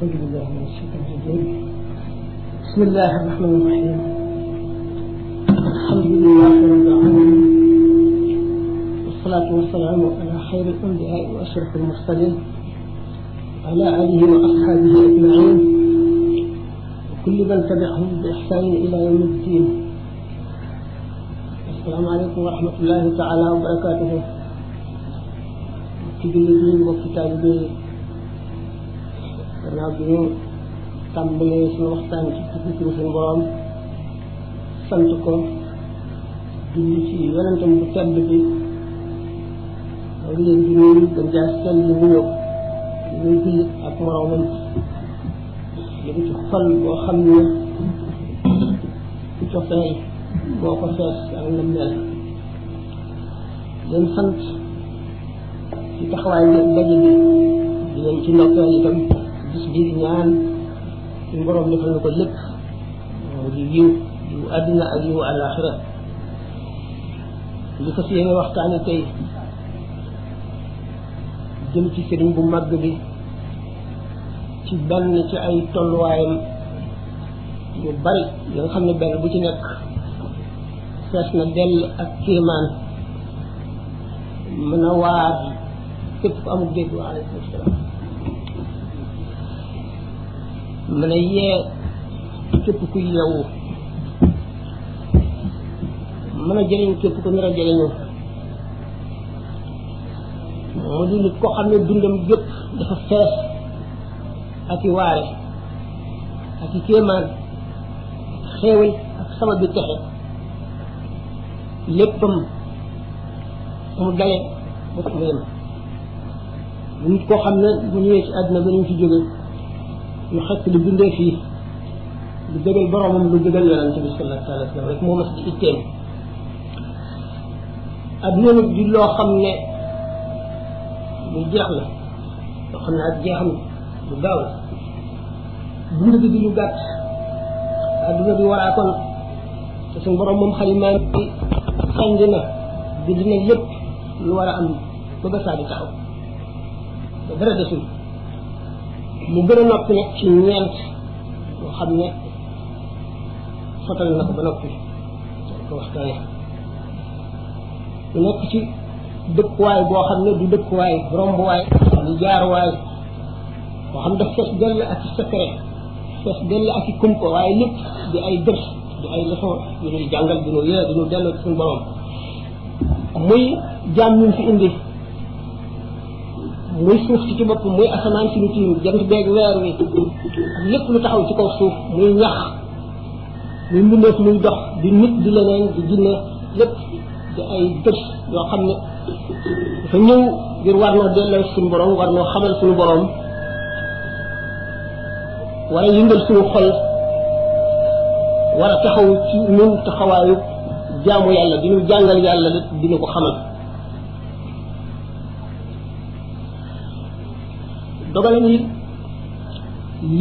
أعوذ بالله من الشيطان الرجيم بسم الله الرحمن الرحيم الحمد لله رب العالمين والصلاة والسلام على خير الأنبياء وأشرف المرسلين على آله وأصحابه أجمعين وكل من تبعهم بإحسان إلى يوم الدين السلام عليكم ورحمة الله تعالى وبركاته. وكتاب beli buku kita gannaaw bi ñu tàmbalee suñu waxtaan ci ci turu suñu borom sant ko julli ci yonentam bu tedd di nuyu gën jaa sell yi nuyoo ñuy jullit ak moroomam li ci xol boo xam ne cofeel moo ko fees ak ndëmbeel itam جيرين يان إن برام نفل نقول لك وليو يو أدنى أليو على الآخرة لك فيه وقت انا تي جمتي سرين بمبغ بي تبان نتي أي طلوائم يو بري يو خمي بري بجنك فاسنا دل أكيمان منوار كيف أمو بيدو عليه الصلاة والسلام من يير كيف كي يو من جرين كيف كن را جرينو مودي كو خامي دوندم جيب دا فا فيس اكي واري اكي كيمان خيول اك سما بي يحط اللي بدون ده فيه بالدبل برا من اللي بدون ده انت بس الله تعالى تعالى ويك مو مسجد التام ابنين بدي الله خمنا بالجحلة وخمنا هاد جحلة بالدولة بدون ده دلو جات ادو ده بيوار اكون تسن برا من خليمان خندنا بدون ده يب الورا ام ببسا بتاعه بدرجة سوي mu gën a noppi nag ci ñeent yoo xam ne sotal na ko ba noppi dañ ko waxtaane lu nekk ci dëkkuwaay boo xam ne du dëkkuwaay rombuwaay du jaaruwaay boo xam daf fees dell ak secret fees dell ak i kumpa waaye lépp di ay dërs di ay leçon yu ñuy jàngal di ñu yee di ñu delloo ci suñu muy jaam ñu indi muy suuf ci ci bopp muy asamaan si ñu tiim jant beeg weer wi lépp lu taxaw ci kaw suuf muy ñax muy mbindeef muy dox di nit di leneen di jinne lépp di ay dërs yoo xam ne dafa ñëw ngir war noo delloo suñu borom war noo xamal suñu borom war a yëngal suñu xol war a taxaw ci ñun taxawaayu jaamu yàlla di ñu jàngal yàlla di ñu ko xamal dogalam yi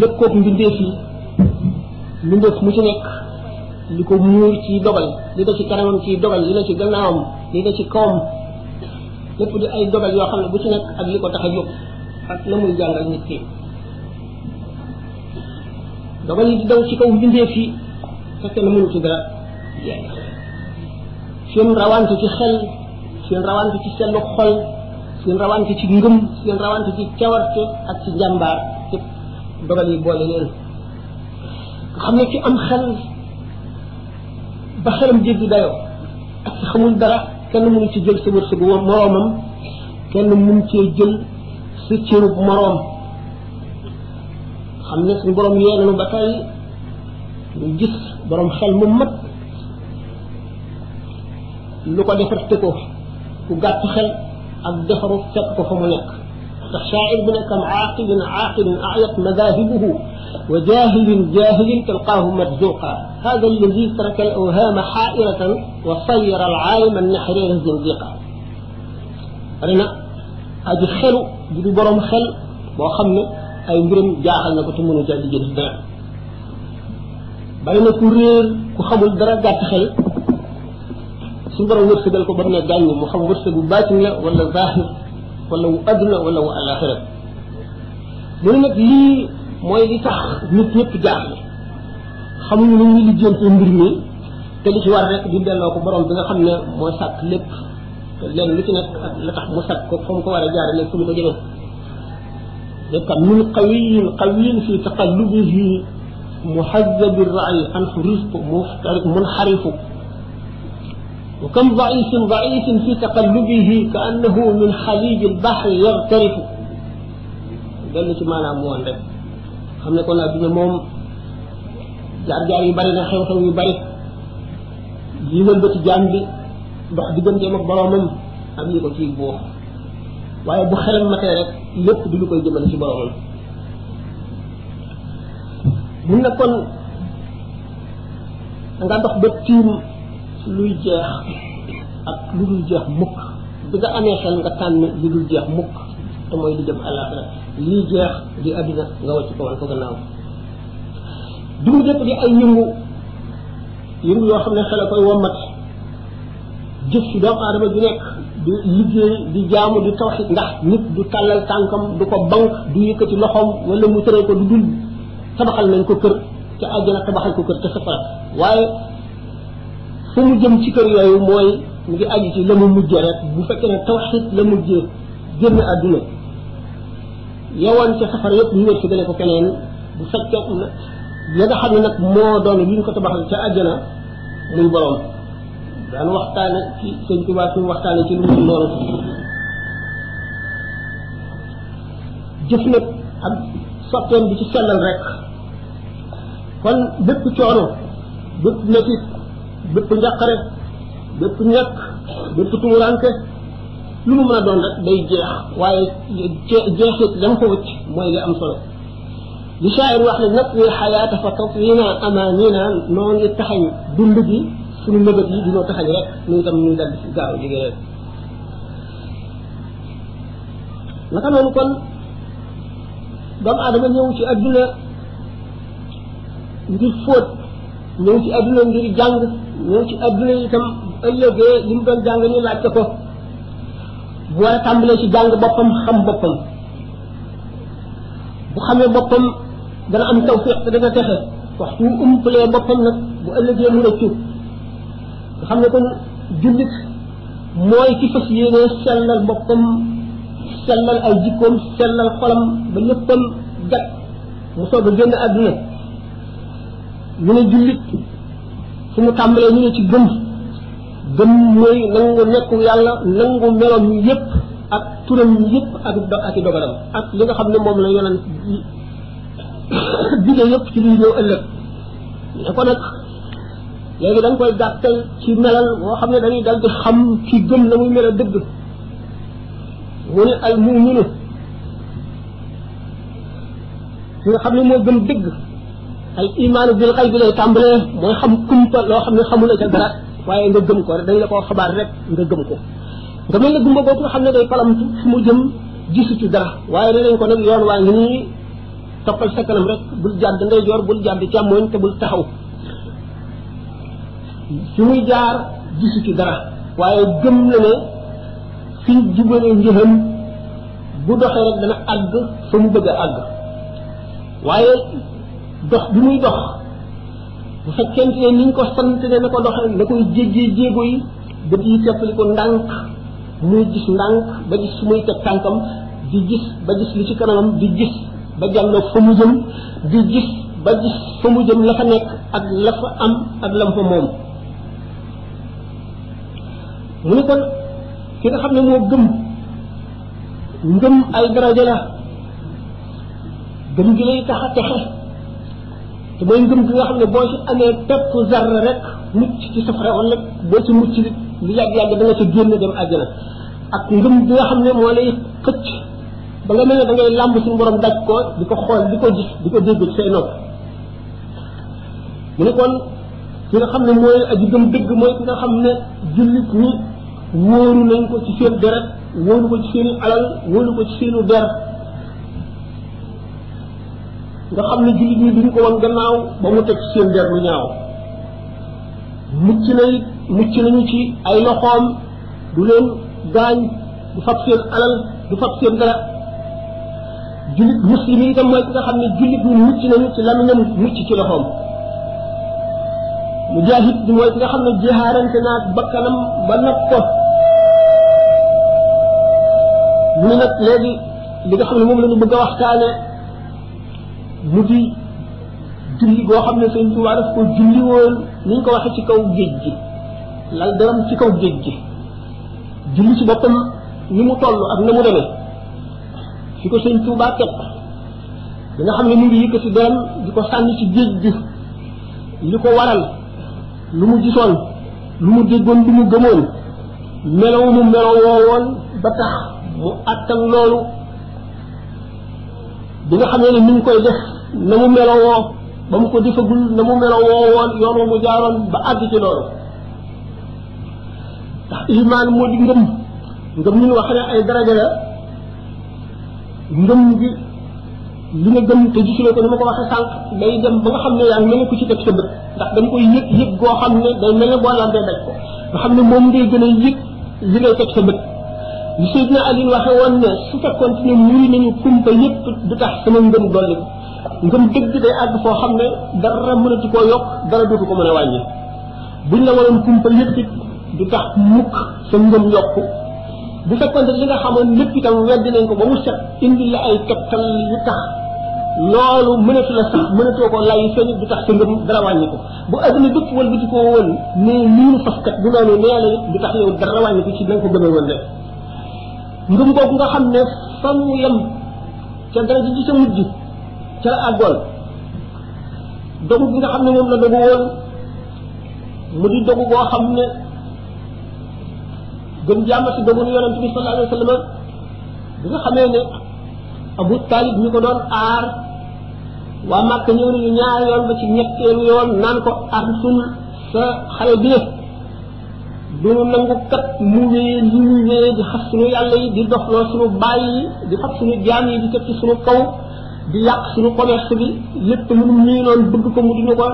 lëkkoog mbindeef yi mbindeef mu ci nekk li ko muur ci dogal li da ci kanamam ci dogal li da ci gannaawam li da ci kawam lépp di ay dogal yoo xam ne bu ci nekk ak li ko tax a jóg ak la muy jàngal nit ki dogal yi daw ci kaw mbindeef yi fekk na mënu ci dara seen rawante ci xel seen rawante ci sellu xol seen rawante ci ngëm seen rawante ci cawarte ak ci njàmbaar yëpp dogal yi boole leen xam ne ci am xel ba xelam jéggi dayoo ak ci xamul dara kenn mënu ci jël sa wërsëgu moroomam kenn mun cee jël sa cërub moroom xam ne suñ borom yee nanu ba tey ñu gis borom xel mu mat lu ko defar tëkoo ku gàtt xel ak defaru fekk ko fa mu nekk ndax shaa'ir bu nekk am aaqilin aaqilin a'yat madaahibuhu wa jaahilin jaahilin talqaahu madzuqa hada alladi taraka al-awhama xaa'iratan wa sayara al-aalima an-naxriira zindiqa bari na aji xelu bu du borom xel boo xam ne ay mbiram jaaxal na ko te mënu jaa liggéey dara bari na ku réer ku xamul dara gàtt xel su borom wërsëgal ko ba mu ne gàññi mu xam wërsëgu baatin la wala zahir wala wu aduna wala wu alaxira mu ne nag lii mooy li tax nit ñëpp jaaxle xamuñu nu ñuy lijjante mbir mi te li ci war rek di delloo ko borom bi nga xam ne moo sàkk lépp te lenn lu ci nekk ak la tax mu sàkk ko fa mu ko war a jaarale fu mu ko jëmee يبقى من قوي قوي في تقلبه محذب الرأي عنه رزق منحرف وكم ضعيف ضعيف في تقلبه كأنه من خليج البحر يغترف قال لي ما نعمون ده خم نكون أبي موم جار جار يبارك نخيم خم يبارك يمن بتي جانبي بعد جم جم أكبر من أبي يقول شيء بوه وأي بخلم ما تعرف يب بدو كي جم نشيب أكبر من نكون عندك بتيم lu jeex ak lu dul jeex mukk bu nga amee xel nga tànn lu dul jeex mukk te mooy di dem alaxira li jeex di adina nga wacc ko wal ko gannaaw du mu jëpp di ay yëngu yëngu yoo xam ne xel a koy womat jëf si doom aadama ji nekk di liggéey di jaamu di tawxi ndax nit du tàllal tànkam du ko bank du yëkkati loxoom wala mu tëree ko du dul tabaxal nañ ko kër ca àjjana tabaxal ko kër ca safara waaye fu mu jëm ci kër yooyu mooy mu ngi aju ci la mu mujj rek bu fekkee ne tawxid la mujj génn àdduna yowoon ca safar yëpp ñu wér ci dale ko keneen bu fekkee la nga xam ne nag moo doon li ñu ko tabaxal ca àjjana muy borom daan waxtaane ci sëñ Tuubaa suñu waxtaane ci lu mu loolu jëf nag ak soppeem bi ci sellal rek kon bépp coono bépp métit bépp njàqare bépp ñàkk bépp tumuranke lu mu mën a doon rek day jeex waaye jeexit dama ko wëcc mooy li am solo li shaayir wax ne nag wi xayaata fa tatlina amanina noo ngi taxañ dund gi suñu mëbët yi dinoo taxañ rek ñun tam ñu dal si gaaw jóge rek naka noonu kon doomu aadama ñëw ci adduna ngir fóot ñëw ci adduna ngir jàng ñoo ci àdduna itam ëllëgee li mu doon jàng ñu laajte ko bu war a tàmbalee ci jàng boppam xam boppam bu xamee boppam dana am tawfiq te dana texe waxtu wu umpalee boppam nag bu ëllëgee mu rëccu nga xam ne kon jullit mooy ci fas yéene sellal boppam sellal ay jikkoom sellal xolam ba léppam jag mu soog a génn àdduna ñu ne jullit fu mu tàmbalee ñu ne ci gëm gëm mooy nangu nekku yàlla nangu melam yépp ak turam yépp ak do ak i dogalam ak li nga xam ne moom la yonent dige yépp ci luy ñëw ëllëg ne ko nag léegi da nga koy gàttal ci melal boo xam ne dañuy dal di xam ci gëm na muy melal dëgg mu ne al muminu ki nga xam ne moo gëm dëgg al imaanu bil qalbi lay tàmbalee mooy xam kumpa loo xam ne xamula ca dara waaye nga gëm ko rek dañ la koo xabaar rek nga gëm ko nga mel ne gumba boobu nga xam ne day palam fu mu jëm gisu ci dara waaye danañ ko nag yoon waa ngi nii toppal sa kanam rek bul jàdd ndeyjoor bul jàdd càmmooñ te bul taxaw fi muy jaar gisu ci dara waaye gëm na ne fi jubale njëxam bu doxee rek dana àgg fa mu bëgg a àgg waaye dox bi muy dox bu kenn ne ni ñu ko sant ne na ko doxee na koy jéggee jéego yi bët yi teppali ko ndànk muy gis ndànk ba gis su muy teg tànkam di gis ba gis li ci kanamam di gis ba jàlloog fa mu jëm di gis fa am ak lam fa moom mu ne kon ki xam ne moo gëm ngëm ay daraja la gëm gi lay tax a te mooy ngëm gi nga xam ne boo ci amee pepp zarra rek mucc ci safara wala boo ci mucc lu yàgg-yàgg da nga ci génn dem àjjana ak ngëm bi nga xam ne moo lay xëcc ba nga mel ne da ngay làmb suñu borom daj ko di ko xool di ko gis di ko dégg ci say mu ne kon ki nga xam ne mooy aji gëm dëgg mooy ki nga xam ne jullit ñi wóoru nañ ko ci seen deret wóoru ko ci seen alal wóoru ko ci seenu der nga xam ne jullit ñi duñ ko woon gannaaw ba mu teg seen der lu ñaaw mucc na it mucc nañu ci ay loxoom du leen gaañ du fab seen alal du fab seen dara julit muslim itam mooy ki nga xam ne julit ñi mucc nañu ci lamiñam mucc ci loxoom mujahid bi mooy ki nga xam ne jihaarante naag bakkanam ba nag ko mu ne nag léegi li nga xam ne moom la ñu bëgg a waxtaane mu di julli goo xam ne sëñ Tuubaa daf ko julli woon ni ñu ko waxee ci kaw géej gi lal daram ci kaw géej gi julli ci boppam ni mu toll ak na mu demee fi ko sëñ Tuubaa teg bi xam ne mu ngi yëkkati doom di ko sànni ci géej gi li ko waral lu mu gisoon lu mu déggoon lu mu gëmoon melow mu melow woowoon ba tax mu àttan loolu bi nga xamee ne ni mu koy def na mu melowoo ba mu ko defagul na mu melowoo woon yoon mu jaaroon ba àgg ci loolu ndax iman moo di ngëm ngëm ñu wax ne ay daraja la ngëm gi li nga gëm te gisuloo ko ni ma ko waxee sànq day dem ba nga xam ne yaa ngi mel ne ku ci teg sa bët ndax da nga koy yëg yëg goo xam ne day mel ne boo lambee daj ko nga xam ne moom ngay gën a yëg li ngay teg sa bët li Seydina Aliou waxe woon ne su fekkoon ne muri nañu kumpa yépp du tax sama ngëm dolli ko ngëm dëgg day xam ne dara mënatu koo yokk dara dootu ko mën a wàññi buñ la waroon kumpa yépp it du tax mukk sa bu fekkoon ne li nga xamoon lépp itam weddi nañ ko ba mu set indi la ay tegtal yu tax loolu mënatu la sax mënatoo ko lay sañ du tax sa ngëm dara wàññi ko bu adduna bépp wal bi di ko woon ne lii nu fas kat bu noonu du tax yow dara wàññi ko ci na ko gëmee woon rek ngëm googu nga xam ne fa mu yem ca dara ji sa mujj ca àggoon dogu bi nga xam ne moom la dogu woon mu di dogu boo xam ne gën jàmma si dogu yonent bi sallallahu bi nga xamee ne Abu ñu ko doon aar waa Màkka ñëw nañu ñaar yoon ba ci ñetteelu yoon naan ko arsul sa xale bi du nangu kat mu wéyee li ñu wéyee di xas suñu yàlla yi di doxloo suñu baay yi di fab suñu jaam yi di teg ci suñu kaw di yàq suñu commerce ko mu duñu ko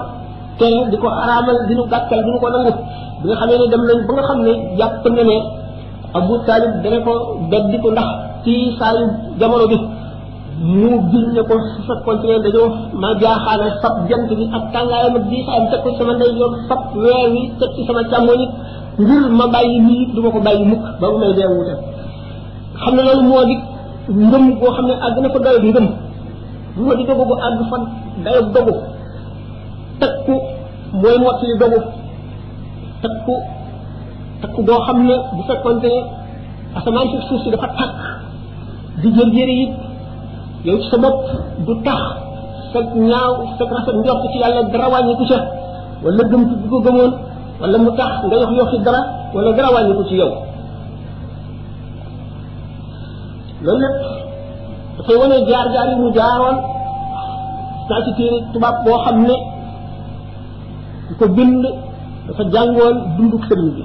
tere di ko araamal di ñu ñu ko nangu bi nga xamee ne dem nañ ba nga ne jàpp na ne Abu Taalib dana ko beddi ko ndax ci saayu jamono bi mu gis ne ko su fekkoon ci ne dañoo ma bi ak tàngaayam ak diisaayam teg sama ndeyjoor sab weer wi teg ci sama càmmoñ ngir ma bàyyi lii du ma ko bàyyi mukk ba mu may dee wuute xam ne loolu moo di ngëm boo xam ne àgg na fa doyob ngëm moo di dogu gu àgg fa dayob dogu takku mooy mottali dogu takku takku boo xam ne bu fekkonte ne asamaan si suuf si dafa takk di jër jëri yi yow ci du tax sa ñaaw sa rafet njort ci yàlla dara wàññi ku ca wala gëm ci bu ko gëmoon wala mu tax nga yox yoxi dara wala dara wañu ko ci yow loolu nag dafay wane jaar jaar yi mu jaaroon saa ci téere tubaab boo xam ko bind dafa jàngoon dunduk sëriñ bi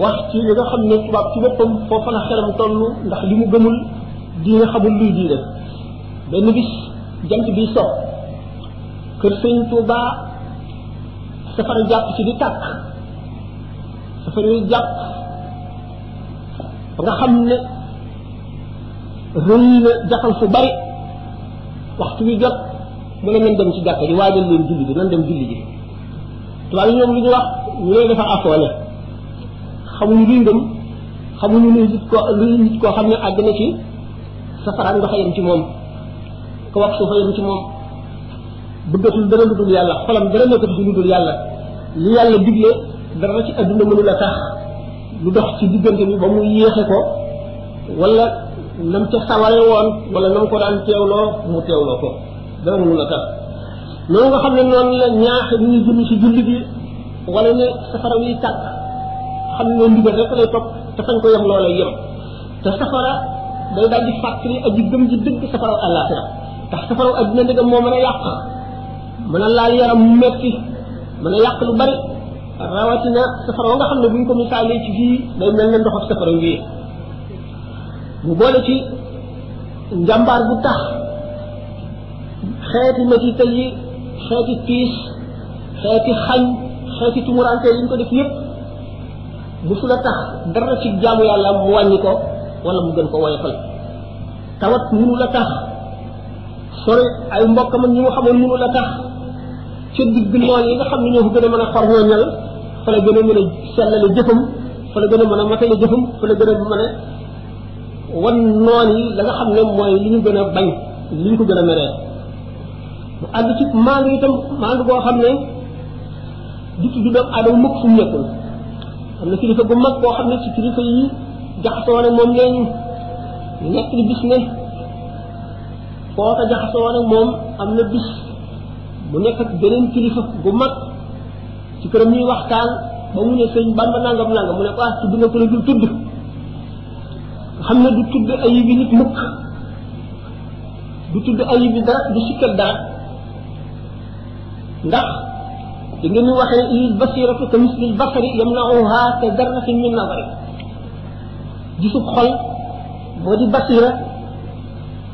wax ci li nga xam ne ci boppam foofa la xelam toll ndax li mu gëmul diine xamul luy diine benn bis jant bi so kër sëñ tuubaa safara jàpp ci di tàkk safara yu jàpp nga xam ne rëy na jaxal fu bari waxtu wi jot mu ne nan dem ci jàkka ji waajal leen julli ji nan dem julli yi ñoom lu ñu wax ñu lay dafa xamuñu luy nit ko luy nit koo xam ne àgg na ci safara ndox yem ci moom ko wax suufa yem ci moom bëggatul dara lu dul yàlla xolam dara nekkatu ci lu dul yàlla li yàlla digle dara ci adduna mënu la tax lu dox ci diggante bi ba mu yéexe ko wala nam ca saware woon wala nam ko daan teewloo mu teewloo ko dara mënu la tax loolu nga xam ne noonu la ñaax ñuy julli ci julli bi wala ne safara wiy tàkk xam ne ndigal rek lay topp te fañ ko yem loola yem te safara day daal di fàttali aji gëm ji dëgg safaraw àllaaxira ndax safaraw adduna ndegam moo mën a yàq mën a laal yaram mu metti mën a yàq lu bari rawatina safara wa xam ne buñ ko misaalee ci fii day mel ne ndox ak safara wii mu boole ci njàmbaar bu tax xeeti métital yi xeeti tiis xeeti xañ xeeti tumuraante yi ñu ko def yépp musu la tax dara ci jaamu yàlla mu wàññi ko wala mu gën ko woyofal tawat munu la tax sori ay mbokkam ak ñi mu xamoon munu la tax ci digg noon yi nga xam ne ñoo ko gën a mën a xorñooñal fa la gën a mën a sellale jëfam fa la gën a mën a matale jëfam fa la gën a mën a wan noon yi la nga xam ne mooy li ñu gën a bañ li ñu ko gën a meree mu àgg ci maandu itam maandu boo xam ne du tudd doomu aadama mukk fu mu nekkul am na kilifa bu mag boo xam ne ci kilifa yi jaxasoo ne moom lañ nekk di bis ne koo ko jaxasoo ne moom am na bis mu nekk ak beneen kilifa gu mag ci këram ñuy waxtaan ba mu ne sëñ Bamba nangam nangam mu ne ko ah nga ko ne dul tudd xam ne du tudd ayib yi nit mukk du tudd ayib yi dara du sikkal dara ndax da ngeen di waxee lil basiratu ka mislil basari yamnauha ka darratin min nazari gisub xol moo di basira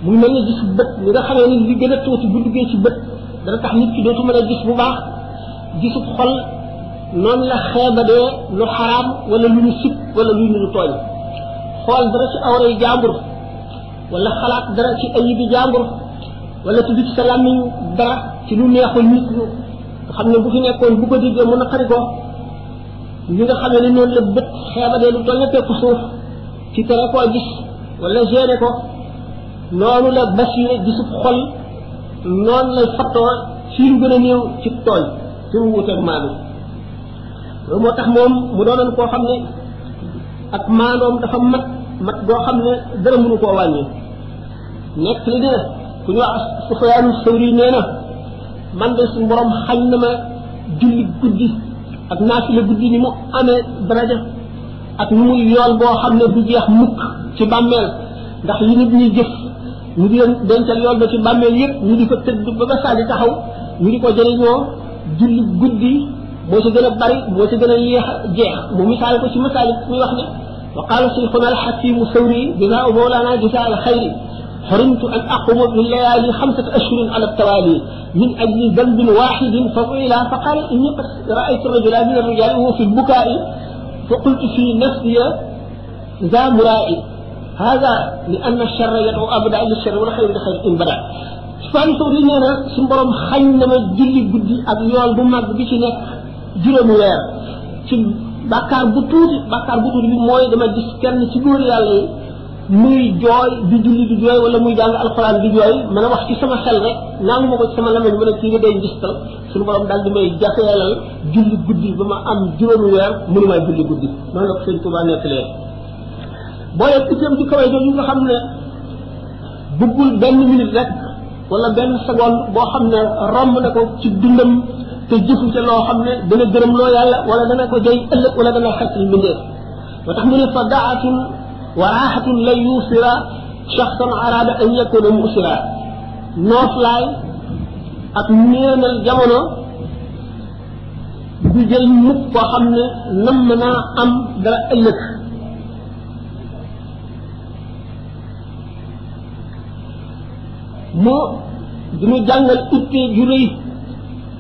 muy mel ni gisub bët li nga xamee ni li gën a tuuti bu duggee ci bët dana tax nit ki dootu mën a gis bu baax gisub xol noonu la xeebadee lu xaraam wala lu ñu sib wala lu ñu tooñ xool dara ci awray jàmbur wala xalaat dara ci ayibi jàmbur wala tudd ci sa làmmiñ dara ci lu neexul nit ñu nga xam ne bu fi nekkoon bu ko déggee mu naqari ko li nga xam ne noonu la bët xeebadee lu toll na tekku suuf ci tere koo gis wala gérer ko noonu la basire gisub xol non la fattoo ci lu gëna a néew ci toy ci mu wut ak maanu loolu moo tax moom mu doonoon ko xamne ak maanoom dafa mat mat go xamne dara mënu ko wàññi nek li de ku ñu wax sufyaanu sawri neena man de suñu borom xagn ma julli guddi ak naafila guddi ni mu amee daraja ak nu yool bo xamne du jeex mukk ci bammel ndax yi nit ñi jëf ñu di leen dencal yool ba ci bàmmeel yëpp ñu di fa tëdd ba ba saadi taxaw ñu di ko jëriñoo julli guddi boo ci gën a bari boo ci gën a yeex jeex mu misaal ko ci misaal muy wax ne وقال شيخنا الحكيم الثوري جزاء مولانا جزاء الخير حرمت أن أقوم بالليالي خمسة أشهر على التوالي من أجل ذنب واحد فضيلا فقال إني قد رأيت رجلا من الرجال وهو في البكاء فقلت في نفسي ذا مرائي hada li anna charra yadu abada li charr wala xëy na xëy in bada Sufyaan Sawri nee na suñu borom xañ na ma julli guddi ak yool bu mag bi ci nekk juróomi weer ci bàkkaar bu tuuti bàkkaar bu tuuti bi mooy dama gis kenn ci góor yàlla yi muy jooy di julli di jooy wala muy jàng alxuraan di jooy mën a wax ci sama xel rek nangu ma ko ci sama lamañ mën a kii nga day ngistal suñu borom daal di may jafeelal julli guddi ba ma am juróomi weer mënumaa julli guddi noonu la ko sëñ Tuubaa nekk leen boole itam ci kawe jooju nga xam ne duggul benn minute rek wala benn seconde boo xam ne romb na ko ci dundam te jëfu ca loo xam ne dana gërëm loo yàlla wala dana ko jay ëllëg wala dana xetal mbindeef ba tax mu ne fa daatun wa raaxatun lay yuusira shaxsan araada an yakuna muusira nooflaay ak néenal jamono du jël mukk koo xam ne namm naa am dara ëllëg moo duñu jàngal itte ju rëy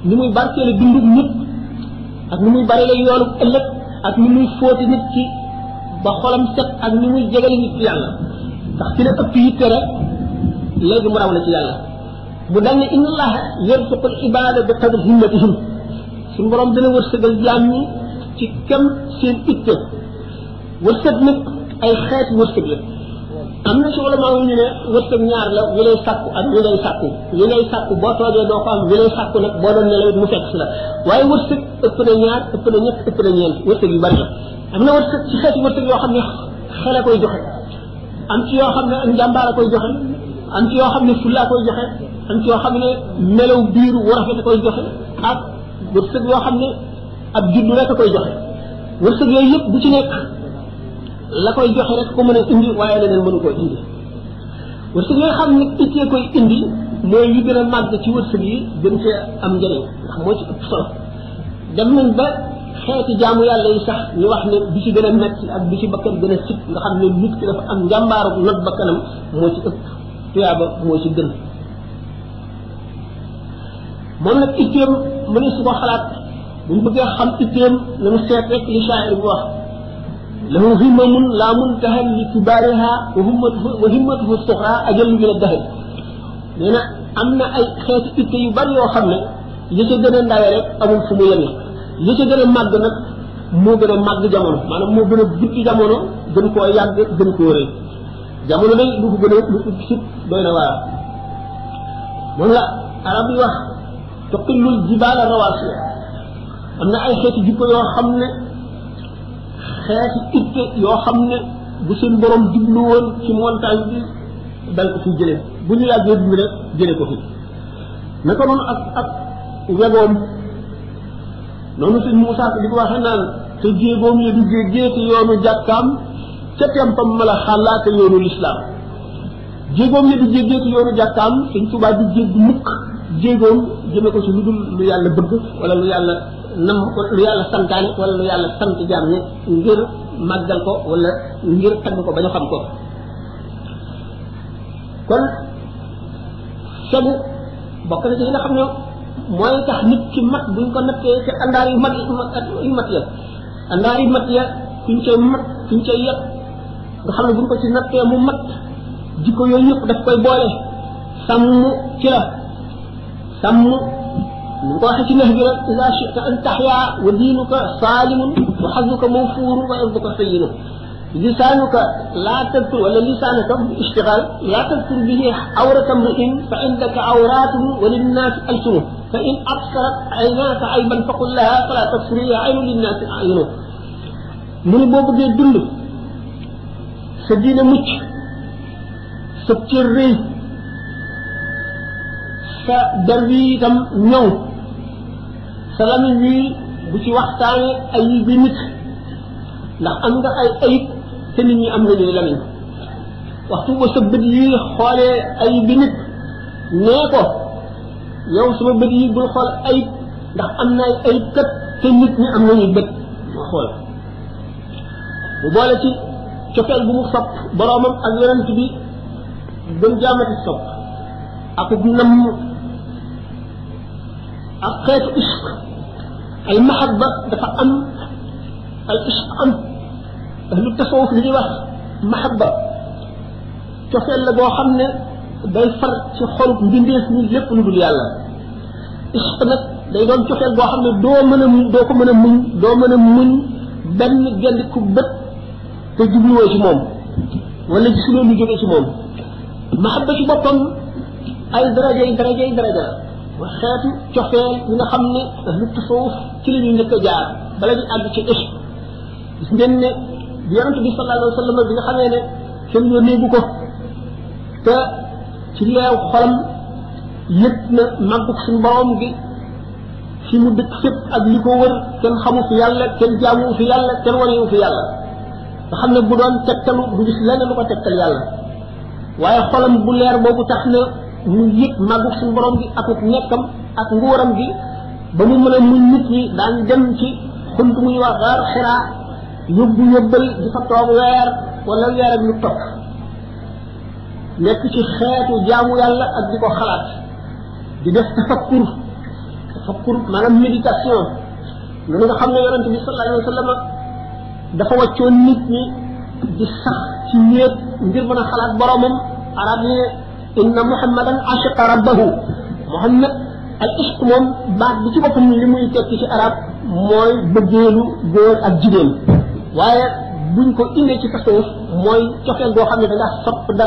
ni muy barkeele dundub nit ak ni muy bari la yoolu ëllëg ak ni muy fóoti nit ci ba xolam set ak ni muy jegale nit ci yàlla ndax ci la ëpp yitte rek léegi mu raw la ci yàlla bu dal ne inna allaha yarzuqul ibaada bi qadri himmatihim suñu borom dana wërsëgal jaam ñi ci kam seen itte wërsëg nag ay xeet wërsëg la am na soxla maa wu ñu ne wërsëg ñaar la wi lay sàkku ak wi lay sàkku boo toogee doo ko am wi lay sàkku nag boo doon nelawit mu fekk si la waaye wërsëg ëpp na ñaar ëpp na ñett ëpp na ñeent wërsëg yu bari la am na wërsëg ci xeeti wërsëg yoo xam ne xel a koy joxe am ci yoo xam ne ak njàmbaar a koy joxe am yoo xam ne fulla a koy joxe am ci yoo xam ne melaw biir wu rafet a koy joxe ak wërsëg xam ne ab juddu rek a koy joxe wërsëg yooyu yëpp bu ci nekk la koy joxe rek ko mën a indi waaye leneen mënu koo indi wërsëg yooyu xam ne ittee koy indi mooy yu gën a màgg ci wërsëg yi gën cee am njëriñ ndax moo ci ëpp solo dem nañ ba xeeti jaamu yàlla yi sax ñu wax ne bi ci gën a metti ak bi ci bakkan gën a sib nga xam ne nit ki dafa am njàmbaaru not bakkanam moo ci ëpp tuyaaba moo ci gën moom nag itteem mënees su ko xalaat buñ bëggee xam itteem lañu seet rek li shaayir bi wax lahu himmamun laa muntaha li kibaariha wa himmatuhu wa himmatuhu suxra ajallu ila dahr nee na am na ay xeeti itte yu yoo xam ne li ca gën a ndawe rek amul fu mu yemee li ca gën a màgg nag moo gën a màgg jamono maanaam moo gën a gudd jamono gën koo yàgg gën koo rëy jamono day lu ko gën a lu ko sut am na ay xeeti jikko yoo xam ne xeeti itte yoo xam ne bu seen borom jublu woon ci montagne bi dal ko fi jëlee bu ñu yàggee jublu rek jëlee ko fi naka noonu ak ak wegoom noonu sëñ Moussa di ko waxee naan te jéegoom ya du jéegee te yoonu jàkkaam ca tempam ma la xalaate yoonu lislaam jéegoom ya du jéegee te yoonu jàkkaam sëñ Tuubaa du jéeg mukk jéegoom jëme ko ci lu dul lu yàlla bëgg wala lu yàlla nam lu yàlla santaane wala lu yàlla sant jaam ñi ngir màggal ko wala ngir tagg ko ba xam ko kon sobu bokk na ci xam ne mooy tax nit ki mat buñ ko nattee ci àndaar yu mat yu mat ya àndaar yu mat ya suñ koy mat suñ koy yëpp nga xam ne buñ ko ci nattee mu mat ko yooyu yëpp daf koy boole sàmm ci la sàmm من طاحك إذا شئت أن تحيا ودينك صالم وحظك موفور وعرضك سيئ لسانك لا تذكر ولا لسانك اشتغال لا تذكر به عورة امرئ فعندك عورات وللناس ألسنه فإن أبصرت عيناك عيبا فقل لها فلا تبصريها عين للناس أعينه من بوب دي دند سدينا مچ سبتر ري سدري تم wi sa lamiñ wi bu ci waxtaane ayib bi nit ndax am nga ay ayib te nit ñi am nañuy lamiñ waxtu ba sa bët yi xoolee ayib bi nit nee ko yow sama bët yi bul xool ayib ndax am naay ayib kat te nit ñi am nañuy bët xool bu boole ci cofeel bu mu sopp boromam ak yonent bi gën jaamati sopp ak nam أقيت إشق المحبة دفع أم الإشق أم أهل التصوف اللي واحد محبة كفي اللي بو داي فر شي خلق مبينيس من يب نقول يالا إشق نك داي دون كفي اللي بو دو منا من دو كمنا من دو منا من بن جل كبت تجبلوا جموم ولا جسلوا مجبوا جموم محبة شبابهم أي درجة أي درجة, أي درجة. wax xeetu cofeel yi nga xam ne ahlu tasawuf ci la ñu njëkk a jaar bala ñu àgg ci ëpp gis ngeen bi sallallahu alayhi wa sallam bi nga xamee ne kenn yónnee bu ko te ci leew xolam yëpp na màggug suñu borom gi fi mu dëkk fépp ak li ko wër kenn xamu fi yàlla kenn jaamu fi yàlla kenn wanewu fi yàlla nga xam ne bu doon tegtalu du gis lenn lu ko tegtal yàlla waaye bu leer boobu tax mu yëg màggug suñu borom bi ak ak nguuram bi ba mu mën mu muñ nit ñi daan dem ci xund muy wax xeer xiraa yóbbu yóbbal di fa toog weer wala weer ak lu topp ci xeetu jaamu yàlla ak di ko xalaat di def tafakkur tafakkur maanaam méditation loolu nga xam ne yonente bi sallallahu alayhi wa sallam dafa wàccoon nit ñi di sax ci néeg ngir mën a xalaat boromam arab yi إن محمدا عشق ربه محمد الإشق مم بعد بيتي بكم اللي مو يتكيش أراب موي بجيلو جور الجيل وايا بنكو إنه تكسوس موي تكيل دو خامي دا سب دا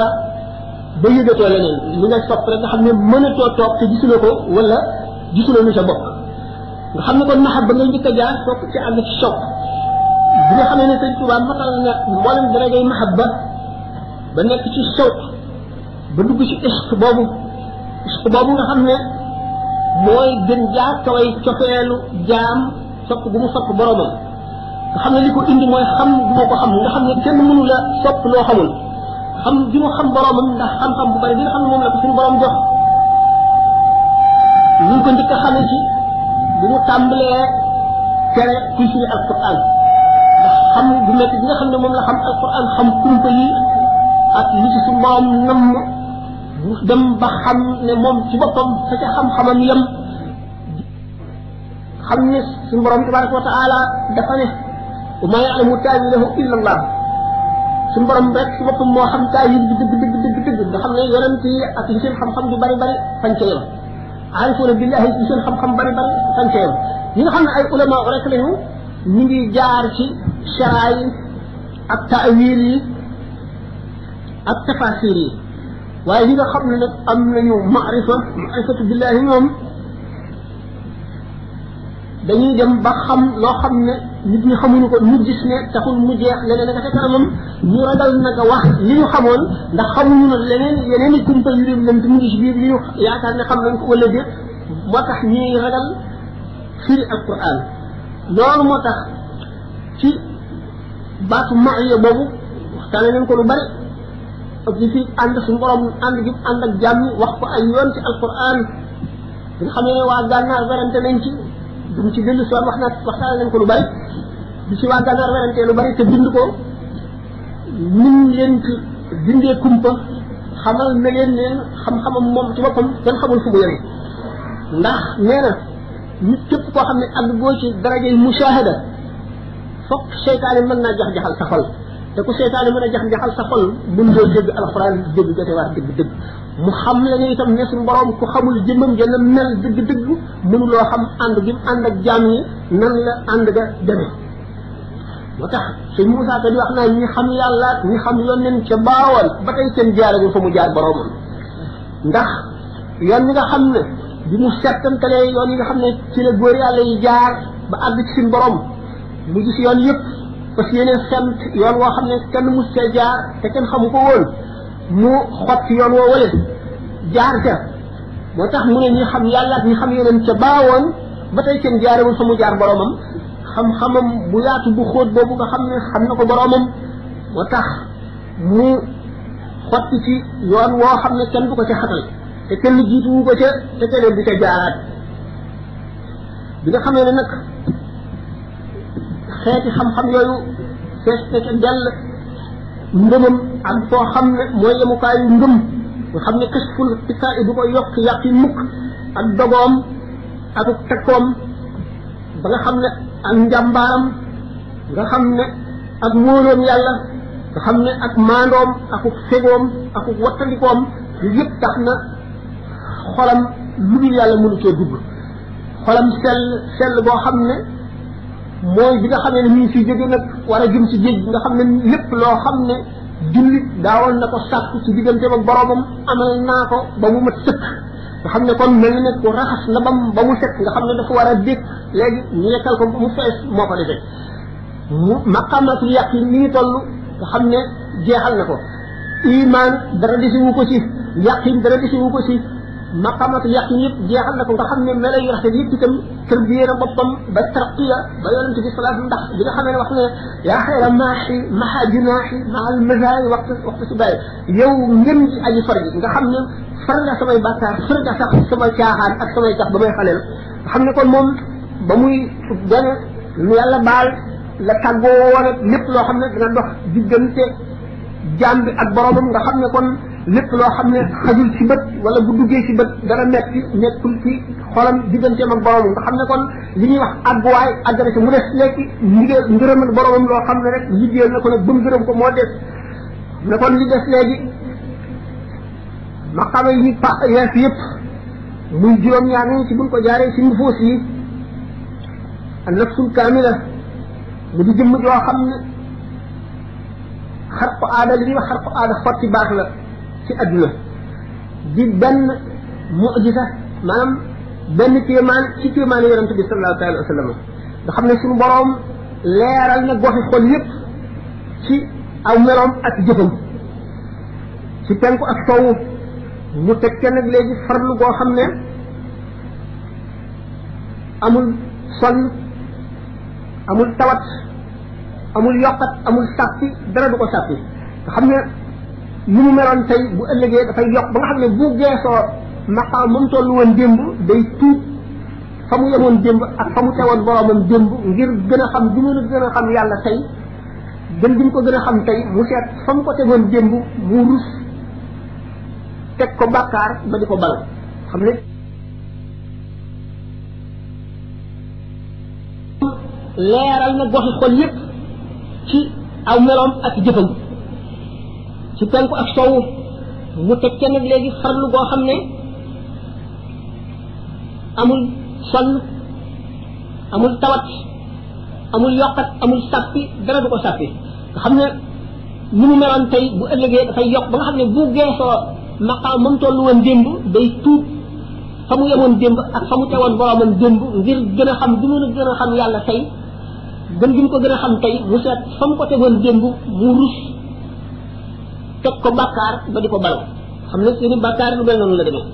بيو دو تولي نين لنا سب دا خامي منو تو توب تي جيسو لكو ولا جيسو لكو نشا بوك خامي كون نحب بنين دي كجا سوك تي عمي شوك دي خامي نسي توبا مطلنا مولم درجي محبة بنين تي شوك ba dugg ci ishq boobu ishq boobu nga xam ne mooy gën jaa kaway cofeelu jaam sopp gu mu sopp boromam nga xam ne li ko indi mooy xam gu ma ko xam nga xam ne kenn mënu la sopp loo xamul xam gi mu xam boromam ndax xam-xam bu bari bi nga xam ne moom la ko suñu borom jox ñu ko njëkk a xamee ci bu mu tàmbalee tere kuy suñu alquran ndax xam bu métti bi nga xam ne moom la xam alquran xam kumpa yi ak li ci suñu borom namm dem ba xam ne moom ci boppam fa ca xam-xamam yem xam ne suñu borom tabaraka wa taala dafa ne wa maa yaalamu taawilahu illa allah suñu borom rek ci boppam moo xam taawil bi dëgg dëgg dëgg dëgg nga xam ne yonent yi ak li seen xam-xam yu bari bari fañ ca yem aarifuuna billahi li seen xam-xam bari bari fañ ca yem ñi nga xam ne ay ulama rek lañu ñu ngi jaar ci sharaa yi ak taawil yi ak tafasir yi waaye ñi nga xam ne nag am nañu maarifa maarifatu billahi ñoom dañuy dem ba xam loo xam ne nit ñi xamuñu ko ñu gis ne taxul mu jeex leneen ak sa kanamam ñu ragal naka wax li ñu xamoon ndax xamuñu na leneen yeneen i kumpa yu dem lënt mu ngi ci biir li ñu yaakaar ne xam nañ ko wala déet moo tax ñuy ragal firi alquran loolu moo tax ci baatu maaya boobu waxtaane nañ ko lu bari ak yi fi ànd suñu borom ànd gi ànd ak jàmm wax ko ay yoon ci alquran bi nga xamee ne waa gànnaar werante nañ ci dum ci dellu soor wax na waxtaan nañ ko lu bari bi ci waa gànnaar werante lu bari te bind ko nim leen ci dindee kumpa xamal na leen ne xam-xamam moom ci boppam kenn xamul fu mu yore ndax nee na nit képp koo xam ne àgg boo ci darajay mushahada fokk seytaane mën naa jax jaxal sa xol te ku seetaane mën a jax njaxal sa xol mën loo dégg alxuraan dégg jote waar dëgg dëgg mu xam la ne itam ne suñu borom ku xamul jëmmam jëla mel dëgg dëgg mënuloo xam ànd gi mu ànd ak jaam yi nan la ànd ga demee moo tax sëñ Moussa Ka di wax naa ñi xam yàlla ñi xam yónneen ca baawal ba tey seen jaarale fa mu jaar boroomam ndax yoon yi nga xam ne bi mu settantalee yoon yi nga xam ne ci la góor yàlla yi jaar ba àgg ci suñu borom mu gis yoon yëpp fas yéene sant yoon woo xam ne kenn mus cee jaar te kenn xamu ko woon mu xot yoon woo wale jaar ca moo tax mu ne ñi xam yàlla ak ñi xam yeneen ca baawoon ba tey kenn jaarewul fa mu jaar boromam xam-xamam bu yaatu bu xóot boobu nga xam ne xam na ko boromam moo tax mu xotti ci yoon woo xam ne kenn du ko ca xatal te kenn jiituwu ko ca te keneen du ca jaaraat bi nga xamee ne nag xeeti xam-xam yooyu fees na ca dell ngëmam ak foo xam ne mooy yemukaayu ngëm nga xam ne kasful isaa du ko yokk yàq yi mukk ak dogoom ak takkoom ba nga xam ne ak njàmbaaram nga xam ne ak wóoloom yàlla nga xam ne ak maandoom ak fegoom ak wattandikoom yu yëpp tax na xolam lu dul yàlla mënu cee dugg xolam sell sell xam ne mooy bi nga xamee ne ñu ngi fiy jóge nag war a jëm ci géej bi nga xam ne lépp loo xam ne jullit daawoon na ko sàkk ci digganteem ak boroomam amal naa ko ba mu mat sëkk nga xam ne kon mel ne ku raxas na bam ba mu set nga xam ne dafa war dégg léegi ñu yekkal ko mu fees moo ko defee mu maqamatul yaqin ni ngi toll nga xam ne jeexal na ko iman dara desiwu ko ci yaqin dara desiwu ko si maqamatul yaqin yëpp jeexal na ko nga xam ne melo yu rafet yëpp itam tërbiyee na boppam ba tarqiya ba yonente bi salaatu ndax bi nga xamee ne wax ne yaa xayra maaxi maxa junaaxi maal mazaay waxtu waxtu si bàyyi yow ngëm ci aji far ji nga xam ne far nga samay bàkkaar far nga sax sama caaxaan ak samay tax ba may xaleel xam ne kon moom ba muy gane lu yàlla baal la tàggoo woon lépp loo xam ne dina dox diggante jaam bi ak boromam nga xam ne kon lépp loo xam ne xajul ci wala bu duggee ci bët dana metti nekkul ci xolam digganteem ak boromam nga xam ne kon li ñuy wax àgguwaay àggana ci mu des nekk ngir ngërëmal boromam loo xam ne rek liggéeyal ko nag ba mu ko moo des ne kon li des léegi maqaama yi pa yees yëpp muy juróom-ñaar yi ko jaaree ci nufuus yi nafsul kaamila mu di jëmm joo xam ne xar ko aada li ñuy wax xar ko aada xotti baax la ci adduna di benn mu'jiza maanaam benn kéemaan ci kéemaani yonent bi sallallahu alayhi wa sallam nga xam ne suñu boroom leeral na goxi xol yépp ci aw meloom ak jëfam ci penku ak sowwu mu teg ca nag léegi farlu goo xam ne amul sonn amul tawat amul yokkat amul sàppi dara du ko sàppi nga xam ne ni mu meroon tey bu ëllëgee dafay yokk ba nga xam ne bu geesoo maqaam ba mu toll woon démb day tuut fa mu yemoon démb ak fa mu teewoon boromam démb ngir gën a xam bi mu gën a xam yàlla gën ko gën a xam tey mu seet fa mu ko tegoon démb mu rus teg ko bàkkaar ba di ko bal xam ne leeral na goxi xol yépp ci aw meloom ak jëfam ci penku ak sowu mu tek ca nag legi farlu go xamne amul sonn amul tawat amul yokat amul sàppi dara du ko sàppi xamne xam ne ni mu meloon tey bu ëllëgee dafay yokk ba nga xamne bu geeso maqaam moom tollu won dembu day tuub xamu yamon yemoon démb ak xamu mu borom boromam démb ngir gëna xam du mëna gëna xam yàlla tay gën gi ko gëna xam tay mu set fam ko tegon démb mu rus teg ko bàkkaar ba di ko baloo xam ne seeni bàkkaar lu mel noonu la demee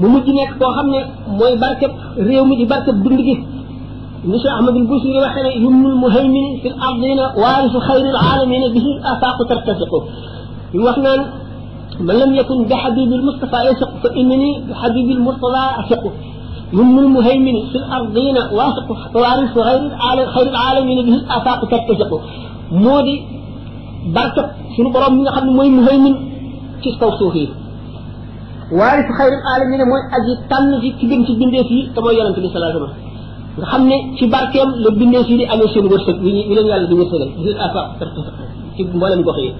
mu mujj nekk koo xam ne mooy barkeb réew mi di barkeb dund gi ni cheikh ahmadul busiri waxee ne yumnul muhaymin fi l ardina waarisu xayril alamina bihi afaaqu tartasiqu li wax naan man lam yakun bi xabibil mustafa yasiqu fa innani bi xabibil murtada asiqu يمن المهيمن في الأرضين واثق وارث غير خير العالمين به الآفاق تتسق modi di barkab sunu borom nga xamni moy muhaymin ci kaw suuf waris khairul alamin moy aji tan ci ci bin ci binde fi te mooy yonente bi salaa wasallam nga xamne ci barkeem le binde yi di amé sunu wërsëg ni ni leen yàlla di wërsëgal ci afa ci mboolem gox yi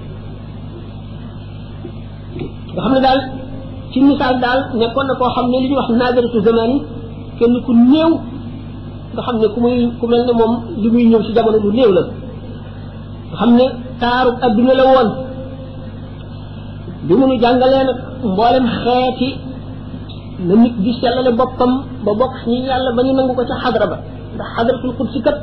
nga xamne dal daal ci misaal daal nekkoon na ko xamne li ñu wax nagaratu zamani kenn ku néew nga xamne ku muy ku melni mom li muy ñëw ci jamono lu néew la xam ne taaru adduna la woon bi mu nu jàngalee nag mboolem xeeti na nit di sellale boppam ba bokk ñi yàlla ba ñu nangu ko ca xadra ba ndax xadratul xudsi kat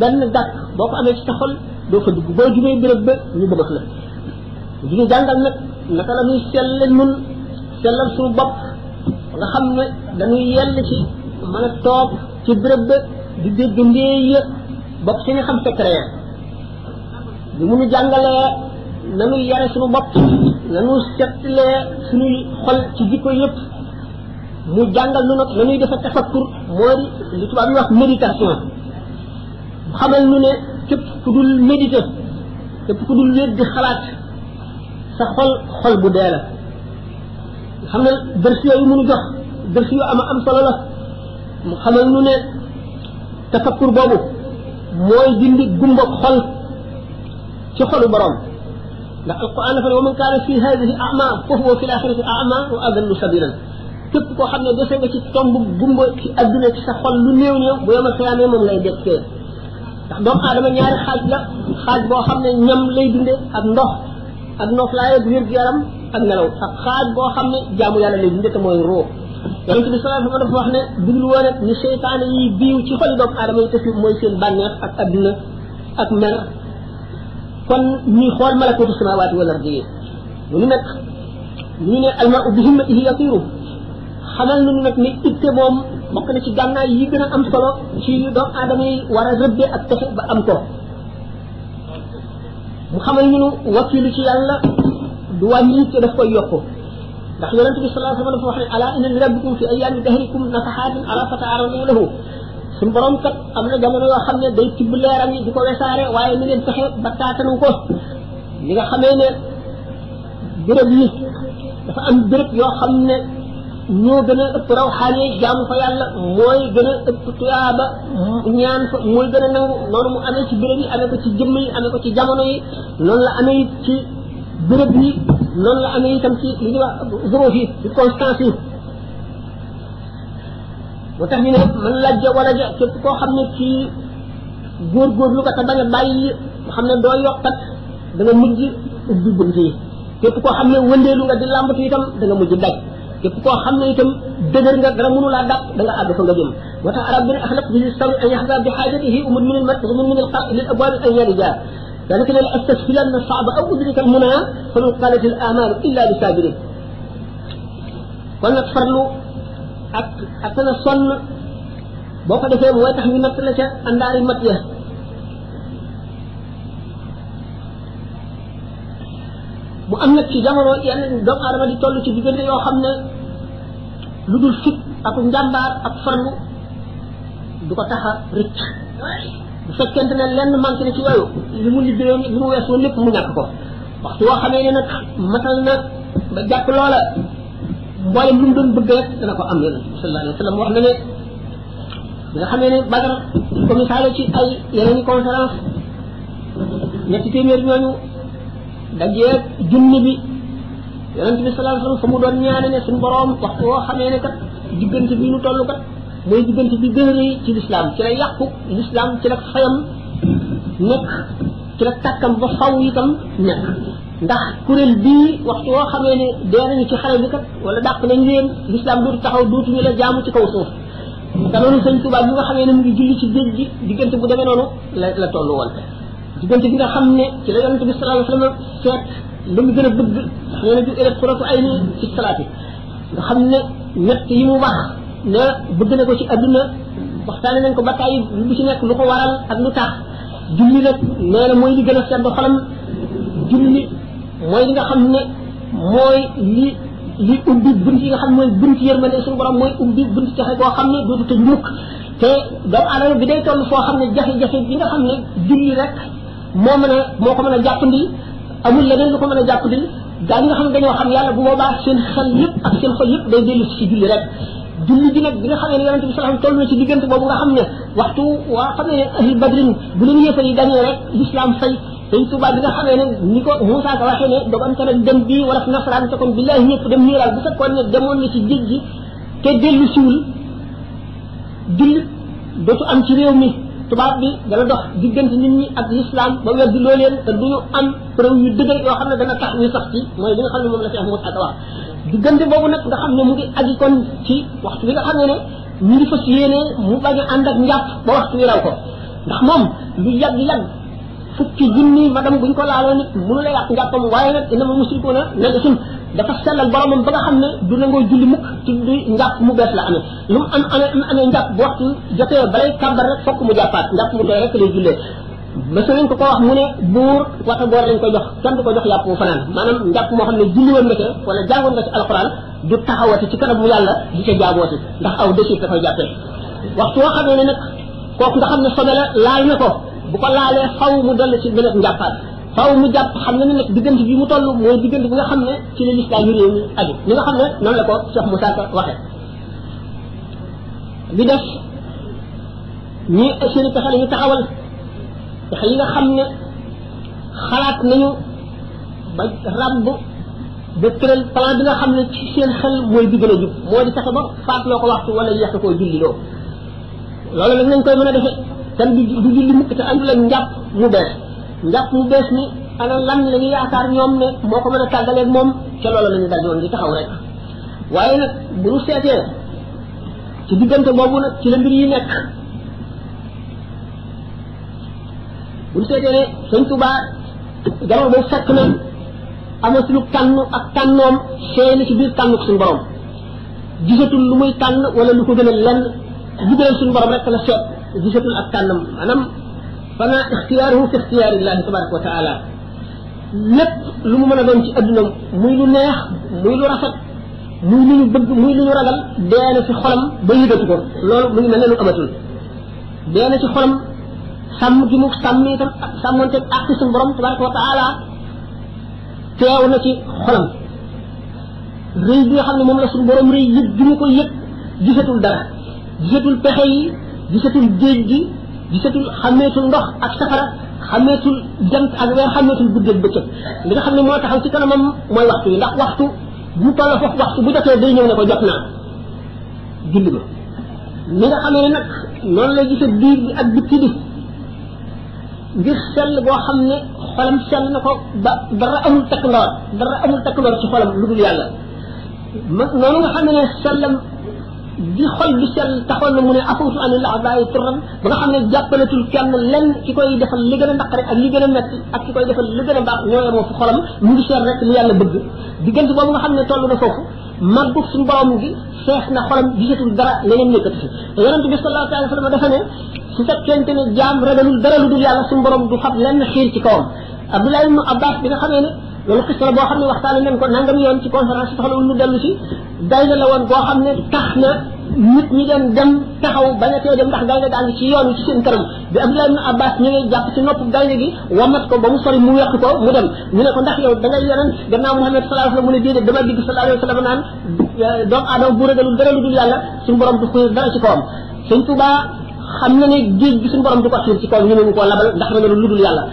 benn dàkk boo ko amee ci sa xol doo fa dugg boo jubee béréb ba ñu bëgg la di ñu jàngal nag naka la ñuy selle nun sellal suñu bopp nga xam ne dañuy yell ci mën a toog ci béréb ba di dégg ndéey ya bokk ci nga xam secret li jangale lanu yare sunu bop lanu setle sunu xol ci jikko yep mu jàngal nu nak lanuy defa tafakkur moy li tubaab yi wax méditation xamal nu ne képp ku dul méditer képp ku dul wéet di sa xol xol bu deela xamal dersi ne munu jox dersi yu ama am solo la xamal nu ne tafakkur bobu moy dindi gumba xol شخل برام لا القرآن فلو ومن كان في هذه أعمى فهو في الآخرة أعمى وأذل سبيلا كيف كوحنا دوسنا كي تومب بومب كي أدنى كي سخل لنيو نيو بيوم القيامة من لا يدك فيه يعني دوم آدم نيار خاج لا خاج بو خمنا نيم لي بند أدنوه أدنوه لا يدير جرم أدنلو خاج بو خمنا جامو يالا لي بند تموي رو yàlla tamit salaam fi ma dafa wax ne déglu woo rek ni seytaane yi biiw ci xoli doomu aadama yi te fi mooy seen bànneex ak àdduna ak mer kon ñuy xool malakutu samawaati wal ardi yi ñu nag ñu ne alma u bihimmatihi yatiru xamal nañu nag ne itte moom bokk na ci gànnaay yi gën a am solo ci yu doom aadama yi war a rëbbe ak taxe ba am ko mu xamal ñu nu wakilu ci yàlla du wàññi te daf koy yokk ndax yonente bi salaa sallam dafa wax ne ala inna li rabbikum fi ayaami dahrikum nafaxaatin ala fataarawu lahu suñu borom kat am na jamono yoo xam ne day tibb leeram di ko wesaare waaye ni ngeen fexe ba taatanu ko li nga xamee ne béréb yi dafa am yoo xam ne ñoo gën a ëpp rawxaane jaamu fa yàlla gën a ëpp tuyaaba ñaan fa mooy a nangu amee ci ko ci jëmm yi amee jamono yi noonu la amee it ci béréb yi noonu la amee itam ci li yi ci lu tax ñu ne man lajja wala ja képp koo xam ne kii góorgóorlu ko te bañ a bàyyi xam ne doo yokkat da nga mujj ubbi bunt yi képp koo xam ne wëndeelu nga di làmbatu itam da nga mujj daj képp koo xam ne itam dëgër nga dara mënu laa dàq da nga àgg fa nga jëm moo tax arab bi ne axlaq bi sawi an yaxda bi xaajatihi umud min almat umud min alqar lil abwaabi an yarija ذلك لن استسهلن صعب او ادرك المنى فمن قالت الامان الا بسابرين. ولنتفرلوا ak ak la sonn boo ko defee mooy tax ñu natt la ca àndaari mat ya mu am nag ci jamono yenn doomu aadama di toll ci diggante yoo xam ne lu dul fit ak njàmbaar ak farlu du ko tax a rëcc bu fekkente ne lenn manqué na ci yooyu li mu liggéeyoon li mu weesoon lépp mu ñàkk ko waxtu woo xamee ne nag matal na ba jàpp loola mboolem lu mu doon bëgg rek dana ko am yonent bi wa sallam wax na ne bi nga xamee ne Badar ko misaalo ci ay yeneen i conférence ñetti téeméer ñooñu dajeeg junni bi yonent bi sallallahu fa mu doon ñaane ne suñu boroom waxtu woo xamee kat diggante bi ñu toll kat mooy diggante bi gën a rëy ci lislaam ci la yàqu lislaam ci la fayam nekk ci la tàkkam ba faw itam nekk ndax kuréel bii waxtu woo xamee ne dee nañu ci xaral bi kat wala dàq nañ leen lislaam dootu taxaw dootuñu la jaamu ci kaw suuf te noonu sëñ tubaab bi nga xamee ne mu ngi julli ci géej gi diggante bu demee noonu la la toll woon diggante bi nga xam ne ci la yonente bi salaa sallam seet lu mu gën a bëgg nee na du éret xuratu ay ni ci salaat yi nga xam ne ñett yi mu wax ne bëgg na ko ci adduna waxtaane nañ ko ba tàyyi lu ci nekk lu ko waral ak lu tax julli nag nee na mooy li gën a sedd xolam julli mooy li nga xam ne mooy li li ubbi bunt yi nga xam ne mooy bunt yërmande suñu borom mooy ubbi bunt caxe boo xam ne dootu tëj mukk te doomu aadama bi day toll foo xam ne jafe-jafe bi nga xam ne julli rek moo mën a moo ko mën a jàppandi amul leneen lu ko mën a jàppandi gaa ñi nga xam ne dañoo xam yàlla bu boobaa seen xel yëpp ak seen xol yëpp day dellu ci julli rek julli bi nag bi nga xam ne yonente bi salaam toll na ci diggante boobu nga xam ne waxtu waa xam ne ahli badrin bu leen yéefar yi dañee rek l'islam fay sëñ Tuubaa bi nga xamee ne ni ko Moussa Ka waxee ne dogon ko nag dem bii wala nasaraan te kon billaahi ñëpp dem niiraal bu fekkoon ne demoon na ci géej gi te dellu siwul jullit dootu am ci réew mi tubaab bi dana dox diggante nit ñi ak lislaam ba weddi loo leen te duñu am preuve yu dëgër yoo xam ne dana tax ñu sax ci mooy li nga xam ne moom la Cheikh Moussa Ka wax diggante boobu nag nga xam ne mu ngi aji kon ci waxtu bi nga xam ne ne ñu ngi fas mu bañ a ànd ak njàpp ko ndax moom lu yàgg yàgg fukki junni bu buñ ko laaloo nit mënu la yàq njàppam waaye nag inama musrikuuna najasun dafa sellal boromam ba nga xam ne du nangoo julli mukk ci du njàpp mu bees la amee lu mu am amee am njàpp bu waxtu jotee balay kàbbar rek fokk mu jàppaat njàpp mu doy rek lay jullee mësu nañ ko ko wax mu ne buur wata boor lañ ko jox kenn du ko jox yàpp bu fanaan maanaam njàpp moo xam ne julli woon nga ca wala jàngoon nga ci alxuraan du taxawati ci kanamu yàlla da koy jàppee waxtu woo xam ne nag ne sobe la bu ko laalee faw mu dellu ci beneen njàppaat faw mu jàpp xam ne nag diggante bi mu toll mooy diggante bi nga xam ne ci la lislaam yi réew mi aju ni nga xam ne noonu la ko Cheikh Moussa Ka waxe bi def ñi seeni pexe la ñu taxawal pexe yi nga xam ne xalaat nañu ba ràbb ba tëral plan bi nga xam ne ci seen xel mooy bi gën a jub moo di fexe ba faat loo ko waxtu wala yàq koo julli loo loolu nag nañ koy mën a defee kan du julli mukk te àndul ak njàpp mu bees njàpp mu bees ni ana lan la ñu yaakaar moo ko mën a moom ca loola la ñu dal doon taxaw rek nag bu ñu seetee ci diggante boobu ci la ñu seetee ne sëñ Tuubaa jamono boobu fekk na ak tànnoom seeni ci biir tànn ko suñu borom gisatul lu muy tànn wala lu ko gën a lenn jugalal suñu borom rek la seet جسد الأكان أنم فما اختياره في اختيار الله تبارك وتعالى لب لمن أدنى أدنى ميل نيح ميل رفض ميل بد ميل رغل دين في خلم بيد تقول لول من من الأمثل دين في خلم سام جموك سامي تام سامون تك أكتر سبرم تبارك وتعالى تياونا في خلم ريد يخلي مملس سبرم ريد جموك يد جسد الدار جسد الحي gisatul géej gi gisatul xàmmeetul ndox ak safara xàmmeetul jant ak weer xàmmeetul guddeeg bëccëg li nga xam ne moo taxaw ci kanamam mooy waxtu yi ndax waxtu bu toll foofu waxtu bu jotee day ñëw ne ko jot naa julli ba ni nga xamee ne nag noonu lay gise biir bi ak bitti bi ngir sell boo xam ne xolam sell na ko ba dara amul takk ndawar dara amul takk ndawar ci xolam lu dul yàlla noonu nga xam ne sellam di xol bi sell taxoon na mu ne afawtu an allah bàyyi turam ba nga xam ne jàppalatul kenn lenn ki koy defal li gën a naqari ak li gën a metti ak ki koy defal li gën a baax ñoo yemoo fu xolam mu ngi seet rek li yàlla bëgg diggante boobu nga xam ne toll na foofu màggu suñu borom gi fees na xolam gisatul dara leneen nekkati si te yonent bi sallallahu alayhi wa sallam dafa ne su fekkente ne jaam ragalul dara lu dul yàlla suñu borom du xam lenn xiir ci kawam abdoulaye ibnu abbas bi nga xamee ne loolu xista la boo xam ne waxtaane nañ ko nangam yoon ci conférence taxalawul ñu dellu si day la woon boo xam ne tax na nit ñi dem taxaw bañ a tee dem ndax gaynde daa ngi ci yoon wi ci seen këram bi Abdoulaye ibn Abbas ñu ngi jàpp ci nopp gaynde gi wamat ko ba mu sori mu weq ko mu dem ñu ne ko ndax yow da ngay yonent gannaaw Muhammad mu ne déedéet dama digg sallallahu alayhi wa sallam naan euh, doomu aadama bu borom du xiir dara ci kawam sëñ Tuubaa xam na ne géej gi suñu borom du ko xiir ci kawam ñu ne ñu koo labal ndax ragalul lu dul yalla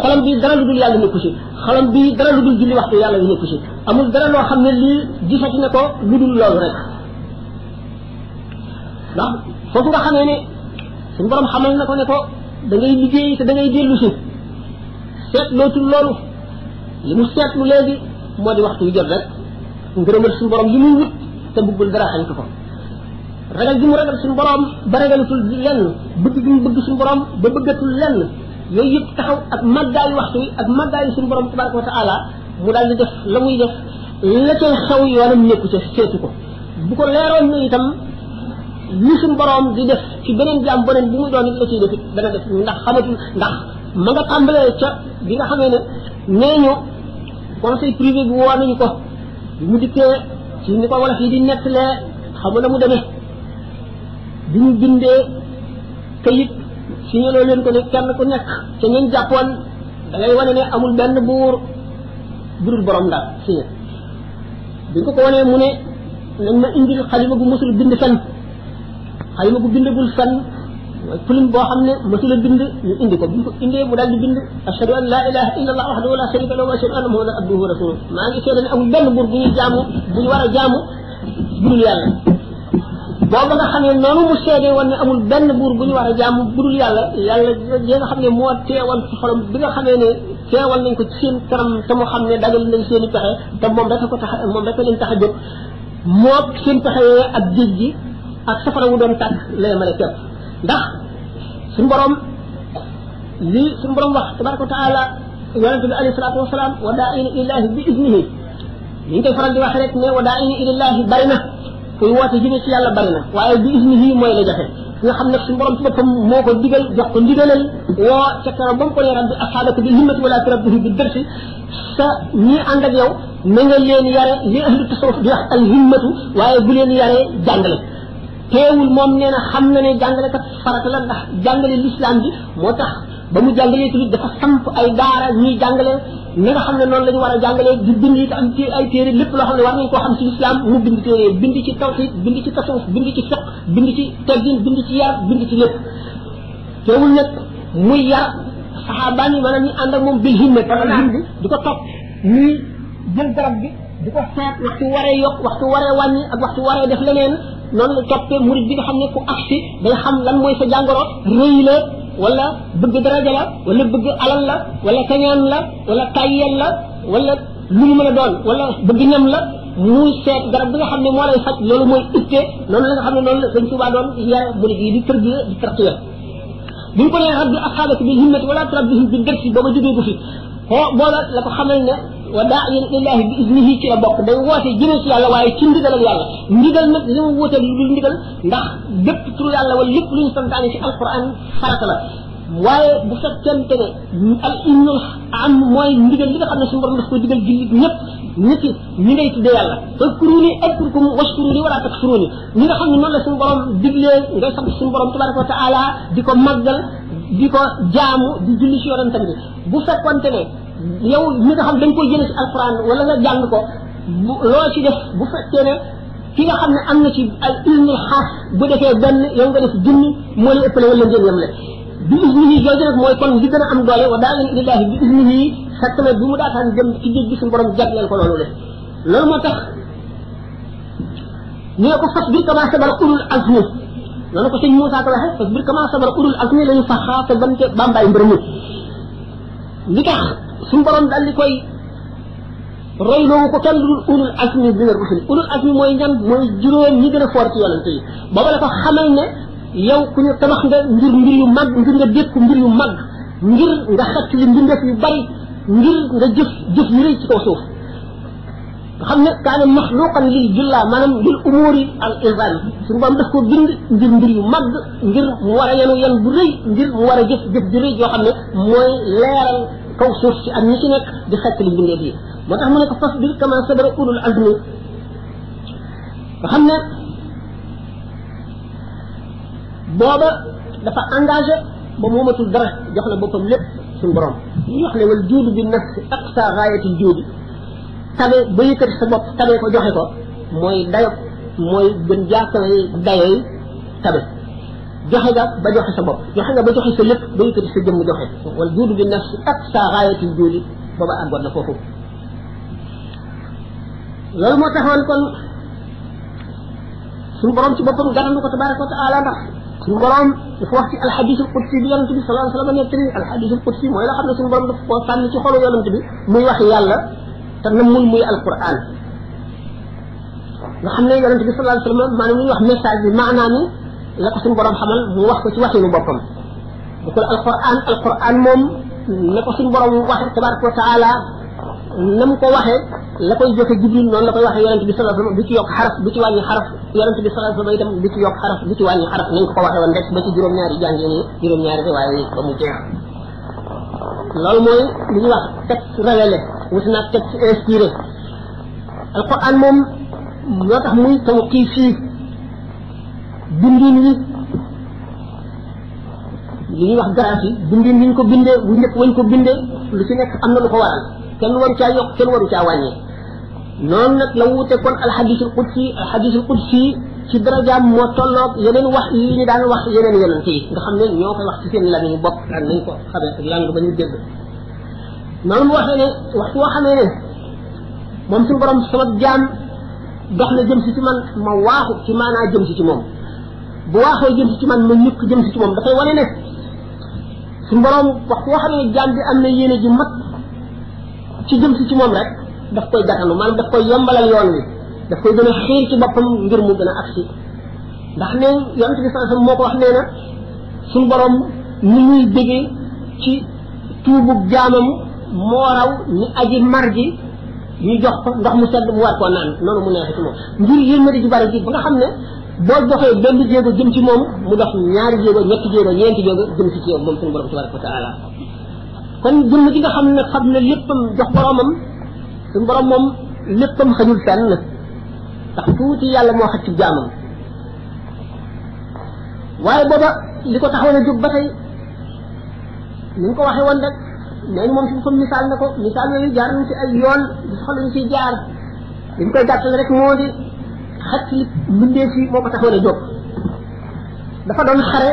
xolam bi dara lu dul yàlla nekku ci xolam bi dara lu dul julli waxtu yàlla nekku ci amul dara loo xam ne lii gisati na ko lu dul loolu rek ndax foofu nga xamee ne suñ borom xamal na ko ne ko da ngay liggéey te da ngay dellu si tul loolu li mu seetlu léegi moo di waxtu yu jot rek ngërëmal suñ borom li muy wut te bëggul dara xañ ko ragal gi mu ragal suñ borom ba ragalutul lenn bëgg gi mu bëgg suñ borom ba bëggatul lenn yooyu yëpp taxaw ak màggaayu waxtu wi ak màggaayu suñu borom tabaraka wa taala mu daal di def la muy def la cay xaw yoonam nekku ca seetu ko bu ko leeroon ne itam li suñu borom di def ci beneen jaam beneen bi muy doon it la ciy def it dana def ndax ndax ma nga tàmbalee ca bi nga xamee ne nee ñu conseil privé bi woo nañu ko mu dikkee ci ni ko wolof yi di nettalee xamu na mu demee bi ñu kayit si signaloo leen ko ne kenn ko nekk te ñun jàppoon da ngay wane ne amul benn buur budul borom ndax signal bi nga ko wane mu ne indi ma indil xalima gu mësul bind fen xalima gu bindagul fen mooy plume boo xam ne mësul a bind ñu indi ko bu ñu ko indee mu daal di bind ashhadu an laa ilaha illa allah wahdahu la sharika lahu wa ashhadu anna muhammadan abduhu wa rasuluh maa ngi seede ne amul benn buur bu ñuy jaamu bu ñu a jaamu budul yàlla boo bëgg a xamee noonu mu seedee woon ne amul benn buur bu ñu war a jaamu budul yàlla yàlla yi nga xam ne moo teewal ci xolam bi nga xamee ne teewal nañ ko ci seen kanam te mu xam ne dagal nañ seen i pexe te moom rek ko tax moom rek leen tax a jóg moo seen pexe yooyu ak géej gi ak safara wu doon tàkk lay mën a képp ndax suñu borom li suñu borom wax tabaraka taala yonente bi alayhi salaatu wasalaam wa daa ina ilahi bi idnihi li ñu koy faral di wax rek ne wa daa ina ilahi bari na kuy woote jëme ci yàlla bari na waaye bi ismihi mooy la jafe ki nga xam ne suñu borom ci boppam moo ko digal jox ko ndigalal woo ca kanam ba mu ko ne rabbi asxaabaka bil himmati wala tarabbihi bi dërsi sa ñi ànd ak yow na nga leen yare li ahlu tasawuf di wax al himmatu waaye bu leen yaree jàngale teewul moom nee na xam na ne jàngale kat farata la ndax jàngale l'islam bi moo tax ba mu jàngalee tulit dafa samp ay daara ñuy jàngale li nga xam ne noonu la ñu war a jàngalee di bind ci ay téere lépp loo xam ne war nañ koo xam ci islam mu bind téere bind ci tawhid bind ci tasawuf bind ci fiq bind ci teggin bind ci yar bind ci lépp teewul nag muy yar saxaabaan yi maanaam ñu ànd ak moom bil himma di ko topp muy jël garab bi di ko seet waxtu waree yokk waxtu waree wàññi ak waxtu waree def leneen noonu la toppee murid bi nga xam ne ku agsi day xam lan mooy sa jàngoro rëy la wala bëgg daraja la wala bëgg alal la wala kañaan la wala tayel la wala lu mu mëna doon wala bëgg ñam la muy seet garab bi nga xam ne moo lay faj loolu mooy itte noonu la nga xam ne noonu la sëñ doon ya murid yi di tërbiya di tarqiya bu ko nee rabbi asxaabaka bi himmat wala turabbihim bi dërsi booba jógee ko fi boo boola la ko xamal ne wa da'in lillahi bi iznihi ci la bokk day woote jëme ci yàlla waaye ci ndigalal yàlla ndigal nag li mu wutal lu ndigal ndax lépp turu yàlla wala lépp lu ñu santaane ci alquran farata la waaye bu fekkente ne al innul am mooy ndigal li nga xam ne suñu borom daf ko digal jullit ñëpp ñetti ñi ngay tuddee yàlla fadkuruni adkurkum washkuruni wala takfuruni ñi nga xam ne noonu la suñu borom diglee ngay sant suñu borom tabaraka wa taala di ko màggal di ko jaamu di julli ci yonentam bi bu fekkonte ne yow mi nga xam dañ koy jëlee ci alquran wala nga jàng ko loo ci def bu fekkee ne ki nga xam ne am na ci al ilmi xaas bu defee benn yow nga def junni moo la ëppale wala ngeen yem la bi isnihi jooju nag mooy kon li gën a am doole wa daa leen ilaahi bi isnihi fekk na bi mu daataan dem ci géej gi suñu borom jagleel ko loolu de loolu moo tax ñu ne ko fas bi kama sabar ulul azmi noonu ko sëñ Moussa ko waxee fas bi kama sabar ulul azmi la ñu faxaa te bante bàmbaay mbërëmu li tax suñu borom daal di ko kenn dul ulul azmi minar rusul ulul a foor ci yonente yi booba la ko xamal nga ngir yu mag ngir nga dékku yu mag ngir nga xacc li mbindeef yu bari ngir nga jëf jëf ci kaw kaana maxluqan lil julla maanaam lil umuri al izam suñu borom daf ko bind ngir mbir yu mag ngir mu war a yenu yan bu rëy ngir mu war a jëf mooy leeral kaw suuf si ak ñi ci nekk di xettali mbindeef yi moo tax mu ne ko fas bi kama sabara ulul azmi nga xam ne booba dafa engagé ba moomatul dara jox na boppam lépp suñ borom li wax ne wal juudu bi nafsi aqsa gaayatil juudi tabe ba yëkkati sa bopp tabe ko joxe ko mooy dayo mooy gën jaakale dayoy tabe joxe ga ba joxe sa bopp joxe nga ba joxe sa lépp ba yëkkati sa jëmm joxe wal juudu bi nafsi ak saa xaayatil juuli booba àggoon na foofu loolu moo taxoon kon suñu borom ci boppam gàttandu ko tabaraka wa taala ndax suñu borom dafa wax ci alxadisul qudsi bi yonent bi salaa sallam nettali alxadisul qudsi mooy la xam ne suñu borom dafa koo sànni ci xolu yonent bi muy wax yàlla te na mun muy alquran nga xam ne yonent bi salaa sallam maanaam muy wax message bi maanaam la ko suñu borom xamal mu wax ko ci waxinu boppam bu ko alquran alquran moom la ko suñu borom waxe tabaraka wa taala na mu ko waxee la koy jote jibril la koy waxee yonent bi sallallahu alayhi wasallam du ci yokk ci wàññi xaraf yonent bi sallallahu alayhi wasallam itam du ci ci wàññi xaraf nañ ko ko waxee woon rek ba ci juróom-ñaari jàngee nii juróom-ñaari riwaaya yi ba mu jeex loolu mooy li ñuy wax texte révélé wuti naag texte inspiré alquran moom loo tax muy bindin wi li ñuy wax garantie bindin wi ñu ko bindee bu njëkk wañ ko bindee lu ci nekk am na lu ko waral kenn waru caa yokk kenn waru caa wàññee noonu nag la wuute kon alxadisul qudsi alxadisul qudsi ci darajaam moo tolloog yeneen wax yi ñu daan wax yeneen yonent yi nga xam ne ñoo koy wax ci seen lami bopp ak nañ ko xamee ak langue ba ñu dégg noonu mu waxee ne wax woo xamee ne moom suñu borom sama jaam dox na jëm si ci man ma waaxu ci maanaa jëm si ci moom bu waaxoo jëm ci man ma ñukk jëm ci moom dafay wane ne suñu borom wax woo xam ne jaam bi am na yéene ji mat ci jëm si ci moom rek daf koy gàttandu maanaam daf koy yombalal yoon wi daf koy gën ci boppam ngir mu gën a ndax ne yonent bi moo ko wax nee na suñu borom ni muy déggee ci tuubu jaamam moo raw ni aji mar ji ñu jox ko ndox mu sedd mu war koo naan noonu mu neex ci moom ngir yéen ma di ji bari ji nga xam ne boo doxee benn jéego jëm ci moom mu dox ñaari jéego ñetti jéego ñeenti jéego jëm ci yow moom suñu borom tabaraka wa taala kon jëmm gi nga xam ne xam ne léppam jox boromam suñu borom moom léppam xañul fenn ndax tuuti yàlla moo xaj ci jaamam waaye booba li ko taxawoon a jóg ba tey ni ñu ko waxee woon rek nee moom suñu comme misaal na ko misaal yooyu jaar nañ ci ay yoon di soxla ñu ciy jaar li ñu koy gàttal rek moo di xettali mbindee fi moo ko taxoon a jóg dafa doon xare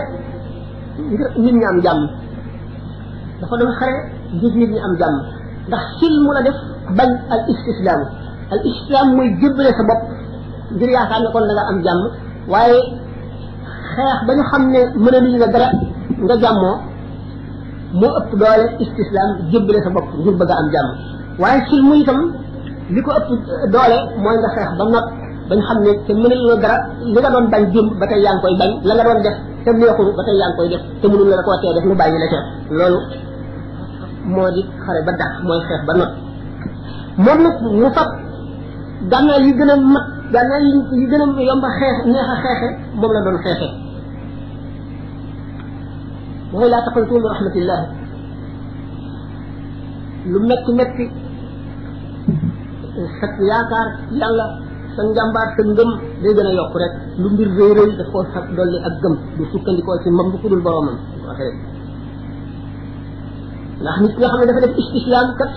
ngir nit ñi am jàmm dafa doon xare ngir nit ñi am jàmm ndax silmu la def bañ al istislaam al islaam mooy jébbale sa bopp ngir yaakaar ne kon da nga am jàmm waaye xeex ba xam ne mën a nga dara nga jàmmoo moo ëpp doole istislaam jébbale sa bopp ngir bëgg a am jàmm waaye silmu itam li ko ëpp doole mooy nga xeex ba nag ba xam ne te mënul la dara li nga doon bañ jëm ba tey yaa ngi koy bañ la nga doon def te neexul ba tey yaa koy def te mënul la koo tee def mu bàyyi la ca loolu moo di xare ba dàq mooy xeex ba not moom nag mu fab gànnaar yi gën a mat gànnaar yi gën a yomb xeex neex a xeexe moom la doon xeexe mooy laa taqnatu min rahmatillah lu metti metti sa yaakaar yàlla sa njàmbaar sa ngëm day gën a yokk rek lu mbir rëy rëy daf koo sax dolli ak gëm du sukkandikoo ci mam bu kudul boromam waxe ndax nit ki nga xam ne dafa def istislaam kat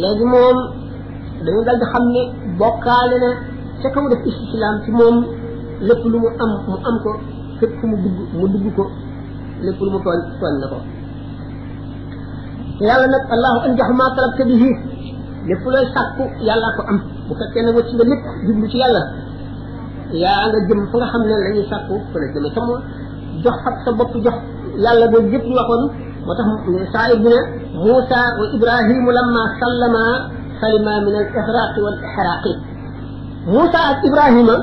léegi moom dañu dal di xam ne bokkaale na ca kaw def istislaam ci moom lépp lu mu am mu am ko fépp fu mu dugg mu dugg ko lépp lu mu tooñ tooñ na ko yàlla nag allahu anjaxu ma talabta bihi lépp looy sàkku yàllaa ko am bu fekkee ne wacc nga lépp jublu ci yàlla yaa nga jëm fa nga xam ne la ñuy sàkku fa la jëme tam jox fat sa bopp jox yàlla boobu yëpp ñu waxoon moo tax saayir bi ne Muusa wa Ibrahimu lamma sallama salima min al ixraaqi wal ixraaqi Muusa ak Ibrahima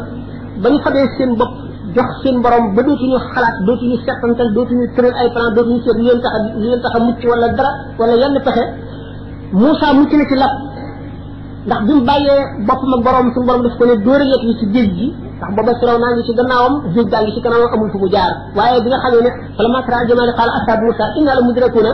ba ñu fabee seen bopp jox seen borom ba dootuñu xalaat dootuñu settantal dootuñu tëral ay plan dootuñu seet li leen tax a li leen tax a mucc wala dara wala yenn pexe Muusa mucc ndax bi mu bàyyee boppam ak borom suñu borom daf ko ne dóoralet bi ci géej gi ndax booba siraw naa ngi ci gannaawam géej gaa ngi ci mu jaar waaye bi nga xamee ne fala masra jamaali qaala ashaabu Muusaa innaa la mudrakuuna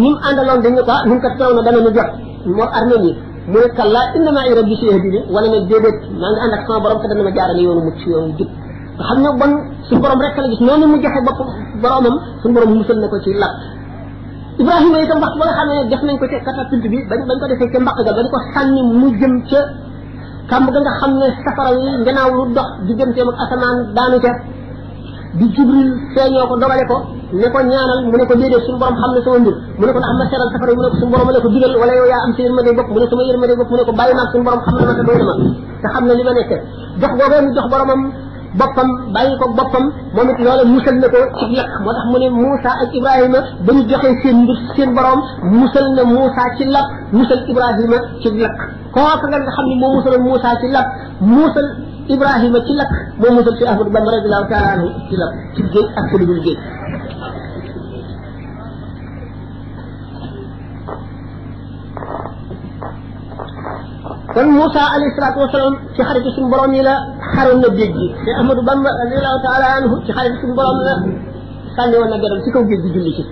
ñi mu àndaloon dañu ko ñun kat siraw na dana ñu jot moo armée yi mu ne kallaa inna maa rabbii sayahdini wala ne déedéet maa ngi ànd ak sama borom te dana ma jaarale yoonu mucc yoonu jub nga xam ne bon suñu borom rek la gis noonu mu joxe bopp boromam suñu borom musal na ko ci lap Ibrahima itam waxtu ba nga xam ko ca catapulte bi bañ bañ ko defee ca mbaq ga bañ ko sànni mu jëm nga xam ne safara yi ngenaaw lu dox digganteem ak asamaan daanu ca di jibril feeñoo ko dogale ko ne ko ñaanal mu ne ko déedéet suñu borom xam ne sama mbir mu ko ndax ma safara mu ne ko suñu borom ko digal wala yow yaa am sa yërmande bopp mu ne sama yërmande bopp mu ko bàyyi naa borom xam ne ma te doy na ma te xam ne li ma nekkee jox googee mu jox boromam boppam bàyyi ko boppam moom it loola musal na ko ci yàq moo tax mu ne Moussa ak Ibrahima ba ñu joxee seen mbir seen borom musal na Moussa ci lap musal Ibrahima ci lakk kooku nga xam ne moo musaloon Moussa ci lap musal Ibrahima ci lakk moo musal ci Ahmadu Bamba radiyallahu taala anhu ci lap ci géej ak ci lu dul géej كان موسى عليه الصلاة والسلام في حرب سن برام إلى حرم نبيجي في أحمد بن رضي الله تعالى عنه في حرب سن برام إلى كان يوانا جرم سيكو جيد جلسي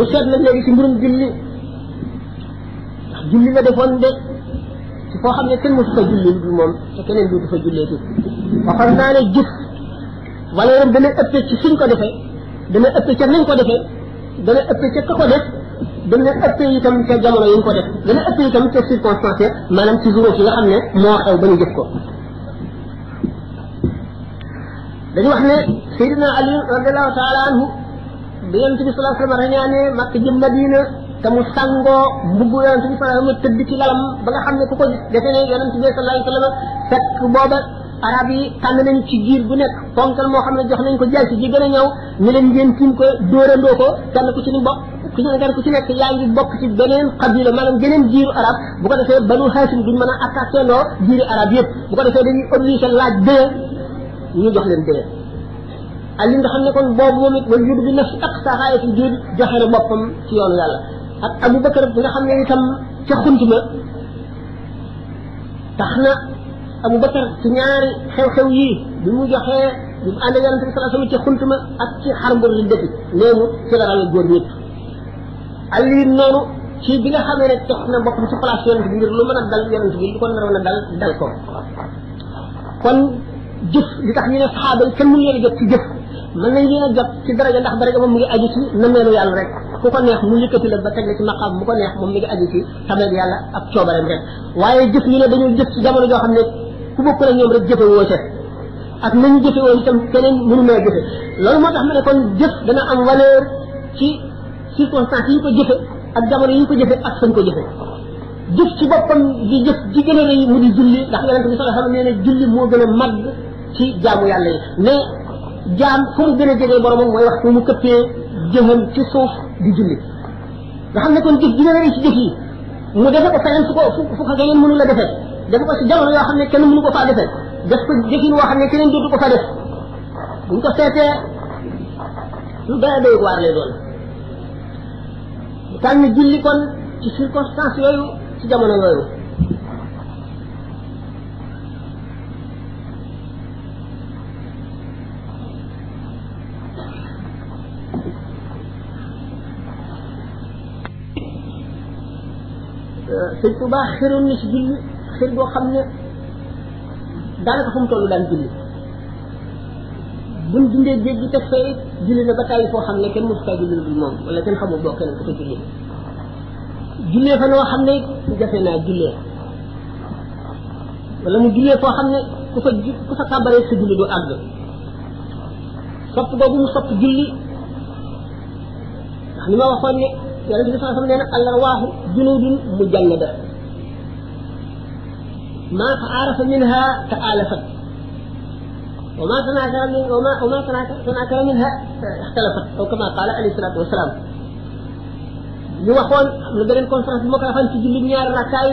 بسيط لن يجي سن برام جلسي جلسي لا دفن دي سفاها من يتن موسى جلسي بالمام سكنين دو تفا جلسي وقال نالي جس ولا يرم دلئ أبتش سنكو دفن دي dana ëpp ca nañ ko defee dana ëpp ca ka ko def dana ëpp itam ca jamono yi ñu ko def dana ëpp itam ca circonstance maanaam ci juróom yi nga xam ne moo xew ba ñu jëf ko dañu wax ne Seydina Ali radiallahu taala anhu bi yonente bi salaa sallam rañaane Makka jëm Madina te mu sàngoo mbugg yonente bi salaa sallam tëdd ci lalam ba nga xam ne ku ko gis defe ne yonente bi salaa sallam fekk booba arabi tan nañ ci giir bu nek fonkal mo xamne jox nañ ko jaay ci gëna ñëw ni leen ngeen tim ko doore ndo ko tan ko ci ni bok ku ñu gar ku ci nek yaa ngi bok ci benen qabila manam geneen giir arab bu ko defé banu hasim duñ mëna a attaqué loo jiiri arab yëpp bu ko defé dañuy sa laaj de ñu jox leen de ali nga xamne kon bobu moom it wal yudu bi nafsi aqsa hayatu jid joxe bopam ci yoonu yàlla ak abou bakar bi nga xamne itam ci xuntuma taxna Abubakar ci ñaari xew-xew yii bi mu joxee bi mu ànd ak yonente bi sallallahu alayhi wasallam ci xunt ak ci xarmbur li dëkk neemu ci la rawe góor ñëpp Ali noonu ci bi nga xamee ne jox na boppam ci place yonente bi ngir lu mën a dal yonente bi lu ko naroon a dal dal ko kon jëf li tax mi ne saxaaba yi kenn mënu leen a jot ci jëf mën nañ leen a jot ci daraja ndax daraja moom ci nameelu yàlla rek ku ko neex mu yëkkati la ba teg la ci maqaam mu ko neex moom mi ngi aju yàlla ak coobareem rek waaye jëf ñu ne dañoo jëf ci jamono joo xam ne ku bokkul ak ñoom rek jëfe woo ca ak nañu jëfe woon itam keneen mënu naa jëfe loolu moo tax ma ne kon jëf dana am valeur ci circonstance yi ñu ko jëfe ak jamono yi ñu ko jëfe ak fañ ko jëfe jëf ci boppam di jëf di gën a rëy mu di julli ndax yonente bi sallallahu alayhi wasallam nee na julli moo gën a màgg ci jaamu yàlla yi mais jaam fu mu gën a jege boromam mooy wax fu mu këppee jëfam ci suuf di julli nga ne kon jëf di gën a mu defe ko feneen fu ko fu ko keneen mënu la defee def ko ci jamono yoo xam ne kenn mënu ko faa defee def ko jëfin woo xam ne keneen dootu ko fa def buñ ko seetee lu doy doy waar lay doon tànn julli kon ci circonstance yooyu ci jamono yooyu sëñ Tuubaa xiroon na ci julli kër goo xam ne daanaka fu mu toll daan julli buñ dindee géej gi teg fee julli na ba tàyyi foo xam ne kenn mosu faa julli dul julli foo xam ne ku fa ku fa kàbbaree sa julli du àgg sopp boobu mu sopp julli ndax ni ma waxoon ne yàlla di saa sam nee na àllarwaaxu junudun mu jannada ما تعارف منها تآلفت وما تناكر من وما وما تناكر منها اختلفت او كما قال عليه الصلاه والسلام ñu waxoon am na beneen conférence bu ma ko waxoon ci julli ñaari rakkaay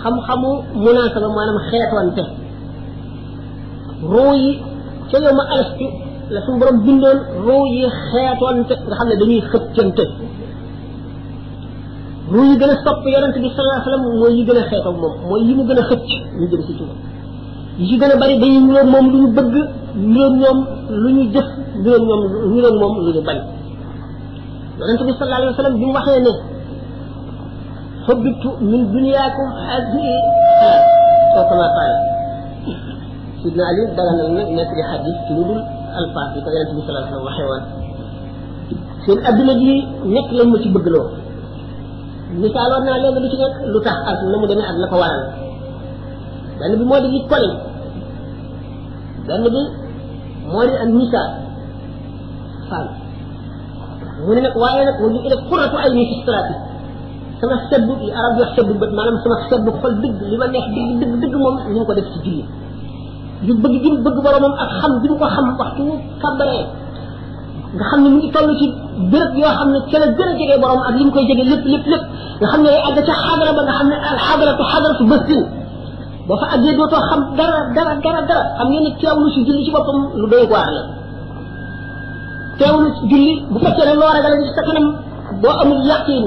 xam-xamu munasaba maanaam xeetwante ruu yi ca yow ma alas la suñu borom bindoon ruu yi xeetwante nga xam ne dañuy xëccante muy gën a sopp yonent bi sallallahu alayhi wasallam mooy yi gën a xeet ak moom mooy yi mu gën a xëcc ñu jëm si tuba yi gën a bari dañuy niroog moom lu ñu bëgg niroog ñoom lu ñu jëf niroog ñoom niroog moom lu ñu bañ yonent bi sallallahu alayhi wasallam bi mu waxee ne xobbitu min duniyaakum hadihi kama qaala sidna ali dara na ñu nekk di xadis ci lu dul alfaas bi ko yonent bi sallallahu alayhi wasallam waxee woon seen adduna ji ñett lañ ma ci bëgg loo misaaloon naa léegi lu ci nekk lu tax ak na mu demee ak la ko waral benn bi moo di li koli benn bi moo di ak misaal faam mu ne nag waaye nag wala ila qurratu ay ni fi sirati sama seddu li arab wax seddu bët maanaam sama seddu xol dëgg li ma neex dëgg dëgg dëgg moom ñu ngi ko def ci julli yu bëgg gi mu bëgg boromam ak xam bi mu ko xam waxtu kàbbaree nga xam ne mu ngi toll ci béréb yoo xam ne ca la gën a jege borom ak li mu koy jege lépp lépp lépp nga xam ne day àgg ca xadara ba nga xam ne al xadaratu xadaratu bëstin boo fa àggee dootoo xam dara dara dara dara xam ngeen ne teewlu si julli ci boppam lu doy waar la teewlu si julli bu fekkee ne loo ragal ci sa kanam boo amul yaqin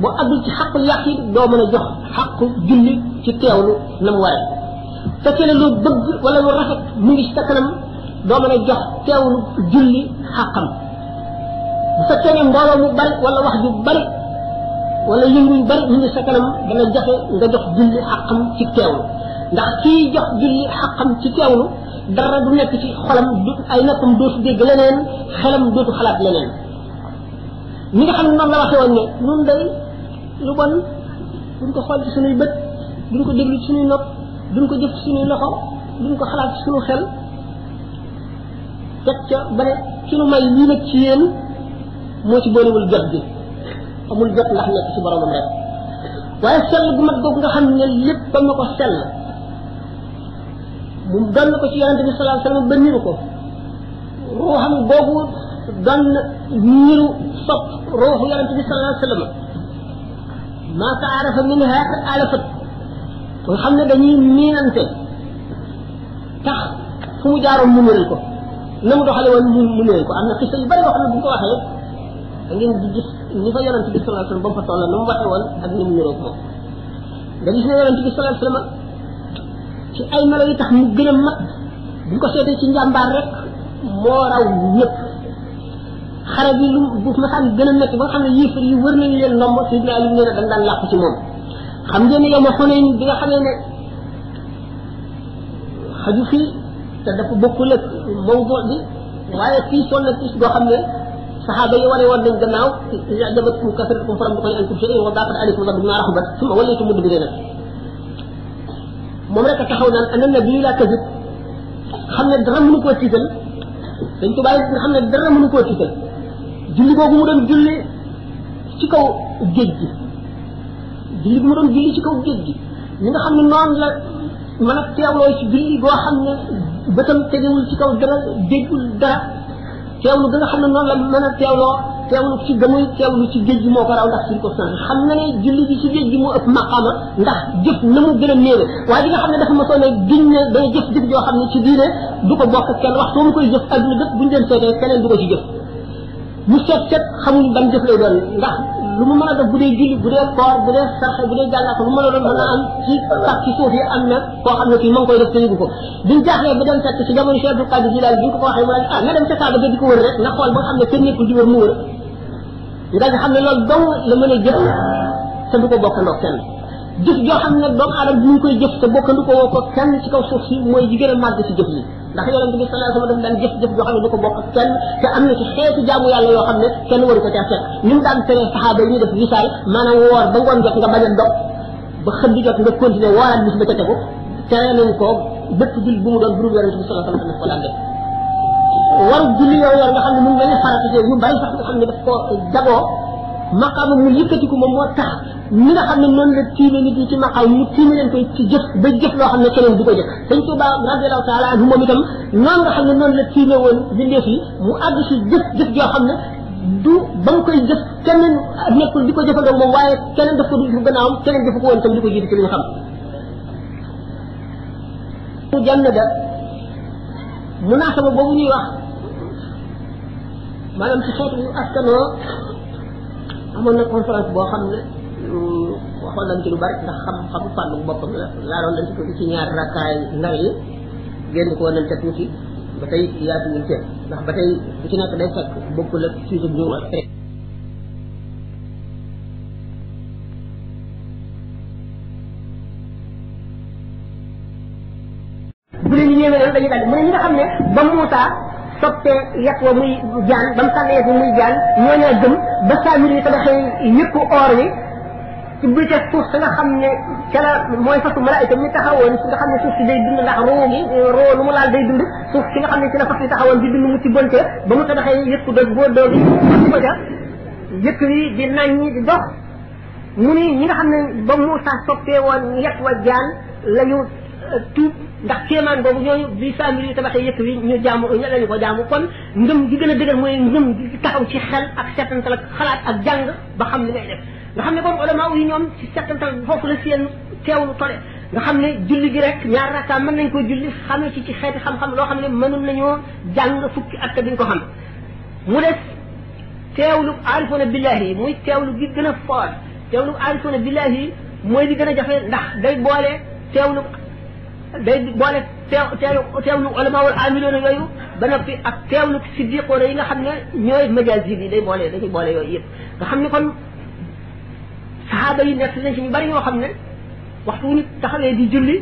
boo àggul ci xaqul yaqin doo mën a jox xaqu julli ci teewlu na mu waree fekkee ne lu bëgg wala lu rafet mu ngi ci sa kanam doo mën a jox teewlu julli xaqam bu fekkee ne mbooloo mu bari wala wax ju bari wala yëngu yu bari ñu ngi sa kanam dana jafe nga jox julli xaqam ci teewlu ndax kii jox julli xaqam ci teewlu dara du nekk ci xolam du ay noppam dootu dégg leneen xelam dootu xalaat leneen ñi nga xam ne noonu la ne ñun day lu bon duñ ko xool ci suñuy bët duñ ko déglu suñuy nopp duñ ko jëf ci suñuy loxo duñ ko xalaat ci suñu xel teg ca ba ne ci lu moo ci boolewul jot bi amul jot ndax nekk ci boromam rek waaye sell gu mat googu nga xam ne lépp ba ma ko sell mu donn ko ci yonente bi salaa sallam ba niru ko ruuxam googu donn niru sopp ruuxu yonente bi salaa sallam maa ta arafa min ha qad alafat nga xam ne dañuy miinante tax fu mu jaaroon mu niral ko na mu doxale woon mu niral ko am na xisa yu bari yoo xam ne bu ko waxee ngeen di gis ni fa yonent bi sallallahu alayhi wasallam ba fa toll nu mu waxe woon ak ni mu ñëroog moom nga gis ne yonent bi sallallahu alayhi wasallam ci ay melo yi tax mu gën a mag bu ko seetee ci njàmbaar rek moo raw ñëpp xare bi lu bu ma xam gën a métti ba nga xam ne yéefar yi wër nañu leen ndomb sidna ali nee na dañ daan làqu ci moom xam ngeen ne yow ma xoneen bi nga xamee ne xaju fii te dafa bokkul ak mawdu bi waaye fii toll na ci goo xam ne صحابي ولي ورد من جناو يعجبتكم كثركم فرمت قليل أنتم شيئين وداخل عليكم ضد النار أخبر ثم وليتم مدبرين ممركة تحول أن النبي لا تزد خمنا الدرم منك وتزل فإنتو بايد خمنا الدرم منك وتزل جلي بوغو مدن جلي شكو جد جلي بوغو مدن جلي شكو جد لنا خمنا نوان نعم لا منك تياولو يشبلي بوغو خمنا بتم تجول شكو جلي جلي جلي teewlu gën a xam ne noonu la mën a teewloo teewlu ci gëmuy teewlu ci géej gi moo ko raw ndax circonstance xam na ne julli bi ci géej gi moo ëpp maqaama ndax jëf na mu gën a néewe waaye di nga xam ne dafa mosoon ne giñ ne day jëf jëf joo xam ne ci diine du ko bokk kenn waxtu mu koy jëf adduna bépp buñu leen seetee keneen du ko ci jëf mu seet seet xamuñ ban jëf lay doon ndax lu mu mën a def bu dee julli bu dee koor bu dee sarxe bu dee jàngaat lu mu mën a doon mën na am ci sax ci suuf yi am na koo xam ne kii ma ngi koy def te yëgu ko biñ jaaxlee ba dem fekk ci jamono Cheikh Abdou Qadir Jilal bi ñu ko ko waxee mu ne ah nga dem ca Kaaba ga di ko wër rek na xool ba nga xam ne kenn nekkul di wër mu wër nga xam ne loolu dong la mën a jëf te du ko bokkandoo kenn jëf joo xam ne doomu aadama bi ñu koy jëf te bokkandu ko woo ko kenn ci kaw suuf si mooy ji gën a màgg si jëf yi ndax yonent bi sallallahu alayhi wasallam daan jëf jëf joo xam ne du ko bokk ak kenn te am na ci xeetu jaamu yàlla yoo xam ne kenn waru ko caa fekk ni mu daan tere saxaaba yi ñu def wisaal maanaam woor ba ngoon jot nga bañ a dog ba xëdd di jot nga continuer wooraat bis ba ca tegu tere nañ ko bépp jul bu mu doon burub yonent bi sallallahu alayhi wasallam ko daan def war julli yow yor nga xam ne mu ngi mel ni farata yu bari sax nga xam ne daf ko jagoo maqaama mu yëkkati ko moom moo tax ñi nga xam ne noonu la tiime nit ñi ci maqaam mu tiime leen koy ci jëf ba jëf loo xam ne keneen du ko jëf sëñ Tuubaa radiallahu taala anhu moom itam noonu nga xam ne noonu la tiime woon bindeef yi mu àgg si jëf jëf joo xam ne du ba nga koy jëf keneen nekkul di ko jëfandoo moom waaye keneen daf ko du gannaawam keneen daf ko woon tam di ko jiitu ci li ñu xam mu jànn da munaasaba boobu ñuy wax maanaam ci xeetu askanoo amana conférence boo xam ne waxoon nañ ci lu bari ndax xam xam fànn boppam la laaroon nañ ci tuuti ci ñaar rakkaay ndaw yi génn ko nañ ca tuuti ba tey yaatu ñu ceeb ndax ba tey bu ci nekk day fekk bokkul ak sujet bi ñu wax rek bu leen ñëwé dañu daal mu ñi nga xam ne ba muuta soppee yet wa muy jaan ba mu sànnee yet wa muy jaan ñoo ñoo gëm ba saamir yi tabaxee yëpp or wi ci bu ca suuf si nga xam ne ca mooy fasu malaayika mi taxawoon si nga xam ne suuf si day dund ndax xam ne ci la fas yi taxawoon di dund mu ci bonte ba mu tabaxee yëpp doog boo doog yi ba ca di nañ ñi di dox mu ni ñi nga xam ne ba Moussa soppee woon yet wa jaan la ñu tuub ndax kéemaan boobu ñooñu bi famille yi tabaxee yëkk wi ñu jaamu ñu lañu ko jaamu kon ngëm gi gën a dëgër mooy ngëm gi taxaw ci xel ak seetantal ak xalaat ak jàng ba xam li ngay def nga xam ne kon ulama yi ñoom ci seetantal foofu la seen teewlu tole nga xam ne julli gi rek ñaar rakka mën nañ ko julli xamee ci ci xeeti xam-xam loo xam ne mënul nañoo jàng fukki at duñ ko xam mu des teewlu aarifoona billahi yi muy teewlu gi gën a foor teewlu aarifoona billahi yi mooy bi gën a jafe ndax day boole teewlu day boole teew teew teewlu ulama wal aamiloona yooyu ba noppi ak teewlu siddiqoona yi nga xam ne ñooy majaas yi day boole dañuy boole yooyu yëpp. nga xam ne kon saxaaba yi nekk nañ ci ñu bari ñoo xam ne waxtu wu ñu taxawee di julli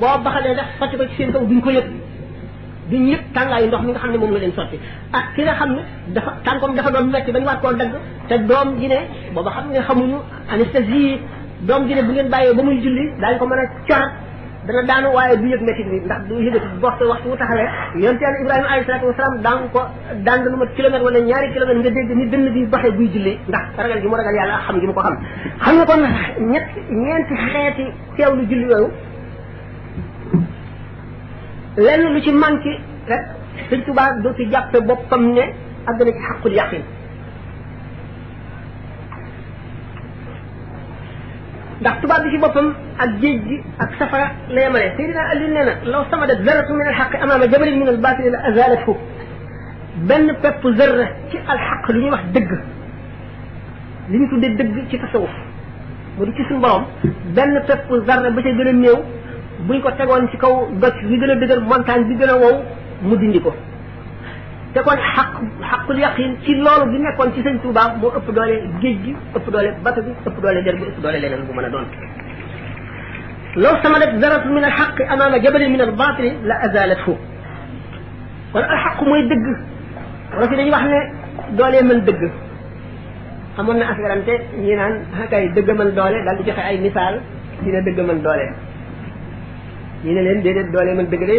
boo baxalee ndax sotti ko ci seen kaw duñ ko yëg duñ yëg tàngaayu ndox mi nga xam ne moom la leen sotti ak ki nga xam ne dafa tànkoom dafa doon metti ba ñu war koo dagg te doom ji ne booba xam nga xamuñu anesthésie doom ji ne bu ngeen bàyyee ba muy julli daañu ko mën a cor dana daanu waaye du yëg métit bi ndax du yëgati boxte waxtu wu taxawee yonte yàlla ibrahima alayhi salaatu wasalaam daan ko daan lu mat kilomètre wala ñaari kilomètre ni dënn bi baxee buy julli ndax ragal gi mu ragal yàlla xam gi mu ko xam xam nga kon ñett ñeenti xeeti teewlu julli yooyu lenn lu ci manqué rek sëñ Tuubaa doo ci jàppe boppam ne àgg na ci yaqin ndax tubaab bi ci boppam ak géej gi ak safara la yemale sayidina ali nee na law samadat zaratu min alxaq amaama jabalin min albatil la azalathu benn pepp zarra ci alxaq lu ñuy wax dëgg li ñu tuddee dëgg ci tasawuf bu di ci suñ borom benn pepp zarra ba ca gën a néew buñ ko tegoon ci kaw doj bi gën a dëgër montagne bi gën a wow mu dindi ko te kon xaq xaqul yaqin ci loolu bi nekkoon ci sëñ Touba moo ëpp doole géej gi ëpp doole bato bi ëpp doole der bi ëpp doole leneen bu mën a doon لو سمدت ذرة من الحق أمام جبل من الباطل لا أزالته kon alxaq mooy dëgg wala fi dañuy wax ne doole mën dëgg amoon na asgarante ñi naan xakay dëgg mën doole daal di joxe ay misaal dina dëgg mën doole ñi ne leen déedéet doole mën dëgg de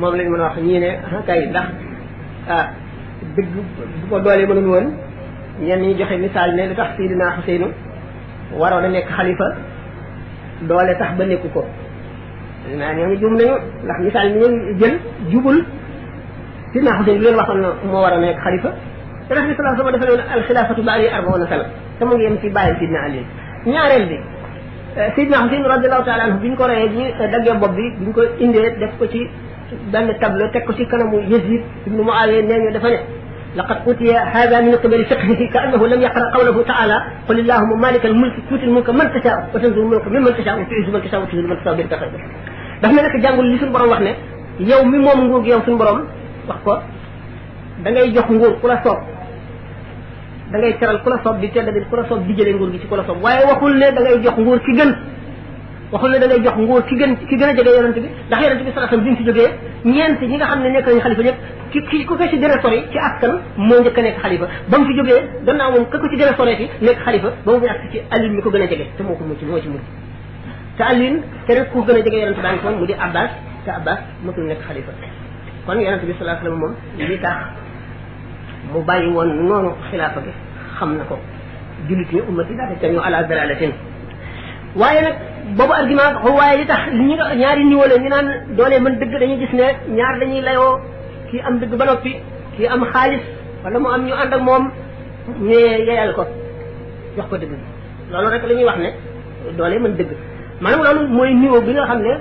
moom lañ mën a wax ñii ne xakay ndax ah dëgg bu ko doolee mënul woon ñenn ñi joxe misaal ne lu tax Seydina Xuseynu waroon a nekk xalifa doole tax ba nekku ko naa ñoo ngi juum nañu ndax misaal mi ngeen jël jubul Seydina moo war a nekk xalifa te rasul sallallahu alayhi wa sallam dafa ne alxilaafatu baadi arbauna sana te mu ngi yem ci bàyyam Seydina Ali ñaareel bi Seydina Xuseynu radiallahu taala anhu bi ñu ko reyee bi ñu daggee bopp bi bi ñu ko indee def ko ci بن تبلو تكوسي كنمو يزيد ابن معاوية نيني نعم دفنة لقد أتي هذا من قبل فقهه كأنه لم يقرأ قوله تعالى قل اللهم مالك الملك تؤتي الملك من تشاء وتنزل الملك ممن تشاء وتعز من تشاء وتذل من تشاء بيدك خير دفنة لك جامل اللي سنبرم وحنا يوم مم نقول يوم سنبرم وحكو دعني يجح نقول كل صوب دعني ترى كل صوب بيتر دعني كل صوب بيجي نقول بيجي كل صوب واي وكل نه دعني يجح نقول كي جل waxul ne da ngay jox nguur ki gën ki gën a jege yonent bi ndax yonent bi sallallahu alayhi wasallam bi mu fi jógee ñeent ñi nga xam ne nekk nañu xalifa ñëpp ki ki ku ko ci gën a sori ci askan moo njëkk a nekk xalifa ba mu fi jógee gannaaw moom ka ko ci gën a sori fi nekk xalifa ba mu ak ci Alioune mi ko gën a jege te moo ko mucc moo ci mujj te Alioune te rek ku gën a jege yonent baa ngi foon mu di Abbas te Abbas mësul nekk xalifa kon yonent bi sallallahu alayhi wasallam moom li tax mu bàyyi woon noonu xilaafa gi xam na ko julit ñi ummati daal dañu ala dalalatin waaye nag boobu argument waaye li tax li ñu ñaari niveau la ñu naan doolee man dëgg dañuy gis ne ñaar dañuy layoo kii am dëgg ba noppi kii am xaalis wala mu am ñu ànd ak moom ñu yeyal ko jox ko dëgg loolu rek la ñuy wax ne doolee man dëgg maanaam loolu mooy niveau bi nga xam ne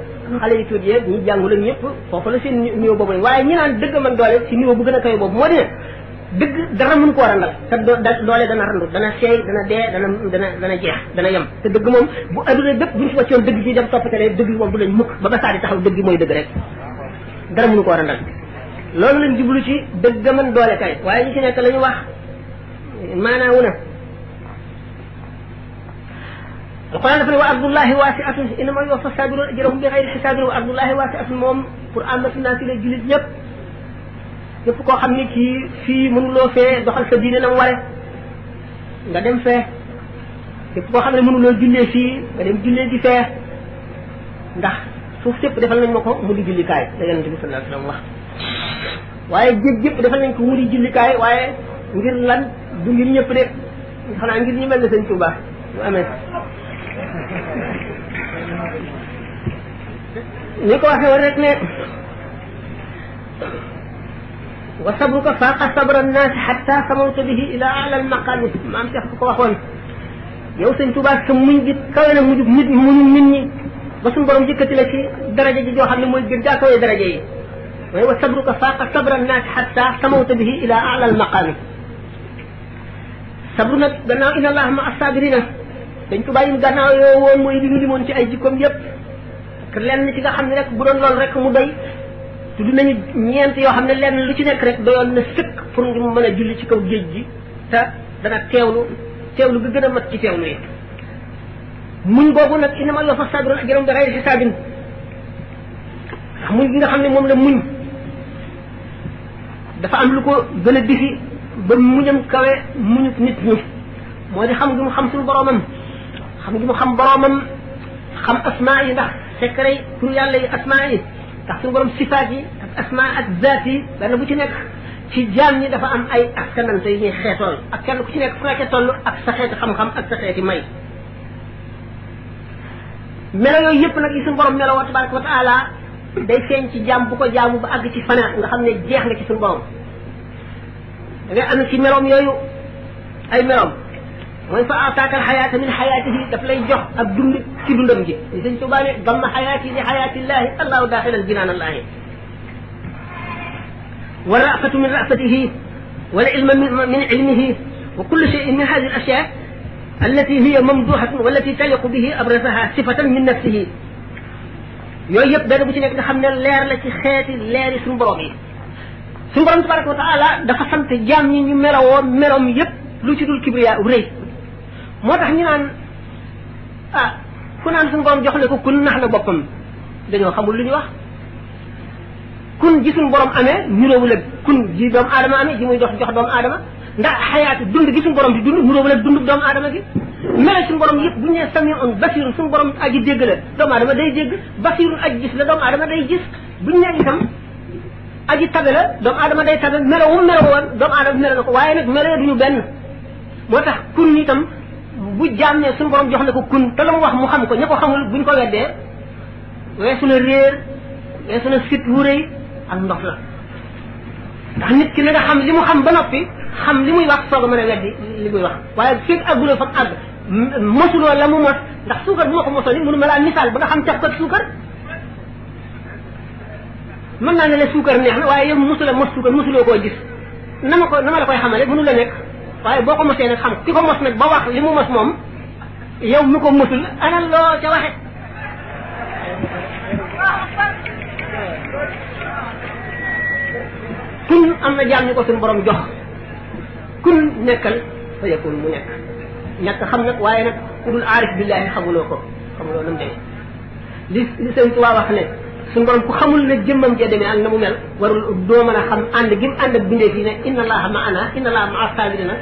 xale yu tuuti yeeg ñi jàngul ak ñëpp foofu la seen niveau boobu la waaye ñi naan dëgg mën doole si niveau bu gën a kawe boobu moo di ne dëgg dara mun koo randal te doole dana randu dana seey dana dee dana dana dana jeex dana yem te dëgg moom bu adduna bépp bu ñu wàccoon dëgg ci dem toppatale dëgg moom du leen mukk ba ba saa di dëgg mooy dëgg rek dara mun koo randal loolu lañ jublu ci dëgg mën doole kay waaye ñu ci nekk la ñu wax maanaa wu na alquran dafa ne wa ardullahi waasiatun innama yuwaffa saabirun ajrahum bi xayri xisaabin wa ardullahi waasiatun moom pour ànd naa si la jullit képp ko xam ni kii fii mënuloo fee doxal sa diine na mu ware nga dem fee képp koo xam ne mënuloo jullee fii nga dem jullee ji fee ndax suuf sépp defal nañ ma ko mu di jullikaay la yonent bi sallallahu alayhi wasallam waaye géej gépp defal nañ ko mu di jullikaay waaye ngir lan du ngir ñëpp de xanaa ngir ñu ne sëñ Tuubaa mu amee ni ko waxee woon rek ne وصبرك فاق صبر الناس حتى صبرت به الى اعلى المقام ما انت فوق واخون يو سنت با سمون جي كان موجب نيت من مني بسم بروم جي كتي لاشي درجه جي جو خامي موي جين جاكو درجه يي وي وصبرك فاق صبر الناس حتى صبرت به الى اعلى المقام صبرنا بنا ان الله مع الصابرين سنت با يم غناو يو وون موي دي ندي مون سي اي جيكوم ييب كر لين سي غا خامي رك بودون لول رك مو داي tudd nañu ñeent yoo xam ne lenn lu ci nekk rek doyoon na sëkk pour ngir mën a julli ci kaw géej gi te dana teewlu teewlu gi gën a mat ci teewlu yi muñ boobu nag inama yoo fa sabiroon ak yaram bi xayri xisaabin ndax muñ gi nga xam ne moom la muñ dafa am lu ko gën a difi ba muñam kawe muñu nit ñi moo di xam gi mu xam suñu boromam xam gi mu xam boromam xam asmaa yi ndax secret yi tur yàlla yi asmaa yi ndax suñu borom sifaat yi ak asma ak zaat yi benn bu ci nekk ci jaam ñi dafa am ay askanante yu ñuy ak kenn ku ci nekk fu nga ca ak sa xeeti xam-xam ak sa xeeti may melo yooyu yëpp nag yi suñu borom melo wa tabaraka day feeñ ci jaam bu ko jaamu ba àgg ci fanaa nga xam ne jeex nga ci suñu borom da ngay am ci meloom yooyu ay meloom moy fa ataaka hayat min hayatihi daf lay jox ak dund ci dundam ji sëñ touba ne dam hayati li hayati allah allah dakhil al jinan allah wa rafatu min rafatihi wala ilma min ilmihi wa kull shay min hadhihi al ashyaa التي هي ممدوحة والتي تليق به أبرزها صفة من نفسه yooyu yëpp benn bu ci nekk nga xam ne leer la ci xeeti leeri suñu borom yi suñu borom tabaraka wa taala dafa sant jaam ñi ñu melawoo merom yëpp lu ci dul kibriya rëy motax ñu naan ah ku naan suñu borom jox na ko kun nax la boppam dañoo xamul lu ñu wax kun ji suñu borom amee niroowul ak kun ji doom aadama amee ji muy dox jox doom aadama ndax xayaatu dund gi suñu borom di dund niroowul ak dundu doom aadama gi mele suñu borom yëpp bu ñu nee sami on basir suñu borom aji dégg la doom aadama day dégg basirun aji gis la doom aadama day gis bu ñu nee itam aji tabe la doom aadama day tabe melo wu melo woon doomu aadama melo na ko waaye nag melo duñu benn moo tax kun itam bu jaam sun borom jox na ko kun te la wax mu xam ko ñako xamul buñ ko wedde weesu na réer weesu na sit wu reey ak ndox la ndax nit ki nga xam li mu xam ba noppi xam li muy wax soog a mën a weddi li muy wax waaye fii àgguloo fa àgg mosuloo la mu mos ndax sugar bu ma ko mosoon mënu ma laa ba nga xam tax ko sugar man na ne sugar neex na waaye yow mosula mos sugar mosuloo ko gis nama ko nama la koy xamale bu nu la nekk waaye boo ko mosee nag xam ki ko mos nag ba wax li mu mos moom yow mi ko mosul ana loo ca waxe kun am na jaam ñu ko suñu borom jox kun nekkal fa yakul mu nekk ñàkk xam nag waaye nag kudul dul aarif billahi xamuloo ko xamuloo nam demee li li sëñ Tuubaa wax ne sun borom ku xamul ne jëmmam ja demee ak na mu mel warul doo mën a xam ànd gi mu ànd ak bindee fii ne inna allaha ma ana inna allaha ma astabirina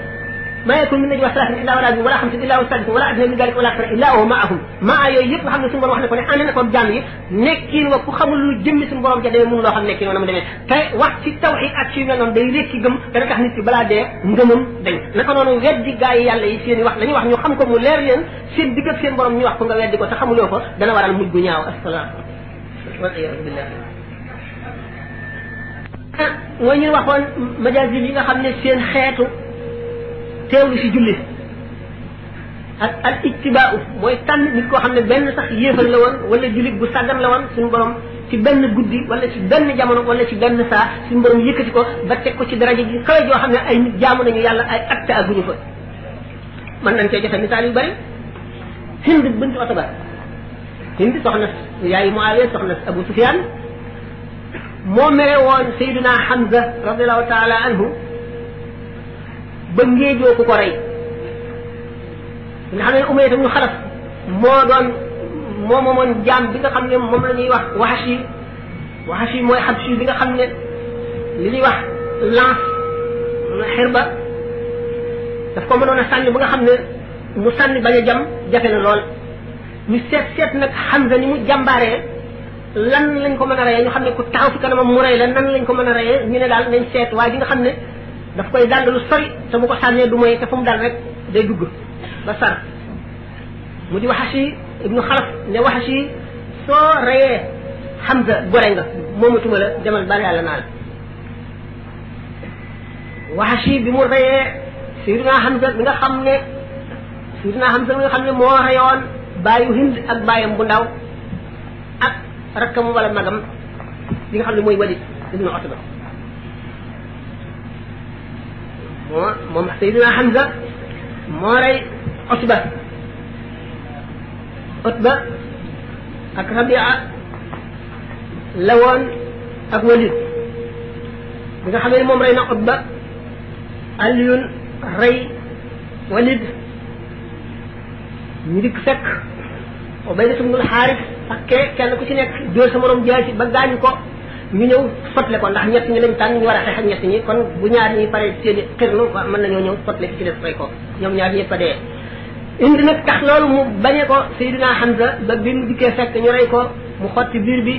ما يكون من نجوى ثلاثة إلا ولا ولا خمسة إلا والسادس ولا أدنى من ذلك ولا أكثر إلا وهو معهم مع يوي يب خم سن بروم wax na ko ne and na ko jam yi nekkin wa ku xamul lu jëmmi sun borom ja demee mun loo xam nekkin wala mu demee te wax ci tawxid ak ci mel noonu day lekk gëm dana tax nit ki balaa dee ngëmam dañ naka noonu weddi gaa yi yàlla yi seen wax lañu wax ñu xam ko mu leer leen seen digg ak seen borom ñu wax ko nga weddi ko te xamuloo ko dana waral mujj bu ñaaw asalaam والعياذ billah mooy ñu waxoon majaazim yi nga xam ne seen xeetu teewlu si julli ak al ittibaau mooy tànn nit koo xam ne benn sax yéefal la woon wala jullit bu sàggan la woon suñu borom ci benn guddi wala ci benn jamono wala ci benn saa suñu borom yëkkati ko ba teg ko ci daraja ji kawe joo xam ne ay nit jaamu nañu yàlla ay atta aguñu fa mën nañ cee joxe misaal yu bëri hind bint otobar hind soxna yaay muawiya soxna abu sufyan moo mere woon sayyidina hamza radiallahu taala anhu ba ngéejoo ku ko rey nga xam ne umayat ibnu xalaf moo doon moo moomoon jaam bi nga xam ne moom la ñuy wax waxashi waxashi mooy xabshi bi nga xam ne li ñuy wax lance xirba daf ko mënoon a sànni ba nga xam ne mu sànni bañ a jam jafe na lool ñu seet seet nag xamsa ni mu jàmbaaree lan lañ ko mën a reyee ñu xam ne ku taxaw fi kanamam mu rey la nan lañ ko mën a reyee ñu ne daal nañ seet waaye di nga xam ne daf koy dànd lu sori te bu ko sànnee du moy te fu mu dal rek day dugg ba sar mu di waxasi ibnu xalaf ne waxasi soo reyee xamsa gore nga moomatuma la demal bari yàlla naa la waxasi bi mu reyee sayidina xamsa bi nga xam ne sayidina xamsa bi nga xam ne moo reyoon bayu hind ak bayam bu ndaw ak rakam wala magam li nga xamni moy mooy walid ibnu otba mo moom sayyidina hamza mo ray utba utba ak rabia lawon ak walid bi nga xamni mom ray na utba aliyun ray walid ñu dikk fekk Ubayda ibnul Xaaris fakkee kenn ku ci nekk dóor sa morom jaasi ba gaañu ko ñu ñëw fotle ko ndax ñett ñi lañ tànn ñu war a xeex ñett ñi kon bu ñaar ñi pare seen xirnu mën nañoo ñëw fotle ci def fay ko ñoom ñaar ñëpp a dee indi nag tax loolu mu bañee ko Seydina Hamza ba bi mu dikkee fekk ñu rey ko mu xotti biir bi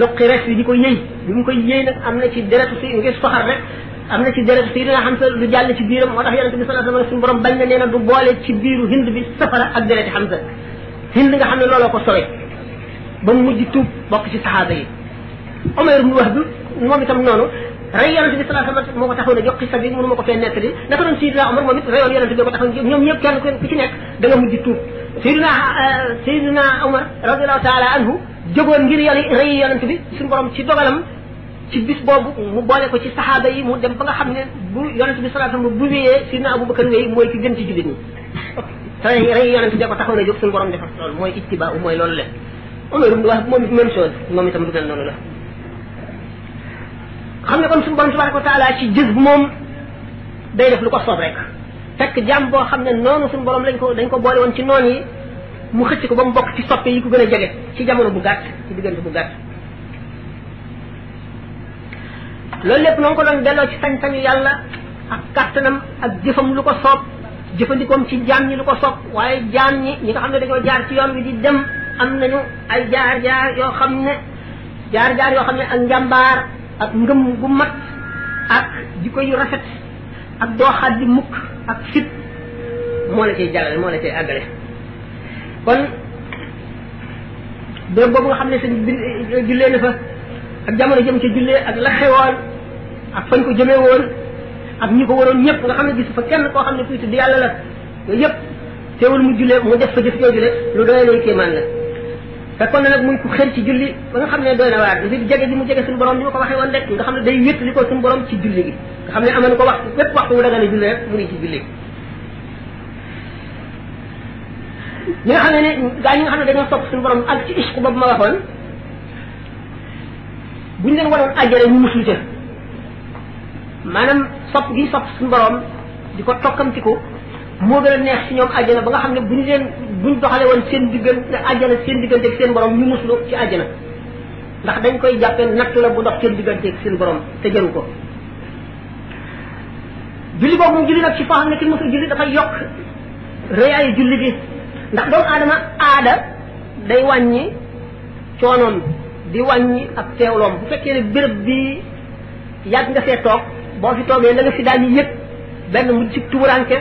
loqi res bi di ko yëy bi mu koy yëy nag am na ci deretu si ngir soxar rek am na ci dina sayyidina Hamza lu jàll ci biiram moo tax yonente bi sallallahu alayhi wa sallam borom bañ na nee na du boole ci biiru hind bi safara ak dereti Hamza hind nga xam ne looloo ko sore ba mu mujj tuub bokk ci saxaaba yi Omar ibn Wahb moom itam noonu rey yonente bi sallallahu alayhi wasallam moo ko taxoon a jox xisa bi mënu ma ko fee nettali naka doon sayyidina Omar moom it reyoon yonente bi ko taxoon ñoom ñëpp kenn ku ci nekk da nga mujj tuub sayyidina sayyidina Omar radiyallahu taala anhu jógoon ngir yore rey yonente bi suñu borom ci dogalam ci bis boobu mu boole ko ci saxaaba yi mu dem ba nga xam ne bu yonente bi salaa bu wéyee sidna abubakar wéy mooy ci gën ci jullit ñi tay rey yonente da ko taxaw na jóg suñu borom defal lool mooy ittiba mooy loolu le Omar ibn Wahab moom même chose moom itam lu gën noonu la xam ne kon suñu borom tabaraka wa taala ci jës moom day def lu ko soob rek fekk jàmm boo xam ne noonu suñu borom lañ ko dañ ko boole woon ci noon yi mu xëcc ko ba mu bokk ci soppe yi ko gën a jege ci jamono bu gàtt ci diggante bu gàtt loolu lépp na nga ko doon delloo ci sañ-sañu yàlla ak kàttanam ak jëfam lu ko soob jëfandikoom ci jaam ñi lu ko soob waaye jaam ñi ñi nga xam ne dañoo jaar ci yoon wi di dem am nañu ay jaar-jaar yoo xam ne jaar-jaar yoo xam ne ak njàmbaar ak ngëm gu mat ak jikko yu rafet ak doo xaddi mukk ak fit moo la ciy jàllale moo la ciy àggale kon béréb boobu nga xam ne sëñ bi jullee na fa ak jamono jëm ci jullee ak la xewoon ak fañ ko jëmee woon ak ñi ko waroon ñëpp nga xam ne gis fa kenn koo xam ne kuy tudd yàlla la yooyu yëpp teewul mu jullee mu def fa jëf jooju le lu doy lay kéemaan la fekkoon na nag muy ku xër ci julli ba nga xam ne doy na waar li jege gi mu jege suñu borom ni ma ko waxee woon rek nga xam ne day wéttali ko suñu borom ci julli gi nga xam ne amoon ko waxtu bépp waxtu wu dagal julli rek mu ngi ci julli ñi nga xam ne ne gaa ñi nga xam ne dañoo sopp suñu borom ak ci ishq boobu ma waxoon bu ñu leen waroon àjjana ñu musul ca maanaam sopp gi sopp suñu borom di ko tokkamtiku moo gën a neex si ñoom àjjana ba nga xam ne bu ñu leen buñ ñu doxale woon seen diggante àjjana seen diggante ak seen borom ñu muslu ci àjjana ndax dañ koy jàppee natt la bu ndox seen diggante ak seen borom te jaru ko julli boobu mu julli nag ci foo xam ne kenn mosul julli dafay yokk rëyaayu julli bi ndax doomu aadama aada day wàññi coonoom di wàññi ak teewloom bu fekkee ne béréb bi yàgg nga fee toog boo fi toogee la nga fi daan yëg benn mu ci tuburanke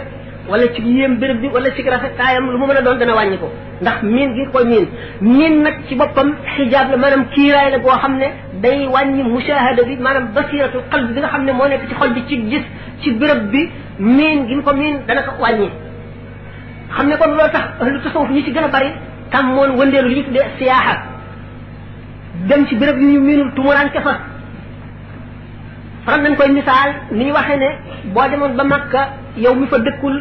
wala ci yéem béréb bi wala ci rafetaayam lu mu mën a doon dana wàññi ko ndax miin gi koy miin miin nag ci boppam xijaab la maanaam kiiraay la boo xam ne day wàññi mushahada bi maanaam basiratul qalb bi nga xam ne moo nekk ci xol bi ci gis ci béréb bi miin gi ko miin dana ko wàññi xam ne kon loolu tax lu tasawuf ñi ci gën a bari tàmmoon wëndeelu li ñu tuddee siyaaxa dem ci béréb yu ñu miinul tumuraanke fa faral nañ koy misaal ni ñu waxee ne boo demoon ba Makka yow mi fa kul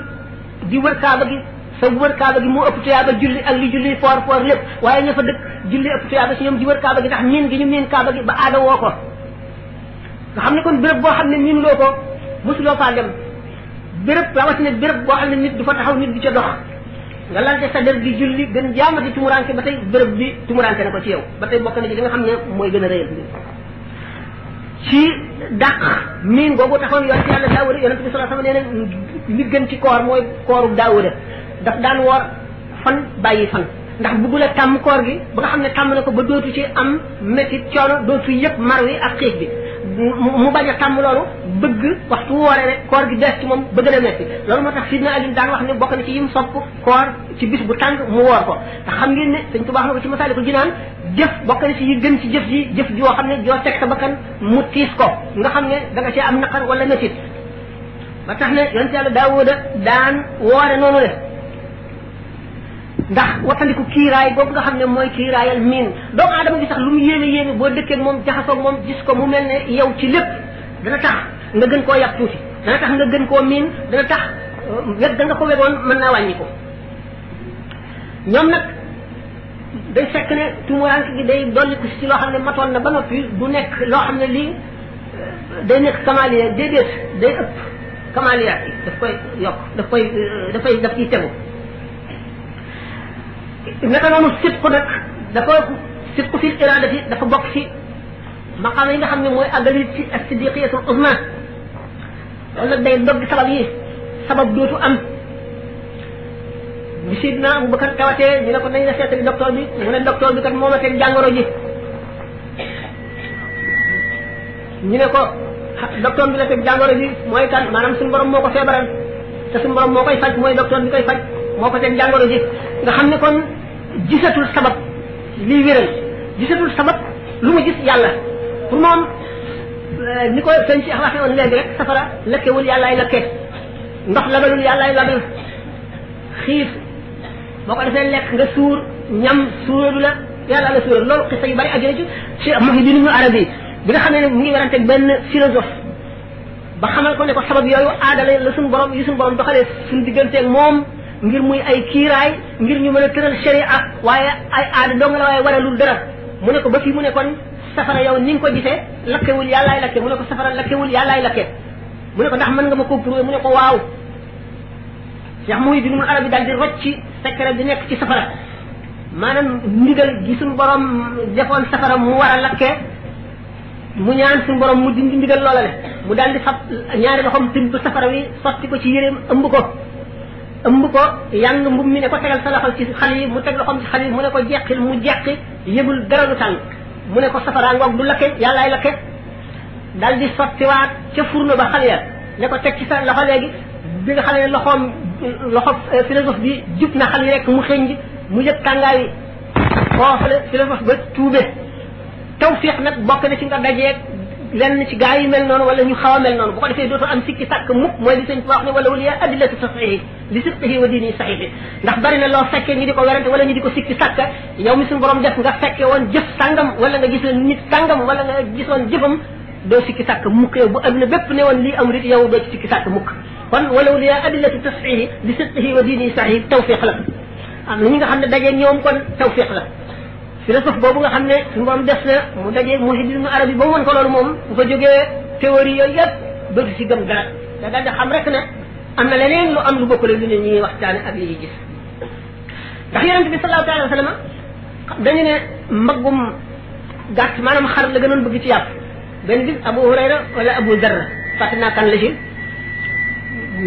di wër kaaba gi sa wër kaaba gi moo ëpp tuyaaba julli ak li julli foor foor lépp waaye ñu fa dëkk julli ëpp tuyaaba si ñoom di wër kaaba gi ndax miin gi ñu miin kaaba gi ba aada woo ko nga xam ne kon béréb boo xam ne miin loo ko mosuloo faa dem béréb rawatina béréb na xam ne nit du fa taxaw nit du ca nga lante sa def di julli gën jaamati tumuranke ba tey bërëb bi tumuranke na ko ci yow ba tey bokk na ci xam ne mooy gën a rëyal bi ci dàq miin googu taxoon yonent yàlla daawuda yonent bi sallallahu alayhi wasallam nee na li gën ci koor mooy kooru daawuda daf daan woor fan bàyyi fan ndax bëggul a tàmm koor gi ba nga xam ne tàmm na ko ba dootu ci am métti coono dootu yëpp mar wi ak xiif bi mu bañ a tàmm loolu bëgg waxtu woore rek koor gi des ci bëgg na metti loolu moo tax sidna Ali daan wax ne bokk na ci yim ko koor ci bis bu tàng mu woor ko te xam ngeen ne Sëñ Tuubaa wax na ko ci Masaalikul Jinaan jëf bokk na ci yi gën ci jëf ji jëf joo xam ne joo teg sa bakkan mu tiis ko nga xam ne da ci cee am naqar wala métit ba tax ne yonent Yàlla Daawuda daan woore noonu le ndax watandiku kiiraay boobu nga xam ne mooy kiiraayal miin doomu aadama bi sax lu mu yéeme yéeme boo dëkkee moom jaxasoo moom gis ko mu mel ne yow ci lépp dana tax nga gën koo yàpp tuuti dana tax nga gën koo miin dana tax euh, wet da ko wegoon mën naa wàññi ko ñoom nag day fekk ne tumurank gi day dolliku si loo xam ne matoon na ba noppi bu nekk loo xam ne lii euh, day nekk kamaaliya déedéet day ëpp kamaaliya daf koy yokk daf koy euh, dafay daf ciy tegu naka noonu sidqu nag dafa sidqu fil iradati dafa bokk ci maqaama yi nga xam ne mooy àggali ci assidiqiyatul uzma loolu nag day dogg sabab yi sabab dootu am bi sidna abubakar tawatee ñu ne ko nañ la seetali docteur bi mu ne docteur bi kat mooma seen jàngoro ji ñu ne ko docteur bi la seen jàngoro ji mooy kan maanaam suñu borom moo ko feebaral te suñu borom moo koy faj mooy docteur bi koy faj moo ko seen jàngoro ji nga xam ne kon gisatul sabab liy wéral gisatul sabab lu mu gis yàlla pour moom ni ko sëñ ci waxee woon léegi rek safara lekkewul yàllaay lekke ndox labalul yàllaay labal xiif boo ko defee lekk nga suur ñam suuralu la yàlla la suural loolu xisa yu bari ak yooyu ci Muhyiddin Ibn Arabi bi nga xam ne mu ngi werante benn philosophe ba xamal ko ne ko sabab yooyu aadala la suñu borom yi suñu borom doxalee suñu digganteeg moom ngir muy ay kiiraay ngir ñu mën a tëral sharia waaye ay aada dong la waaye waralul dara mu ne ko ba fi mu ne kon safara yow ni nga ko gisee lakkewul yàllaay lakke mu ne ko safara lakkewul yàllaay lakke mu ne ko ndax nga ma ko prouvé mu ne ko waaw Cheikh Muhyiddinul Arabi daal di rocci secret di nekk ci safara maanaam ndigal gi suñu borom defoon safara mu war a lakke mu ñaan suñu borom mu dindi ndigal loola mu daal di fab ñaari loxoom tibb safara wi sotti ko ci yéreem ëmb ko ëmb ko yang mbub mi ne ko tegal sa loxo ci xal yi mu teg loxom ci xal yi mu ne ko jeqil mu jeqi yëgul dara lu tàng mu ne ko safara ngoog du lakke yàllaay lakke dal di sottiwaat ca furno ba xale ya ne ko teg ci sa loxo léegi bi nga xam ne loxoom loxo philosophe bi jub na xal yi rek mu xëñ ji mu yëg tàngaay foofu la philosophe ba tuube tawfiq nag bokk na ci nga dajeeg lenn ci gaa yi mel noonu wala ñu xaw a mel noonu bu ko defee dootu am sikki sàkk mukk mooy li sëñ bi wax ne wala wala adillatu tasxihi li sirtihi wa diini saxihi ndax bari na loo fekkee ñu di ko werante wala ñu di ko sikki sàkk yow mi suñu borom def nga fekke woon jëf sàngam wala nga gis nit sàngam wala nga gisoon jëfam doo sikki sàkk mukk yow bu aduna bépp ne woon lii amul it yow doo ci sikki sàkk mukk kon wala wala adillatu tasxihi li sirtihi wa diini saxihi tawfiq la am na ñi nga xam ne dajeeg ñoom kon tawfiq la philosophe boobu nga xam ne suñu borom def na mu dajeeg muhidisme arab yi ba mu mën ko loolu moom bu fa jógee théorie yooyu yëpp dootu si gëm dara da daal xam rek ne am na leneen lu am lu bokk la lu ne ñuy waxtaane ak li ñuy gis ndax yonente bi sallallahu dañu ne mbaggum gàtt maanaam xar la gënoon bëgg ci yàpp benn bis Abu Hurayra wala Abu Dar fàtte naa kan la ci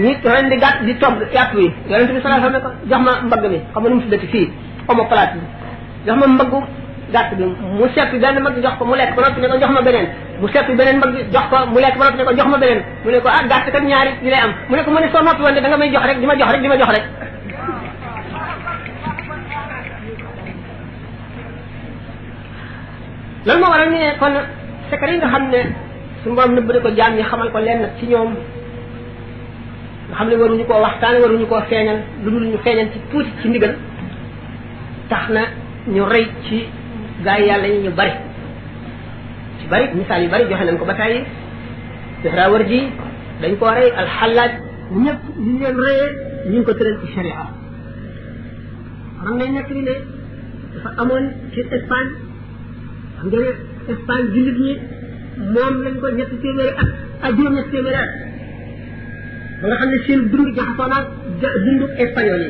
ñi ren di gàtt di togg yàpp yi yonente bi sallallahu alayhi wa sallam ne ko jox ma mbagg mi xam nga nu mu jox ma mbaggu gàtt bi mu seppi benn mbagg jox ko mu lekk ba noppi ne ko jox ma beneen mu seppi beneen mbagg jox ko mu lekk ba noppi ne ko jox ma beneen mu ne ko ah gàtt kat ñaari ñu lay am mu ne ko mu ne soo noppi woon de da nga may jox rek di ma jox rek di ma jox rek loolu moo waral ñu ne kon secret yi nga xam ne suñu borom nëbb na ko jaam ñi xamal ko lenn ci ñoom nga xam ne waruñu koo waxtaan waruñu koo feeñal lu dul ñu feeñal ci tuuti ci ndigal tax na ñu rëy ci gaay yàlla yi ñu bari ci bari misaal yu bari joxe nañ ko ba tàyyi Suhrawardi ji dañ koo rey alxalaaj ñëpp ñu leen rëyee ñu ngi ko tëral ci sharia xam nañ nekk ni ne dafa amoon ci Espagne xam nga ne ñi moom lañ ko ñetti téeméeri at ak juróom ñetti téeméeri ba nga xam ne seen dund jaxasoo naag dundu espagnol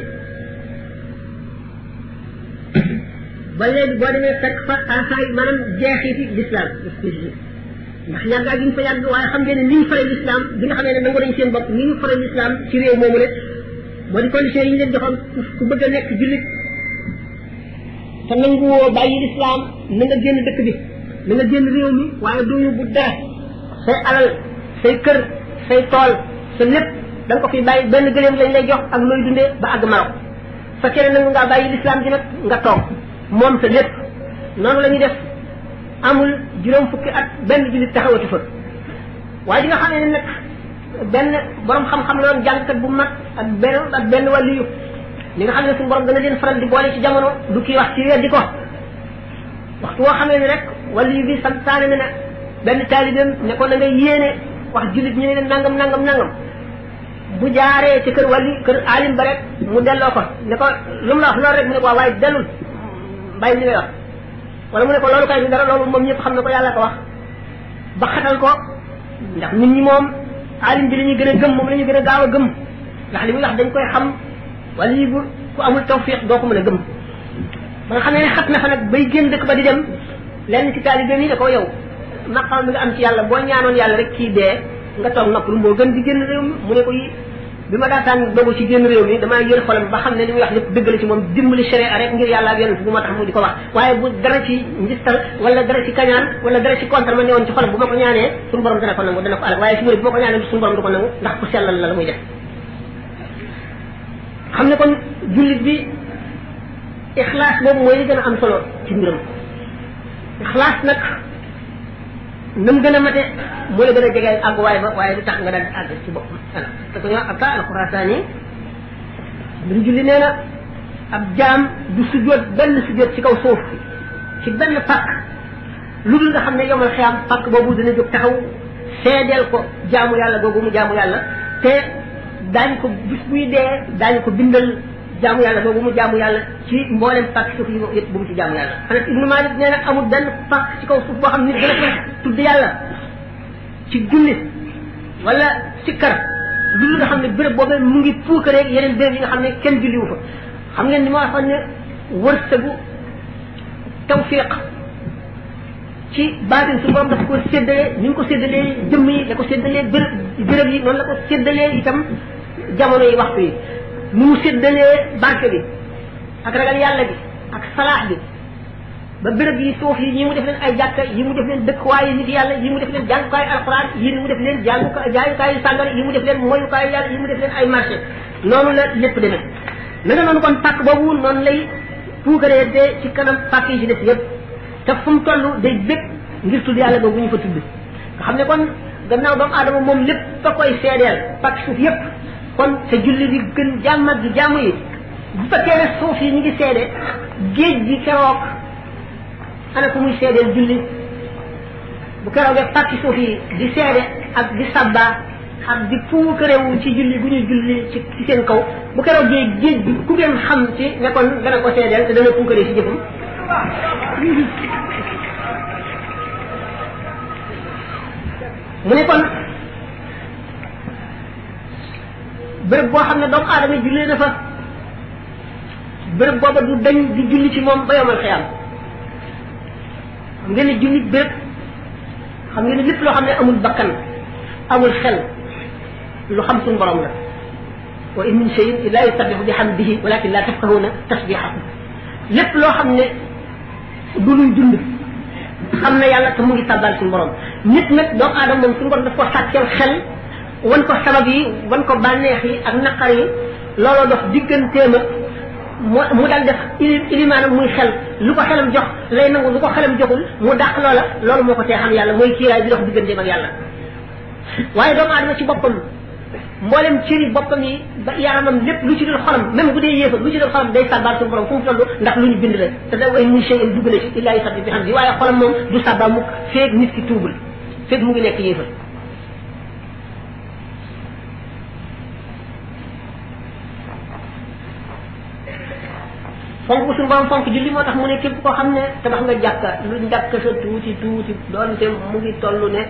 ba léegi boo demee fekk fa xaasaay maanaam jeexiti lislaam ndax yàgg ak ñu fa yàgg waaye xam ngeen ne ni ñu lislaam bi nga xamee ne nangu nañ ñu fare lislaam ci réew ñu leen joxoon ku bëgg a nekk jullit te nanguwoo na nga génn dëkk bi na nga génn réew mi waaye dooyu bu dara say alal say kër say tool sa lépp da nga ko fi bàyyi benn gëléem lañ lay jox ak looy dundee ba àgg Maroc fekkee ne nangu ngaa bàyyi lislaam ji nag nga toog moom sa lépp noonu la ñuy def amul juróom fukki at benn jullit taxawatu fa waaye di nga xam ne nag benn borom xam-xam la woon jàngkat bu mag ak benn ak benn wàllu yu li nga xam ne suñu borom dana leen faral di boole ci jamono du kii wax ci weer di ko waxtu woo xamee ne rek wàllu yu bi santaane na ne benn taalibeem ne ko na ngay yéene wax jullit ñu ne leen nangam nangam nangam bu jaaree ci kër wàllu kër alim ba rek mu delloo ko ne ko lu mu la wax loolu rek mu ne ko waaye dellul bàyyi mi ngay wax wala mu ne ko loolu kay du dara loolu moom ñëpp xam na ko yàlla ko wax ba xatal ko ndax nit ñi moom alim bi la ñuy gën a gëm moom la ñuy gën a gaaw a gëm ndax li muy wax dañ koy xam wala yi bu ku amul tawfiq doo ko mën a gëm ba nga xam ne xat na fa nag bay génn dëkk ba di dem lenn ci taalibe nii da ko yow naqal bi nga am ci yàlla boo ñaanoon yàlla rek kii dee nga toog noppalu moo gën di génn réew mu ne ko yi bi ma daataan dogu ci génn réew mi damaa yër xolam ba xam ne li muy wax lépp dëgg la ci moom dimbali sharia rek ngir yàlla ak bu ma tax mu di ko wax waaye bu dara ci njistal wala dara ci kañaan wala dara ci contre ma newoon ci xolam bu ma ko ñaanee suñu borom dana ko nangu dana ko alak waaye su ma bu ma ko ñaanee suñu borom ndax ku sellal la la muy def xam ne kon jullit bi ixlaas boobu mooy li gën a am solo ci mbiram ixlaas nag nam gën a mate mu la gën a jege ak waaye ba waaye du tax nga daal di àgg ci bopp ala te ko ñoo ak ka alxurasaan yi mbir julli nee na ab jaam du sujjoot benn sujjoot ci kaw suuf ci benn pàkk lu dul nga xam ne yomal xiyaam pàkk boobu dina jóg taxaw seedeel ko jaamu yàlla googu mu jaamu yàlla te daañ ko bis buy dee daañ ko bindal jaamu yàlla boobu mu jaamu yàlla ci mboolem pàcc suuf yi yëpp bu mu ci jaamu yàlla Anas ibnu Malik nee na amul benn ci kaw suuf boo xam a ko tudd yàlla ci julli wala ci kar lu nga xam ne béréb boobee mu ngi puukaree yeneen béréb yi nga xam ne kenn julliwu fa xam ngeen ni ma waxoon ne wërsëgu tawfiq ci baatin su borom dafa ko séddalee ni mu ko séddalee jëmm yi la ko séddalee béréb béréb yi noonu la ko séddalee itam jamono yi waxtu yi ni mu séddalee barke bi ak ragal yàlla bi ak salaax bi ba béréb yi suuf yi yi mu def leen ay jàkka yi mu def leen dëkkuwaay yi nit yàlla yi mu def leen jàngukaayu alxuraan yi mu def leen jàngu jaayukaayu sàngara yi mu def leen moyukaayu yàlla yi mu def leen ay marché noonu la lépp demee na nga noonu kon pàkk boobu noonu lay puukaree de ci kanam pàkk yi ci def yëpp te fu mu toll day bépp ngir tudd yàlla boobu ñu fa tudd nga xam ne kon gannaaw doomu aadama moom lépp ba koy seedeel pàkk suuf yëpp kon te julli bi gën jàmm ak jàmm yi bu fekkee ne suuf yi ñu ngi seede géej gi keroog ana ku muy seedeel julli bu keroogee pàcc suuf yi di seede ak di sabba ak di puukarewu ci julli gu ñu julli ci ci seen kaw bu keroogee géej gi ku ngeen xam ci ne kon dana ko seedeel te dana puukaree ci jëfam mu ne kon béréb boo xam ne doomu aadama jullee na fa béréb booba du dañ di julli ci moom ba yomal xiyam xam ngeen ne jullit béréb xam ngeen ne lépp loo xam ne amul bakkan amul xel lu xam suñ borom la wa in min cheyin illa yusabbihu bi hamdihi walakin la tafqahuna tasbihakum lépp loo xam ne du luy dund xam na yàlla te mu ngi tàbbal suñ borom nit nag doomu aadama moom suñ borom daf ko sàcceel xel wan ko sabab yi wan ko banex yi ak naqar yi looloo dox digganteem mu dal def ilimaanam muy xel lu ko xelam jox lay nangul lu ko xelam joxul mu dàq loola lolo moko ko xam yàlla moy kiray bi dox digganteem ak yàlla waaye doomu adama ci bopam boppam ci ni bopam yi ba yaramam lépp lu ci dul xolam même bu dee yéefal lu ci dul xolam day sàbbaal sun borom fu tollu ndax lu ñu bind la te da way muy sey duggal ci illaa sabbi bi xam di waye xolam mom du sàbbaa mukk feeg nit ki tuubul feek mu ngi nek yéefal fonk suñu borom fonk julli motax tax mu ne képp koo xam ne nga jakka lu njàkk sa tuuti tuuti te mu ngi tollu ne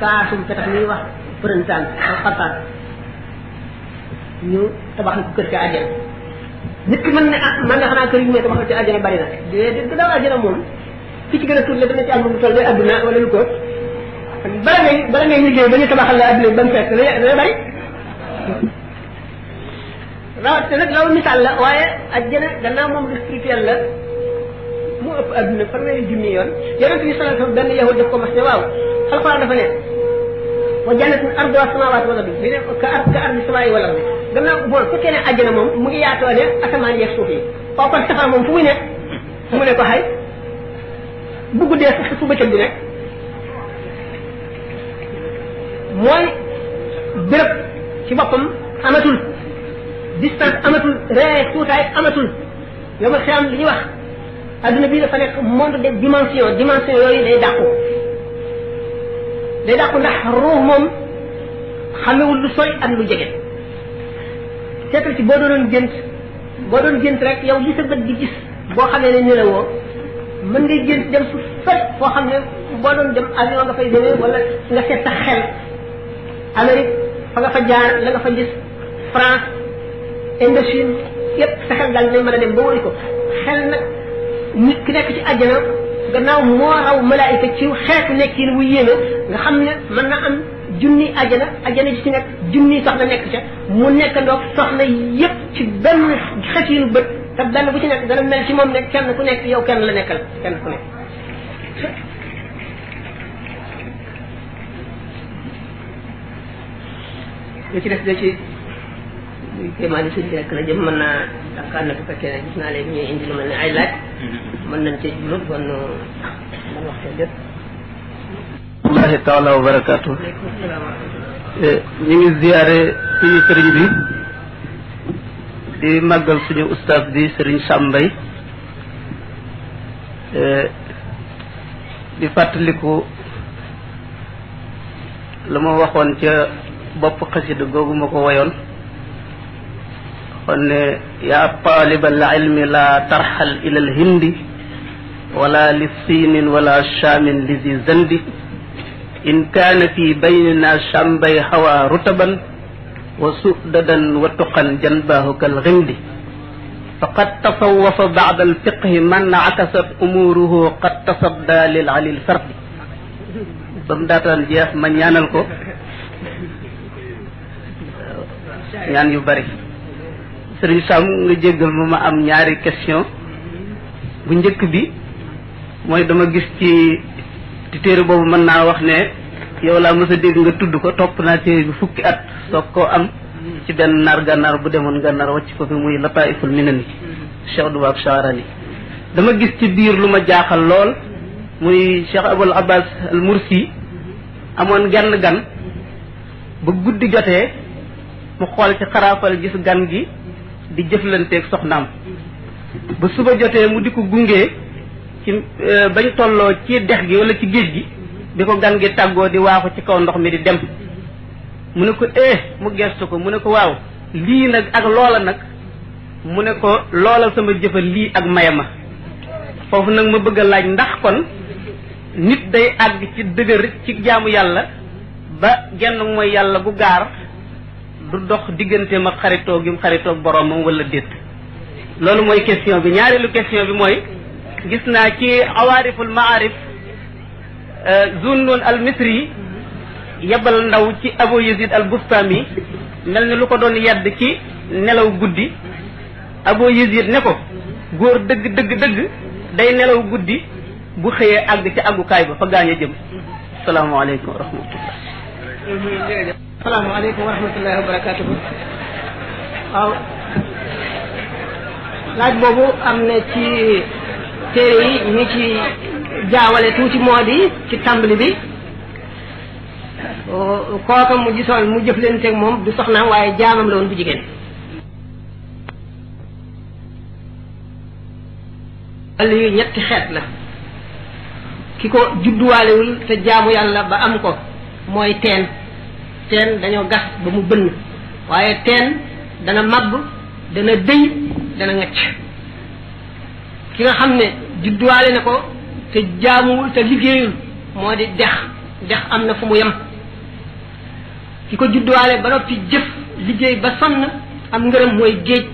kaasum te tax ni wax përëntaan ak xataan ñu tabax ko kër ci aje nit man ne man nga xana kër yu may tabax ci aje bari na de de da aje na mom ci ci gëna tuut la ci am lu tollu aduna wala lu ko bari ngay bala ngay liggéey ba ñu tabaxal la aduna ba fekk la bari rawatina nag loolu misaal la waaye àjjana gannaaw moom lu spirituel la mu ëpp adduna fanweeri junni yoon yonent bi sallallahu alayhi wa sallam benn yahud daf ko mas ne waaw alquran dafa ne wa jannatin arduha samawati wal ardi bi ne ka ar ka ardi samaayi wal ardi gannaaw bon su keneen àjjana moom mu ngi yaatoo ne asamaan yeeg suuf yi waaw kon safara moom fu muy ne mu ne ko xay bu guddee sax su bëccëg di nekk mooy béréb ci boppam amatul distance amatul ree tuutaay amatul yow ak xiyam li ñuy wax aduna bii dafa nekk monde de dimension dimension yooyu day dàqu day dàqu ndax ruux moom xamewul lu sori ak lu jege seetal ci boo doonoon gént boo doon gént rek yow li sa bët di gis boo xamee ne nelawoo mën ngay gént dem fu sori foo xam ne boo doon dem avion nga fay demee wala nga seet sa xel Amérique fa nga fa jaar la nga fa gis France indocine yépp sa xel daal dinañ mën a dem ba wëri ko xel nag nit ki nekk ci àjjana gannaaw moo raw malaayika ci xeetu nekkin wu yéeme nga xam ne mën na am junni àjjana àjjana ji ci nekk junni soxna nekk ca mu nekk ndoog soxna yépp ci benn xasiinu bët te benn bu ci nekk dana mel ci moom ne kenn ku nekk yow kenn la nekkal kenn ku nekk li ci def da ci kéemaan yi mën na bu fekkee ne gis naa léegi ñuy indi lu mel mm-hmm. euh, wa barakaatu eh, ñu ngi ziyaare suñu sëriñ bi di màggal suñu ustaas bi sëriñ sàmbay eh, di fàttaliku la ma waxoon ca bopp xasida googu ma ko woyoon قلنا يا طالب العلم لا ترحل إلى الهند ولا للصين ولا الشام لذي زند إن كان في بيننا شامبي هوى رتبا وسؤددا وتقا جنباه كالغند فقد تصوف بعد الفقه من عكست أموره قد تصدى للعلي الفرد بمداتا داتان من ما يعني ko sëriñ sam nga jéggal ma ma am ñaari question bu njëkk bi mooy dama gis ci ci téere boobu mën naa wax ne yow laa mësa dégg nga tudd ko topp naa téere bi fukki at soog am ci benn nar gànnaar bu demoon gànnaar wacc ko fi muy lataiful minani cheikh dubaab charani dama gis ci biir lu ma jaaxal lool muy cheikh abul abbas al mursi amoon genn gan ba guddi jotee mu xool ci xaraafal gis gan gi di jëflanteeg soxnaam ba suba jotee mu di ko gunge ci euh, bañ tolloo ci dex gi wala ci géej gi bi ko gan gi tàggoo di waaxu ci kaw ndox mi di dem mu ne ko eh mu gestu ko mu ne ko waaw lii nag ak loola nag mu ne ko loola sama jëfa lii ak maya ma foofu nag ma bëgg a laaj ndax kon nit day àgg ci dëgër ci jaamu yàlla ba genn mooy yàlla bu gaar du dox diggante ma xaritoo gi mu xaritoog boromam wala déet loolu mooy question bi ñaareelu question bi mooy gis naa ci awaariful maarif euh, zunnun al misri yebal ndaw ci abu yazid al bustami mel ni lu ko doon yedd ci nelaw guddi abu yazid ne ko góor dëgg dëgg dëgg day nelaw guddi bu xëyee àgg ci àggukaay ba fa gaañ jëm salaamaaleykum wa rahmatullah mm-hmm. salaamaaleykum wa rahmatullahi wa waaw laaj boobu am na ci téere yi ñu ci jaawale tuuti moo di ci tàmbali bi kooka mu gisoon mu jëflanteeg moom du soxnaam waaye jaamam la bu jigéen wàll yu ñetti xeet la ki ko judduwaalewul te jaamu yàlla ba am ko mooy teen teen dañoo gas ba mu bënn waaye teen dana màbb dana dëy dana ngacc ki nga xam ne judduwaale na ko te jaamuwul te liggéeyul moo di dex dex am na fu mu yem ki ko judduwaale ba noppi jëf liggéey ba sonn am ngërëm mooy géej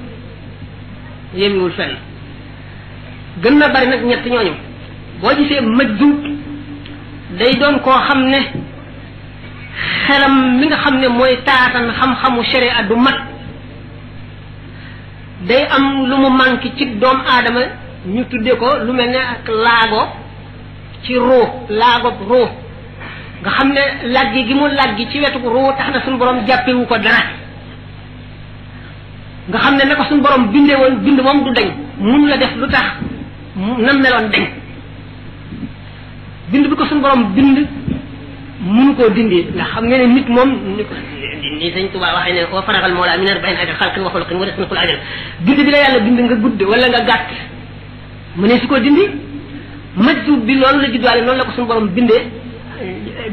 yemiwul fenn gën na bari nag ñett ñooñu boo gisee majjuub day doon koo xam ne xelam mi nga xam ne mooy taatan xam-xamu sere du mat day am lu mu manqué ci doom aadama ñu tudde ko lu mel ne ak laago ci ruux laago ruux nga xam ne laggi gi mu laggi ci wetu ruux tax na suñu borom jàppewu ko dara nga xam ne na ko suñu borom bindee woon bind moom du deñ mun la def lu tax nam meloon deñ bind bi ko suñu borom bind mënu koo dindi ndax xam nga ne nit moom ni sëñ Tuubaa waxee ne koo faraxal moo laa min arbain ajal xalqin wa xulqin wa risqul ajal bind bi la yàlla bind nga gudd wala nga gàtt mu ne su ko dindi majjub bi loolu la juddwaale noonu la ko suñu borom bindee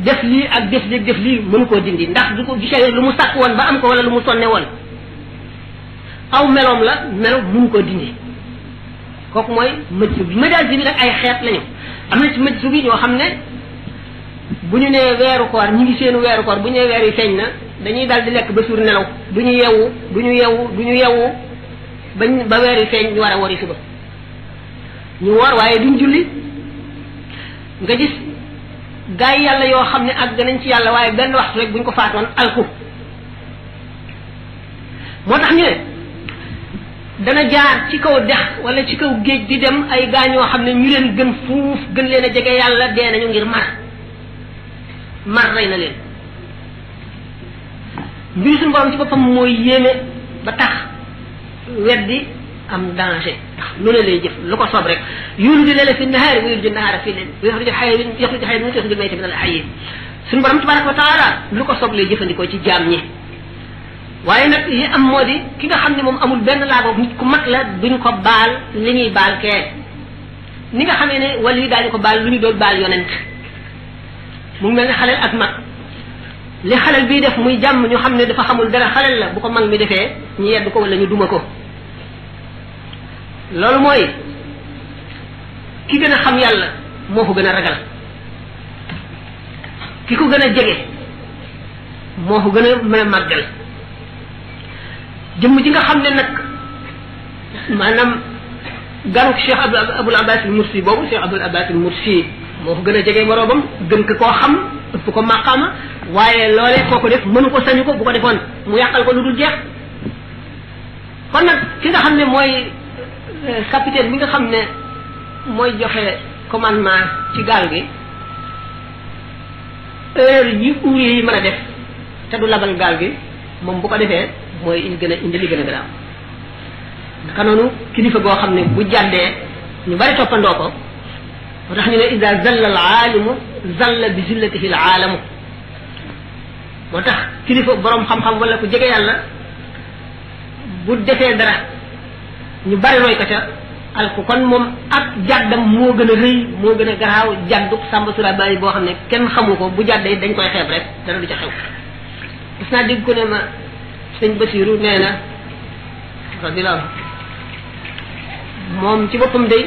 def lii ak def lii def lii mënu koo dindi ndax du ko gisee lu mu sàkk woon ba am ko wala lu mu sonne woon aw meloom la melo mënu koo dindi kooku mooy majjub bi majaas bi nag ay xeet lañu am ñoo xam ne bu ñu nee weeru koor ñi ngi seenu weeru koor bu ñu nee weer yi feeñ na dañuy dal lekk ba suur nelaw du ñu yewu du ñu yewu du ñu yewu bañ ba weer yi feeñ ñu war a wori suba ñu woor waaye duñ julli nga gis gaay yàlla yoo xam ne àgg nañ ci yàlla waaye benn waxtu rek buñ ko faatoon alku moo tax ñu ne dana jaar ci kaw dex wala ci kaw géej di dem ay ñoo xam ne ñu leen gën fuuf gën leen a jege yàlla dee nañu ngir mar mar rey na leen bi suñu borom ci boppam mooy yéeme ba tax weddi am danger tax lu ne lay jëf lu ko soob rek yulju leela fi nahaari wa yulju nahaara fi leen yaxruju xayamin yaxruju xayamin yaxruju mayta min al ayin suñu borom tabaraka wa taala lu ko soob lay jëfandikoo ci jaam ñi waaye nag yi am moo di ki nga xam ne moom amul benn laago nit ku mat la duñ ko baal li ñuy baal kee ni nga xamee ne wala yi daañu ko baal lu ñu doon baal yonent mu mel ne xalel ak mag li xalel bii def muy jàmm ñu xam ne dafa xamul dara xalel la bu ko mag mi defee ñu yedd ko wala ñu duma ko loolu mooy ki gën a xam yàlla moo ko gën a ragal ki ko gën a jege moo ko gën a mën a màggal jëmm ji nga xam ne nag maanaam ganuk cheikh abul abbas al mursi boobu cheikh abul abbas al mursi moo ko gën a jege moroomam gën ko koo xam ëpp ko màqaama waaye loolee koo ko def mënu ko sañu ko bu ko defoon mu yàqal ko lu dul jeex kon nag ki nga xam ne mooy euh, capitaine bi nga xam ne mooy joxe commandement ci gaal gi heure yi ouvrier yi mën a def te du labal gaal gi moom bu ko defee mooy il gën a indi li gën a garaaw naka noonu kilifa goo xam ne bu jàddee ñu bari toppandoo ko وتحن إذا زل العالم زل بزلته العالم وتح كلفة برام خم خم ولا كجيك يالنا بودة فيدرة نبالي روي كتا الكوكون موم أك جادة موغن ري موغن غراو جادة سامبو سورا باي بو خمني كن خموكو بو جادة دين كوي خيب ريب دارو بيشا خيو بسنا ديب كوني ما سنين بسيرو نينا رضي الله موم تيبو كم دي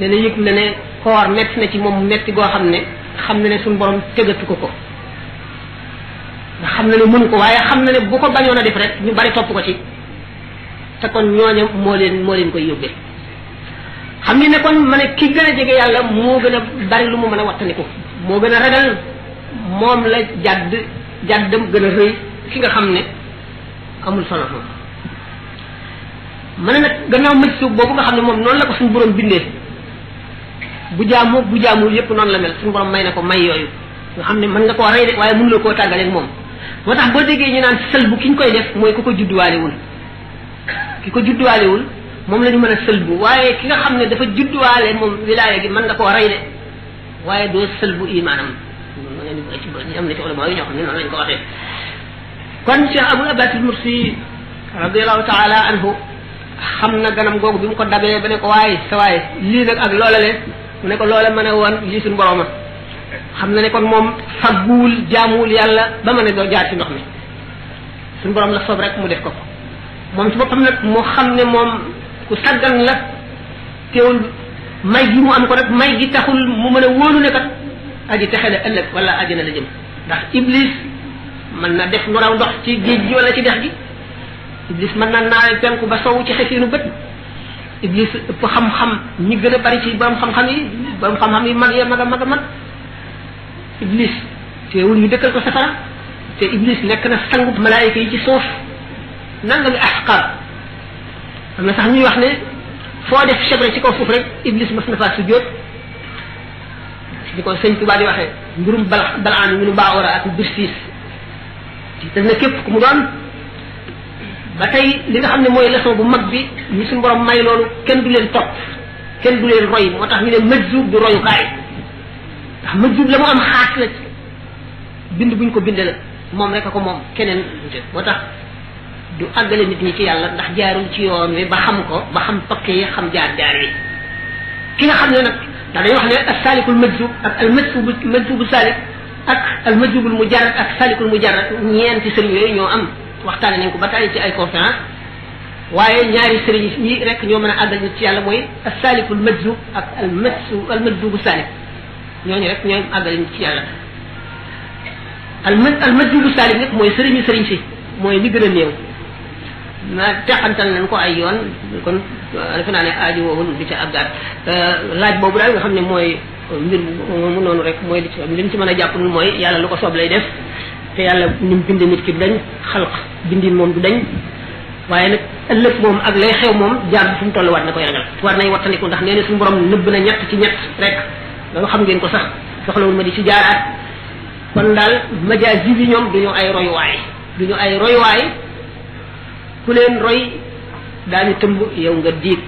نينا يكم نينا koor métti na ci moom métti goo xam ne xam na ne suñ borom tëgatu ko ko xam na ne mënu ko waaye xam na ne bu ko bañoon a def rek ñu bari topp ko ci te kon ñooña moo leen moo leen koy yóbbee xam ni ne kon ma ne ki gën a jege yàlla moo gën a bari lu mu mën a wattaniku moo gën a ragal moom la jàdd jàddam gën a rëy ki nga xam ne amul solo moom ma ne nag gannaaw mëj suuf boobu nga xam ne moom noonu la ko suñ borom bindee bu jaamu bu jaamul yëpp noonu la mel suñu borom may na ko may yooyu nga xam ne man nga koo rey de waaye mënuloo koo tàggaleeg moom moo tax boo déggee ñu naan sëlbu ki ñu koy def mooy ku ko judduwaalewul ki ko judduwaalewul moom la ñu mën a sëlbu waaye ki nga xam ne dafa judduwaale moom wilaaya gi mën nga koo rey de waaye doo sëlbu imaanam am na ci ulama xam ne noonu lañ ko waxee kon Cheikh Abul Abbas al-Mursi radiallahu taala anhu xam na ganam googu bi mu ko dabee ba ne ko waaye sa waaye lii nag ak loolale mu ne ko loola mën a woon lii suñu borom xam na ne kon moom fagguwul jaamuwul yàlla ba mën a doo jaar ci ndox mi suñu borom la soob rek mu def ko ko moom ci boppam nag moo xam ne moom ku saggan la teewul may gi mu am ko rek may gi taxul mu mën a wóolu ne kat aji texe la ëllëg wala ajina la jëm ndax iblis mën na def nu ndox ci géej gi wala ci dex gi iblis mën na naawe penku ba sowu ci xefinu bët iblis ëpp xam-xam ñi gën a bari ci borom xam-xam yi borom xam-xam yi mag ya mag a mag a mag iblis teewul ñu dëkkal ko safara te iblis nekk na sangub malaayika yi ci suuf nangami asqar am na sax ñuy wax ne foo def chebre ci kaw suuf rek iblis mas na faa sujjóot di ko sëñ tubaa di waxee mbirum bala balaan ñu nu mbaa ak birsiis te na képp ku mu doon ba tey li nga xam ne mooy leçon bu mag bi ñu suñ borom may loolu kenn du leen topp kenn du leen roy moo tax ñu ne majjub du royukaay ndax majjub la mu am xaas la ci bind buñ ko bindee la moom rek ko moom keneen wute moo tax du àggale nit ñi ci yàlla ndax jaarul ci yoon wi ba xam ko ba xam pakke yi xam jaar jaar yi ki nga xam ne nag ndax dañuy wax ne al salikul majjub ak al majjubu majjubu salik ak al majjubul mujarrad ak salikul mujarrad ñeenti sëriñ yooyu ñoo am waxtaane nañ ko ba tay ci ay conférence waaye ñaari sëriñ yi rek ñoo mën a àggal nit ci yàlla mooy asaliful majdu ak al majsu al majzubu salif ñooñu rek ñooy àggal nit ci yàlla al maj al majzubu salik nag mooy sëriñu sëriñ si mooy li gën a néew na teqantal nañ ko ay yoon kon defe naa ne aaju woowul di ca àggaat laaj boobu daal nga xam ne mooy mbir mu noonu rek mooy li ci li ñu ci mën a jàpp mooy yàlla lu ko soob lay def te yàlla ni mu bind nit ki dañ xalq bindin moom du dañ waaye nag ëllëg moom ak lay xew moom jaar bi fu mu toll waat na koy ragal war nañ wattandiku ndax nee na suñu borom nëbb na ñett ci rek loolu xam ngeen ko sax soxlawul ma di ci kon daal majaas yi ñoom du ñu ay royuwaay du ñu ay royuwaay ku leen roy daañu tëmb yow nga diig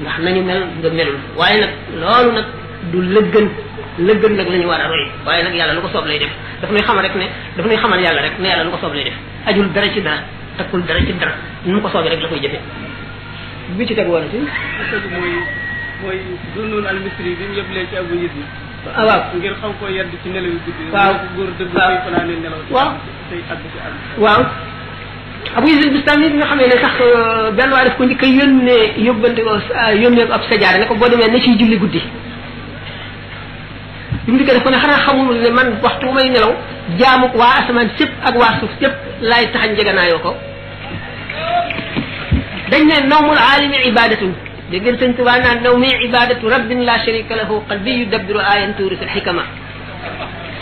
ndax nañu mel nga melul waaye nag loolu nag du lëggan la gën nag la ñu war a roy waaye nag yàlla lu ko soob lay def daf nuy xamal rek ne daf nuy xamal yàlla rek ne yàlla lu ko soob lay def ajul dara ci dara takkul dara ci dara nu mu ko soobee rek la koy jëfe bi ci teg woon ci mooy mooy dunnul almisri bi mu yëblee ci abu yid ah waaw ngir xaw koo yedd ci nelaw yu guddi waaw góor dëgg waaw fanaane nelaw waaw tey àgg ci àgg waaw abu yid bistami bi nga xamee ne sax benn waay daf ko njëkk a yónnee yóbbante ko yónnee ko ab sajaare ne ko boo demee ne ciy julli guddi bi mu dikkee def ko ne xanaa xamul ne man waxtu bu may nelaw jaamu waa asamaan sépp ak waa suuf sépp laay taxañ njeganaayoo ko dañ ne nawmul aalimi ibadatu dégg ngeen sëñ Tuubaa naan naw mi ibadatu rabbin la sharika lahu qalbi yudabbiru ayan tuuri fil xikama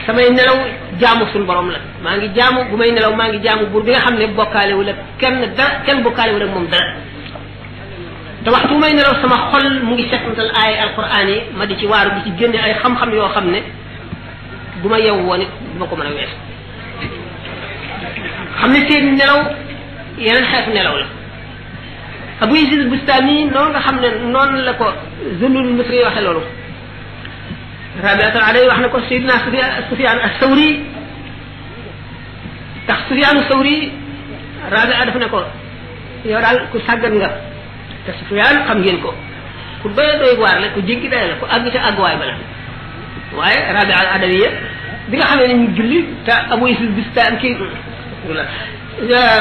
samay nelaw jaamu suñu borom la maa ngi jaamu bu may nelaw maa ngi jaamu buur bi nga xam ne bokkaale wu la kenn dara kenn bokkaale wu la moom dara te waxtu may nelaw sama xol mu ngi setantal ay alquran yi ma di ci waaru di ci génne ay xam-xam yoo xam ne bu ma yew woon it du ma ko mën a wees xam ne seen nelaw yeneen xeetu nelaw la abu isid bustani noonu nga xam ne noonu la ko zunul misri waxe loolu rabiat al aday wax na ko sayidina sufyan as-sawri tax sufyan as-sawri rabia dafa ne ko yow daal ku sàggan nga te Sufyaan xam ngeen ko ku doy doy waar la ku jéggi dayo la ku àgg ca àgguwaay ba la waaye rabi al adawiya bi nga xamee ne ñu julli te Abu Yuusuf Bistaan kii euh,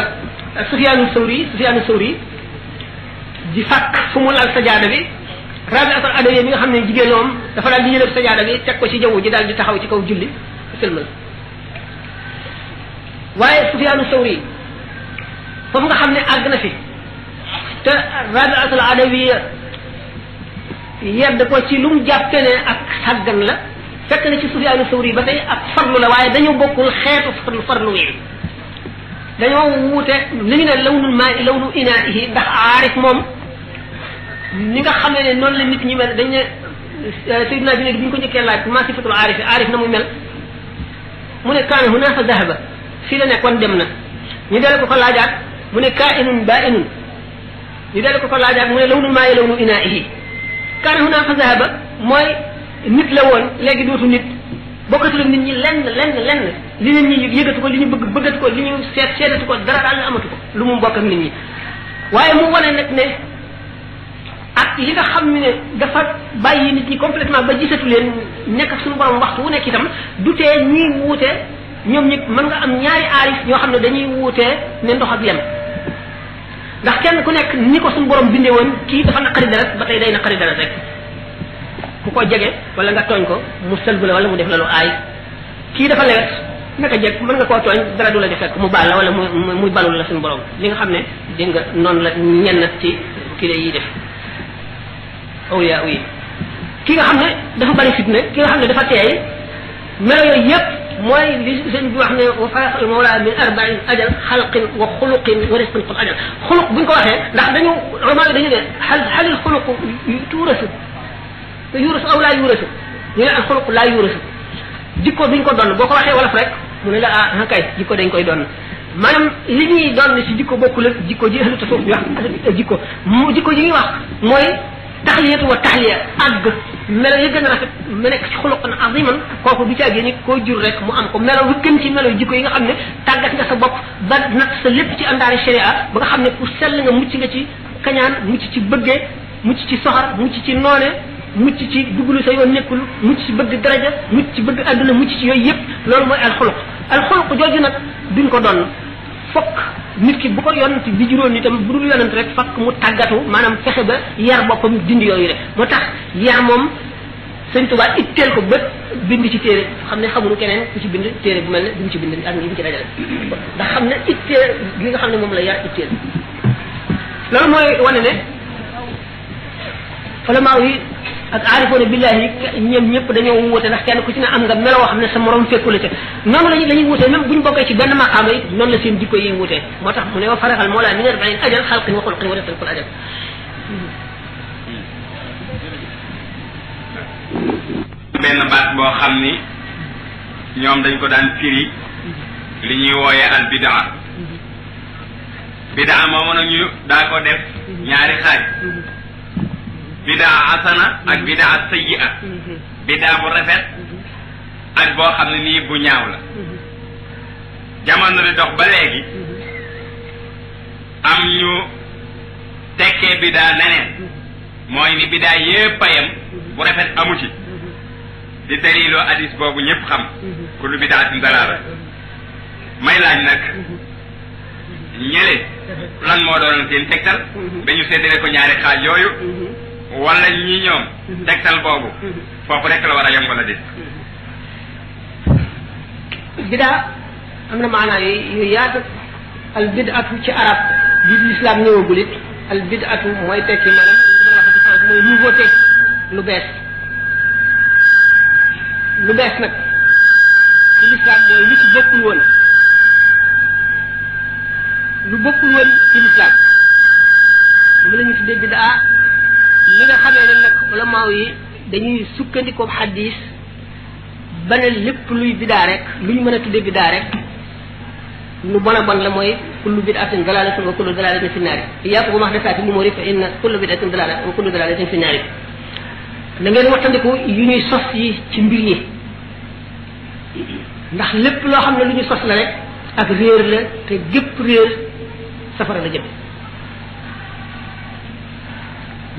Sufyaanu Sawri Sufyaanu Sawri di fàkk fu mu lal sajaada bi rabi al adawiya bi nga xam ne jigéen moom dafa daal di yëlëb sajaada bi teg ko ci jaww ji daal di taxaw ci kaw julli sëlmal waaye Sufyaanu Sawri foofu nga xam ne àgg na fi te rabiatul adawiya yedd ko ci lu mu jàppe ne ak sàggan la fekk na ci sufyaanu sawri ba tey ak farlu la waaye dañu bokkul xeetu farlu farlu yi dañoo wuute li ñu ne lawnul maa lawnu inaahi ndax aarif moom ni nga xam ne noonu la nit ñi mel dañ ne sayidina bi ne bu ñu ko njëkkee laaj ma sifatul aarif aarif na mu mel mu ne kaana hunaa fa dahaba fii la nekkoon dem na ñu dele ko ko laajaat mu ne kaa inun baa inun li dal ko ko laajaat mu ne lawnu maa lawnu inaa'ihi kaana hunaa fa zahaba mooy nit la woon léegi dootu nit bokkatul ak nit ñi lenn lenn lenn li nit ñi yëgatu ko li ñu bëgg bëggatu ko li ñu seet seetatu ko dara daal amatu ko lu mu bokk ak nit ñi waaye mu wane nag ne ak li nga xam ne dafa bàyyi nit ñi complètement ba gisatu leen nekk ak suñu borom waxtu wu nekk itam du tee ñuy wuute ñoom ñi mën nga am ñaari aaris ñoo xam ne dañuy wuute ne ndox ak lem ndax kenn ku nekk ni ko suñu borom bindee woon kii dafa naqari deret ba tey day naqari deret rek ku ko jege wala nga tooñ ko mu sëlbu la wala mu def la lu aay kii dafa lewet naka jekk mën nga koo tooñ dara du la defe ko mu baal la wala mu muy balul la suñu borom li nga xam ne dégg nga noonu la ñenn ci ki la yi def awliya oh yi ki nga xam ne dafa bari fitna ki nga xam ne dafa teey melo yooyu yëpp موي لي سن بي واخني وفاء المولى من اربع اجل خلق وخلق ورزق في الاجل خلق بن كو واخه ندا دانيو رما دانيو هل هل الخلق يورث يورث او لا يورث ني الخلق لا يورث ديكو بن كو دون بوكو ولا فريك مون لا ها ديكو دنج كوي دون manam li ñuy don ci diko bokku la diko ji ahlu tasawuf تحلية والتحلية أجد ملا يجن رفت منك خلق عظيما كوكو بيتا جيني كو جرق مؤمكو ملا وكين تي ملا يجيكو ينغ أمني تاقت نسا بوك بد نقص لب تي أندار الشريعة بغا حمني كسل لنغ مجي تي كنان مجي تي بغي مجي تي صهر مجي تي نوني مجي تي بغلو سيو نيكل مجي تي بغي درجة مجي تي بغي أدنى مجي تي يب لول ما الخلق الخلق جوجنا بين كو دون فوق nit ki bu ko yonent bi juróon itam bu dul yonent rek fakk mu tàggatu maanaam fexe ba yar boppam dindi yooyu rek moo tax yar moom sëñ Tuubaa itteel ko bët bind ci téere xam ne xamuñu keneen ku ci bind téere bu mel ne bi mu ci bind ak ñu ci dajale ndax xam ne itteel li nga xam ne moom la yar itteel loolu mooy wane ne falamaaw yi ak aarifoona billahi ñoom ñëpp dañoo wuute ndax kenn ku ci ne am nga meloo xam ne sa morom fekku la ca noonu lañu la ñuy wuutee même buñ bokkee ci benn maqaama yi noonu la seen jikko yi wuutee moo tax mu ne wa faraxal moo laa min arbain ajal baat boo xam ni ñoom dañ ko daan firi li ñuy wooyee al bidaa mm-hmm. bidaa moomu nag ñu daa ko def ñaari xaaj mm-hmm. bidaa asana ak bidaa sayyi'a mm-hmm. bidaa bu rafet mm-hmm. ak boo xam ne nii bu ñaaw la mm-hmm. jamono di dox ba léegi am ñu tekkee bidaa neneen mooy ni bidaa yépp a bu rafet amu ci di daliloo hadis boobu ñëpp xam kullu bidaatin dalaala may laaj nag ñële lan moo doonoon seen tegtal dañu séddale ko ñaari xaaj yooyu wala ñi ñoom tegtal boobu foofu rek la war a yem wala déet bidaa am na maanaa yu yaatu al bidaatu ci arab bi lislaam ñëwagul it al bidaatu mooy tekki maanaam lu bees lu bees nag lu ci bokkul woon lu bokkul woon ci lislaam moom la ñu tuddee bidaa li nga xamee ne nag ulamaaw yi dañuy sukkandikoo xaddiis ba ne lépp luy bidaa rek lu ñu mën a tuddee bidaa rek lu bon a bon la mooy kullu bidatin dalalatin wa kullu dalalatin fi naari iyaaku bu max desaati mu mori fa inna kullu bidatin dalala wa kullu dalalatin fi naari na ngeen waxtandiku yu ñuy sos yi ci mbir yi ndax lépp loo xam ne lu ñu sos la rek ak réer la te gépp réer safara la jëm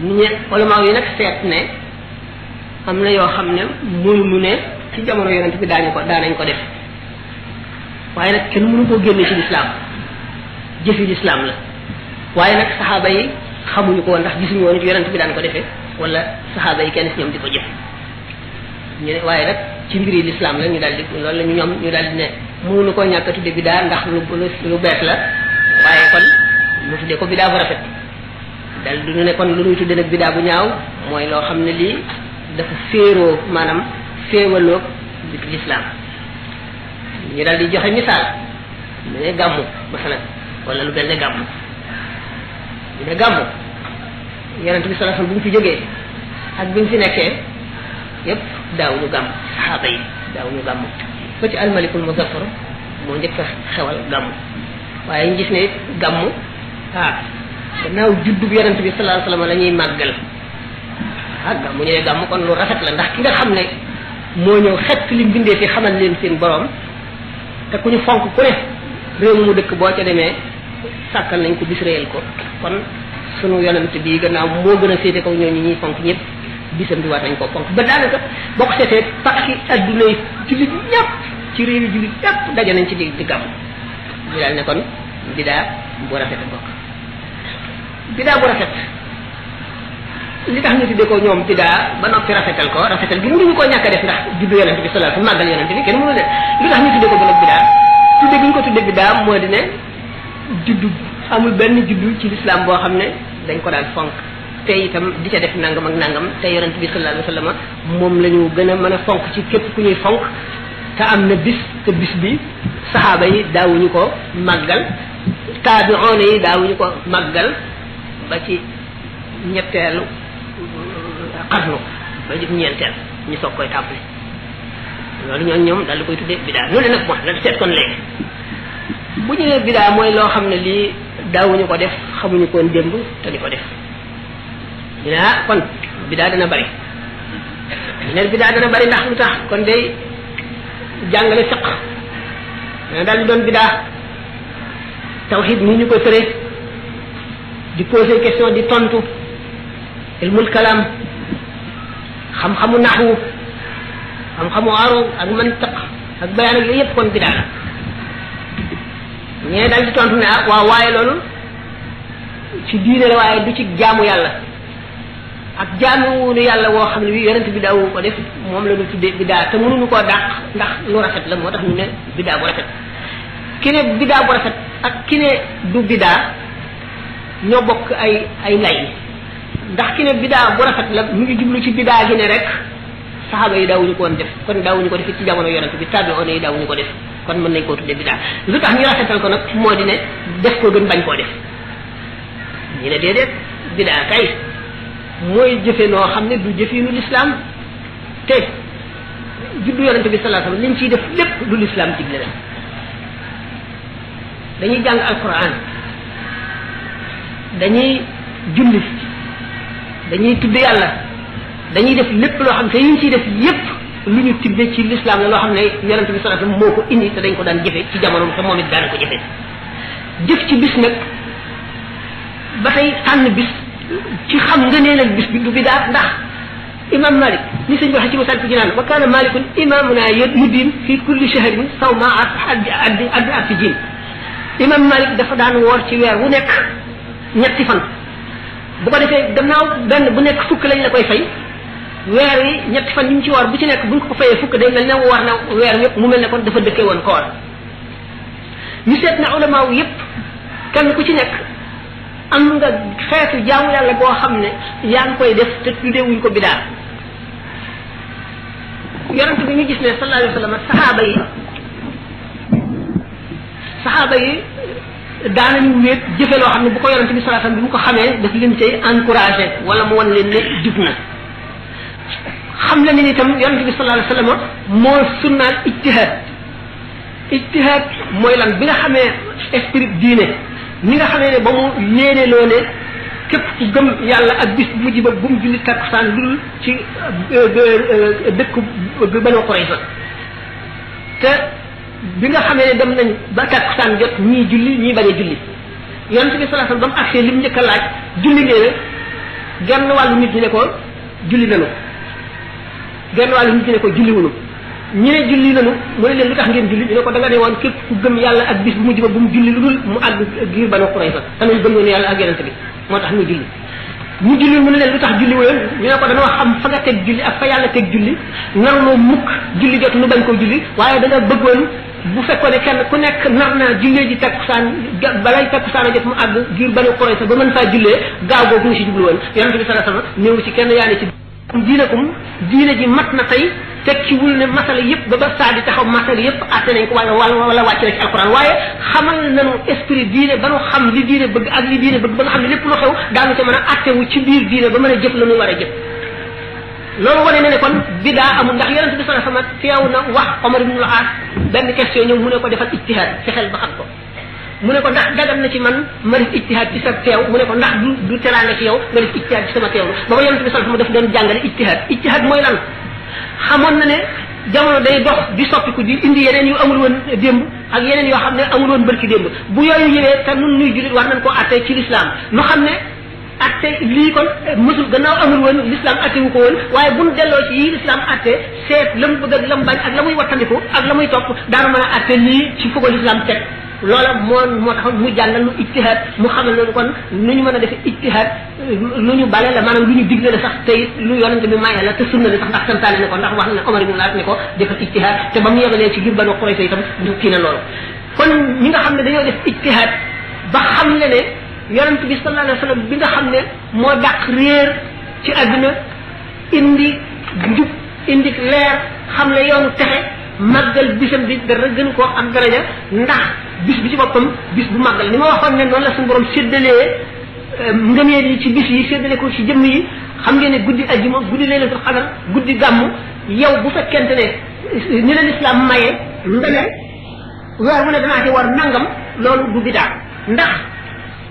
ñu ne olamaa yi nag seet ne am na yoo xam ne mënu mu ne ci jamono yonent bi daañu ko daanañ ko def waaye nag kenn mënu koo génne ci lislaam jëfi lislaam la waaye nag saxaaba yi xamuñu ko woon ndax gisuñu woon yonent bi daan ko defee wala saxaaba yi kenn ci ñoom di ko jëf ñu ne waaye nag ci mbir yi lislaam la ñu daal di loolu la ñu ñoom ñu daal ne mënuñu koo ñàkk tudde bi daal ndax lu lu bees la waaye kon mu tudde ko bi daa bu rafet dal du ñu ne kon lu ñu tuddee nak bida bu ñaaw moy lo xam li dafa féeroo manam féewaloog dik lislaam ñu dal di joxe misal ñu ne gàmmu masalan wala lu mel gamu gàmmu ñu ne gamu yonent bi sallallahu wasallam bu ñu fi jógee ak bu ñu fi nekké yépp daawu ñu gàmm sahaba yi daawu ñu gàmm ba ci al malikul muzaffar mo ñëk xewal gamu waye ñu gis ne gamu ah gannaaw juddu bi yonent bi sallallahu alayhi wasallam lañuy màggal ak ah, gàmmu ñu ne gàmmu kon lu rafet la ndax ki nga xam ne moo ñëw xet li bindee fi xamal leen seen borom te ku ñu fonk ku ne réew mu dëkk boo ca demee sàkkal nañ ko bis réel ko kon sunu yonent bi gannaaw moo gën a féete kaw ñooñu ñuy fonk ñëpp bisam bi war nañ ko fonk ba daanaka boo ko seetee pakki adduna julit ñëpp ci réew yi julit ñëpp daje nañ ci di di gàmm ñu daal ne kon bidaa bu rafet bokk tidak bu rafet li tax ñu tuddee ko ñoom bidaa ba noppi rafetal ko rafetal bi mënuñu ko ñàkk def ndax juddu yonent bi sallallahu alayhi wasallam màggal yonent bi kenn mënu def li tax ñu tuddee ko ba bidaa tudde bi ñu ko tudde di ne juddu amul benn juddu ci l'islam boo xam dañ ko daan fonk te itam di ca def nangam ak nangam te bi sallallahu alayhi wasallam moom la ñu gën fonk am bis bi yi daawuñu ko yi daawuñu ko magal ba ci ñetteelu euh, xarnu ba ci ñeenteel ñu soog koy tàmbali loolu ñoom ñoom dal di koy tuddee bidaa loolu nag mooy lan seet kon léegi bu ñu nee bidaa mooy loo xam ne lii daawuñu ko def xamuñu koon démb te di ko def dinaa ah, kon bidaa dina bari ñu ne bidaa dana bari ndax lu tax kon day jàngale fiq dana daal di doon bidaa tawxiid nii ñu ko sëree di poser question di tontu ilmul kalam xam-xamu naxwu xam-xamu aaroog ak mantiq ak bayaan ak yooyu yëpp kon biddaa la ñee daal di tontu ne ah waaw waaye loolu ci diine la waaye du ci jaamu yàlla ak jaamuwunu yàlla woo xam ne wi yonent bi daawu ko def moom la ñu biddaa te mënuñu koo dàq ndax lu rafet la moo tax ñu ne biddaa bu rafet ki ne biddaa bu rafet ak ki ne du biddaa ñoo bokk ay ay lay ndax ki ne bidaa bu rafet la mu ngi jublu ci bidaa gi ne rek saxaaba yi daawuñu koon def kon dawuñu ko def ci jamono yonent bi tabi'oona yi daawuñu ko def kon mën nañ koo tudde bidaa lu tax ñu rafetal ko nag moo di ne def ko gën bañ koo def ñu ne déedéet bidaa kay mooy jëfe noo xam ne du jëfinu lislaam te juddu yonent bi sallallahu alayhi wasallam liñ ciy def lépp du lislaam digle la dañuy jàng alquran dañuy julli dañuy tudd yàlla dañuy def lépp loo xam te yi ciy def yépp lu ñu tibbe ci lislaam la loo xam ne yonente bi sallallahu moo ko indi te dañ ko daan jëfe ci jamono te moom it daan ko jëfe jëf ci bis nag ba tey tànn bis ci xam nga nee nag bis bi du bidaat ndax imam malik ni sëñ bi waxe ci masal ko jinaan wa kaana malikun imamuna yudin fi kulli shahrin saw ma ad ad ad ad ad imam malik dafa daan woor ci weer wu nekk ñetti fan bu ko defee dam gannaaw benn bu nekk fukk lañ la koy fay weer wi ñetti fan yi ñu ci war bu ci nekk buñ ko fayee fukk day mel ne war na weer yëpp mu mel ne kon dafa dëkkee woon koor ñu seet na ulama wu kenn ku ci nekk am nga xeetu jaamu yàlla boo xam ne yaa ngi koy def te tuddeewuñ ko bidaa yonent bi ñu gis ne sallallahu alayhi wa saxaaba yi saxaaba yi daanañ wéet jëfe loo xam ne bu ko yonante bi salaa bi mu ko xamee daf leen cay encouragé wala mu wan leen ne jub na xam na ni itam yonante bi salaa sallam moo sunnaal ijtihaad ijtihaad mooy lan bi nga xamee esprit diine ni nga xamee ne ba mu yéene loo ne képp ku gëm yàlla ak bis bu mujj ba bu mu julli takkusaan lul ci dëkk bi banu xuraysa te bi nga xamee ne dem nañ ba takkusaan jot ñii julli ñii bañ julli yan bi sallallahu alayhi ba mu agsee li mu njëkk a laaj julli ngeen genn wàllu nit ñi ne ko julli nanu genn wàllu nit ñi ne ko julli wunu ñu ne julli nanu mu ne leen lu tax ngeen julli ñu ne ko da woon képp ku yàlla ak bis bu mujj ba mu julli lu dul mu àgg giir Banu Qurayza yàlla ak yonent bi moo tax ñu julli mu julli mu ne leen lu tax julli woon ñu ne ko dañoo xam fa nga teg julli ak fa yàlla teg julli nar noo mukk julli jot nu bañ koo julli waaye da nga bëggoon bu fekkoon ne kenn ku nekk nar naa jullee ji takkusaan balay takkusaan a jot mu àgg giir banu Qurayza ba mën faa jullee gaaw googu ñu si jublu woon yonente bi sallallahu alayhi wasallam néew ci kenn yaa ne ci diinakum diina ji mat na tey tekkiwul ne masala yëpp ba ba saa di taxaw masala yëpp àtte nañ ko wala wala wala ci alquran waaye xamal nañu esprit diine ba nu xam li diine bëgg ak li diine bëgg ba nga xam ne lépp lu xew daanu ca mën a àttewu ci biir diine ba mën a la ñu war a jëf loolu wane na ne kon bidaa amul ndax yonent bi sallallahu alayhi teew na wax Omar ibn benn question ñëw mu ne ko defal ijtihaad fexeel ba xam ko mu ne ko ndax dagan na ci man ma def ijtihaad ci sa teew mu ne ko ndax du du teraanga ci yow nga def ijtihaad ci sama teew ba ko yonent bi sallallahu alayhi wasallam daf doon jàngale ijtihaad ijtihaad mooy lan xamoon na ne jamono day dox di soppiku di indi yeneen yu amul woon démb ak yeneen yoo xam ne amul woon bërki démb bu yooyu ñëwee te nun nuy jullit nañ koo àttee ci lislaam nu xam ne atte lii kon musul gannaaw amul woon l'islam atte wu ko woon waaye buñ delloo ci yi l'islam atte seet la mu bëgg ak la mu bañ ak la muy wattandiku ak la muy topp daana mën a atte lii ci fugal l'islam teg loola moo mu jàngal nu ijtihaad mu xamal loolu kon nu ñu mën a def ijtihaad lu ñu bale ñu digle la lu yonente bi maye la te sunna la sax ndax santaane ne ko ndax wax na Omar ibn Laat ne ko defal ijtihaad te ba mu yebalee ci girbanu Quraysh itam du kii kon ñi nga xam ne dañoo def ijtihaad ba xam ne ne yonent bi sallallahu alayhi wasallam bi nga xamne mo dak réer ci àdduna indi njub indi leer xam yoonu texe màggal bisam bi dara gën koo am daraja ndax bis bi ci boppam bis bu màggal ni ma waxoon ne noonu la suñu borom séddalee ngëneel yi ci bis yi séddale ko ci jëmm yi xam ngeen ne guddi ajjuma guddi laylatul xadar guddi gàmmu yow bu fekkente ne ni la lislaam maye nga ne weer ne danaa ci war nangam loolu du bidaa ndax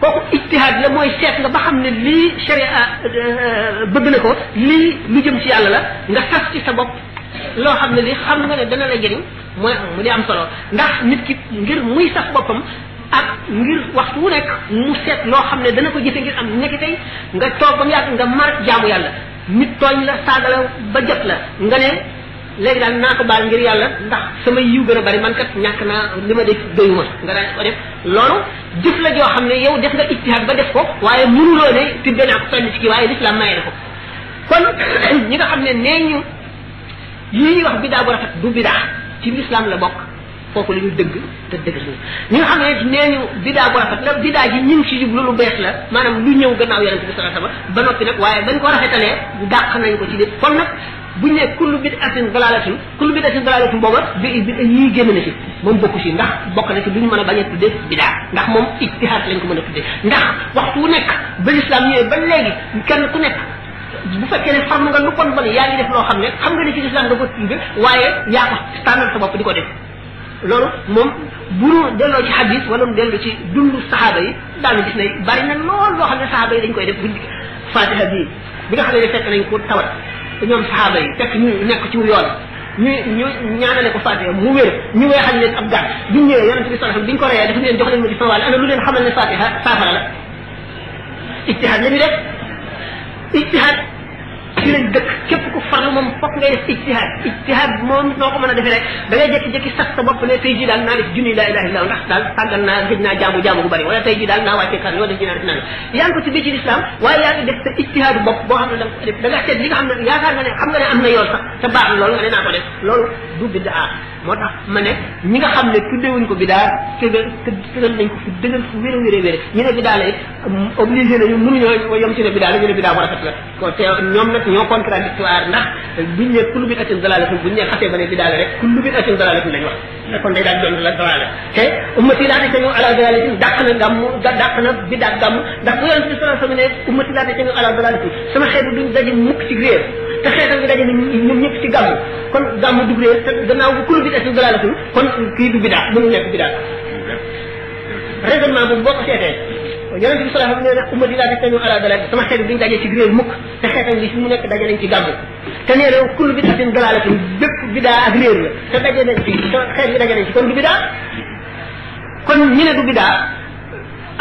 kooku ijtihaad la mooy seet la ba xam ne lii sharia euh, euh, bëgg na ko lii lu jëm ci yàlla la nga sas ci sa bopp loo xam ne li xam nga ne dana la jëriñ mooy mu di am solo ndax nit ki ngir muy sas boppam ak ngir waxtu wu nekk mu seet loo xam ne dana ko jëfe ngir am nekk tey nga toog ba mu yàgg nga mar jaamu yàlla nit tooñ la saaga la ba jot la nga ne léegi daal naa ko baal ngir yàlla ndax sama yiw gën a bari man kat ñàkk naa li ma def doyu ma nga daan ko def loolu jëf la joo xam ne yow def nga ijtihaad ba def ko waaye mënuloo ne tudde naa ko fenn ci kii waaye lislaam maye na ñi nga xam ne nee ñu yii ñuy wax bidaa bu rafet du bidaa ci lislaam la bokk foofu la ñu dëgg te dëgg suñu ñu nga xam ne nee ñu bidaa bu rafet la bidaa ji ñu ngi ci jublu lu bees la maanaam lu ñëw gannaaw yonente bi sallallahu alayhi wasallam ba noppi nag waaye bañ ko rafetalee dàq nañ ko ci lépp kon nag buñ ne kullu bid'atin dalalatun kullu bid'atin dalalatun booba bi bid'a yii génn na ci moom bokku ci ndax bokk na ci ñu mën a bañ a tuddee bid'a ndax moom ijtihaad lañ ko mën a tuddee ndax waxtu wu nekk ba lislaam ñëwee ba léegi kenn ku nekk bu fekkee ne xam nga lu bon bon yaa ngi def loo xam ne xam nga ne ci lislaam nga ko tuddee waaye yaa ko tànnal sa bopp di ko def loolu moom bu nu delloo ci hadis wala nu delloo ci dundu saxaaba yi daanu gis ne bari na lool loo xam ne saxaaba yi koy def buñ bi bi nga xam ne fekk nañ ko tawat ñoom saxaaba yi fekk ñu nekk ci yoon ñu ñu ñaanale ko fatiha mu wér ñu weexal leen ab gàtt bi ñëwee yonent bi sallallahu bi ñu ko reyee dafa leen jox leen ma ci sama wàll ana lu leen xamal ne fatiha saafara la ijtihaad la ñu def ijtihaad ci lañ dëkk képp ku farlu moom foog ngay def ijtihaad ijtihaad moom noo ko mën a defee rek da ngay jékki-jékki sax sa bopp ne tey jii daal naa def junni laa ilaha illa ndax daal tàggal naa gëj naa jaamu jaamu bu bëri wala tey jii daal naa wàccee kan wala def dinaa def naan yaa ngi ko ci biir ci lislaam waaye yaa ngi def sa ijtihaadu bopp boo xam ne da nga ko def da nga seet li nga xam ne yaakaar nga ne xam nga ne am na yoon sax te baax na loolu nga ne naa ko def loolu du biddaa moo tax ma ne ñi nga xam ne tuddewuñ ko bidaa tëgal tëgal nañ ko fi dëgal fu wér a wér a wér ñu ne la it um, obligé nañu mënuñoo yom ci ne bidaa la ñu ne bidaa ndax buñ ne kullu bid'atin dalalatun buñ ne xasee ba ne ne kon na gàmm dàq na bidaa gàmm ndax bu yoon si sallallahu alayhi ne ummati laa tee ñu ala dalalatin sama xeet duñ daje mukk ci réer te xeetam bi daje na ñoom ñëpp ci gàmmu kon gàmmu dugg réer te gannaaw bu kullu bid'atin dalaalatul kon kii du bid'a mënul nekk bid'a raisonnement boobu boo ko seetee yonente bi sallallahu alayhi wa sallam nee na ummati laa tajtami'u alaa dalaalatin sama xeet bi duñu daje ci réer mukk te xeetam bi fi mu nekk daje nañ ci gàmmu te nee na kullu bid'atin dalaalatul bépp bid'a ak réer la te daje nañ ci te bi daje nañ ci kon du bid'a kon ñu ne du bid'a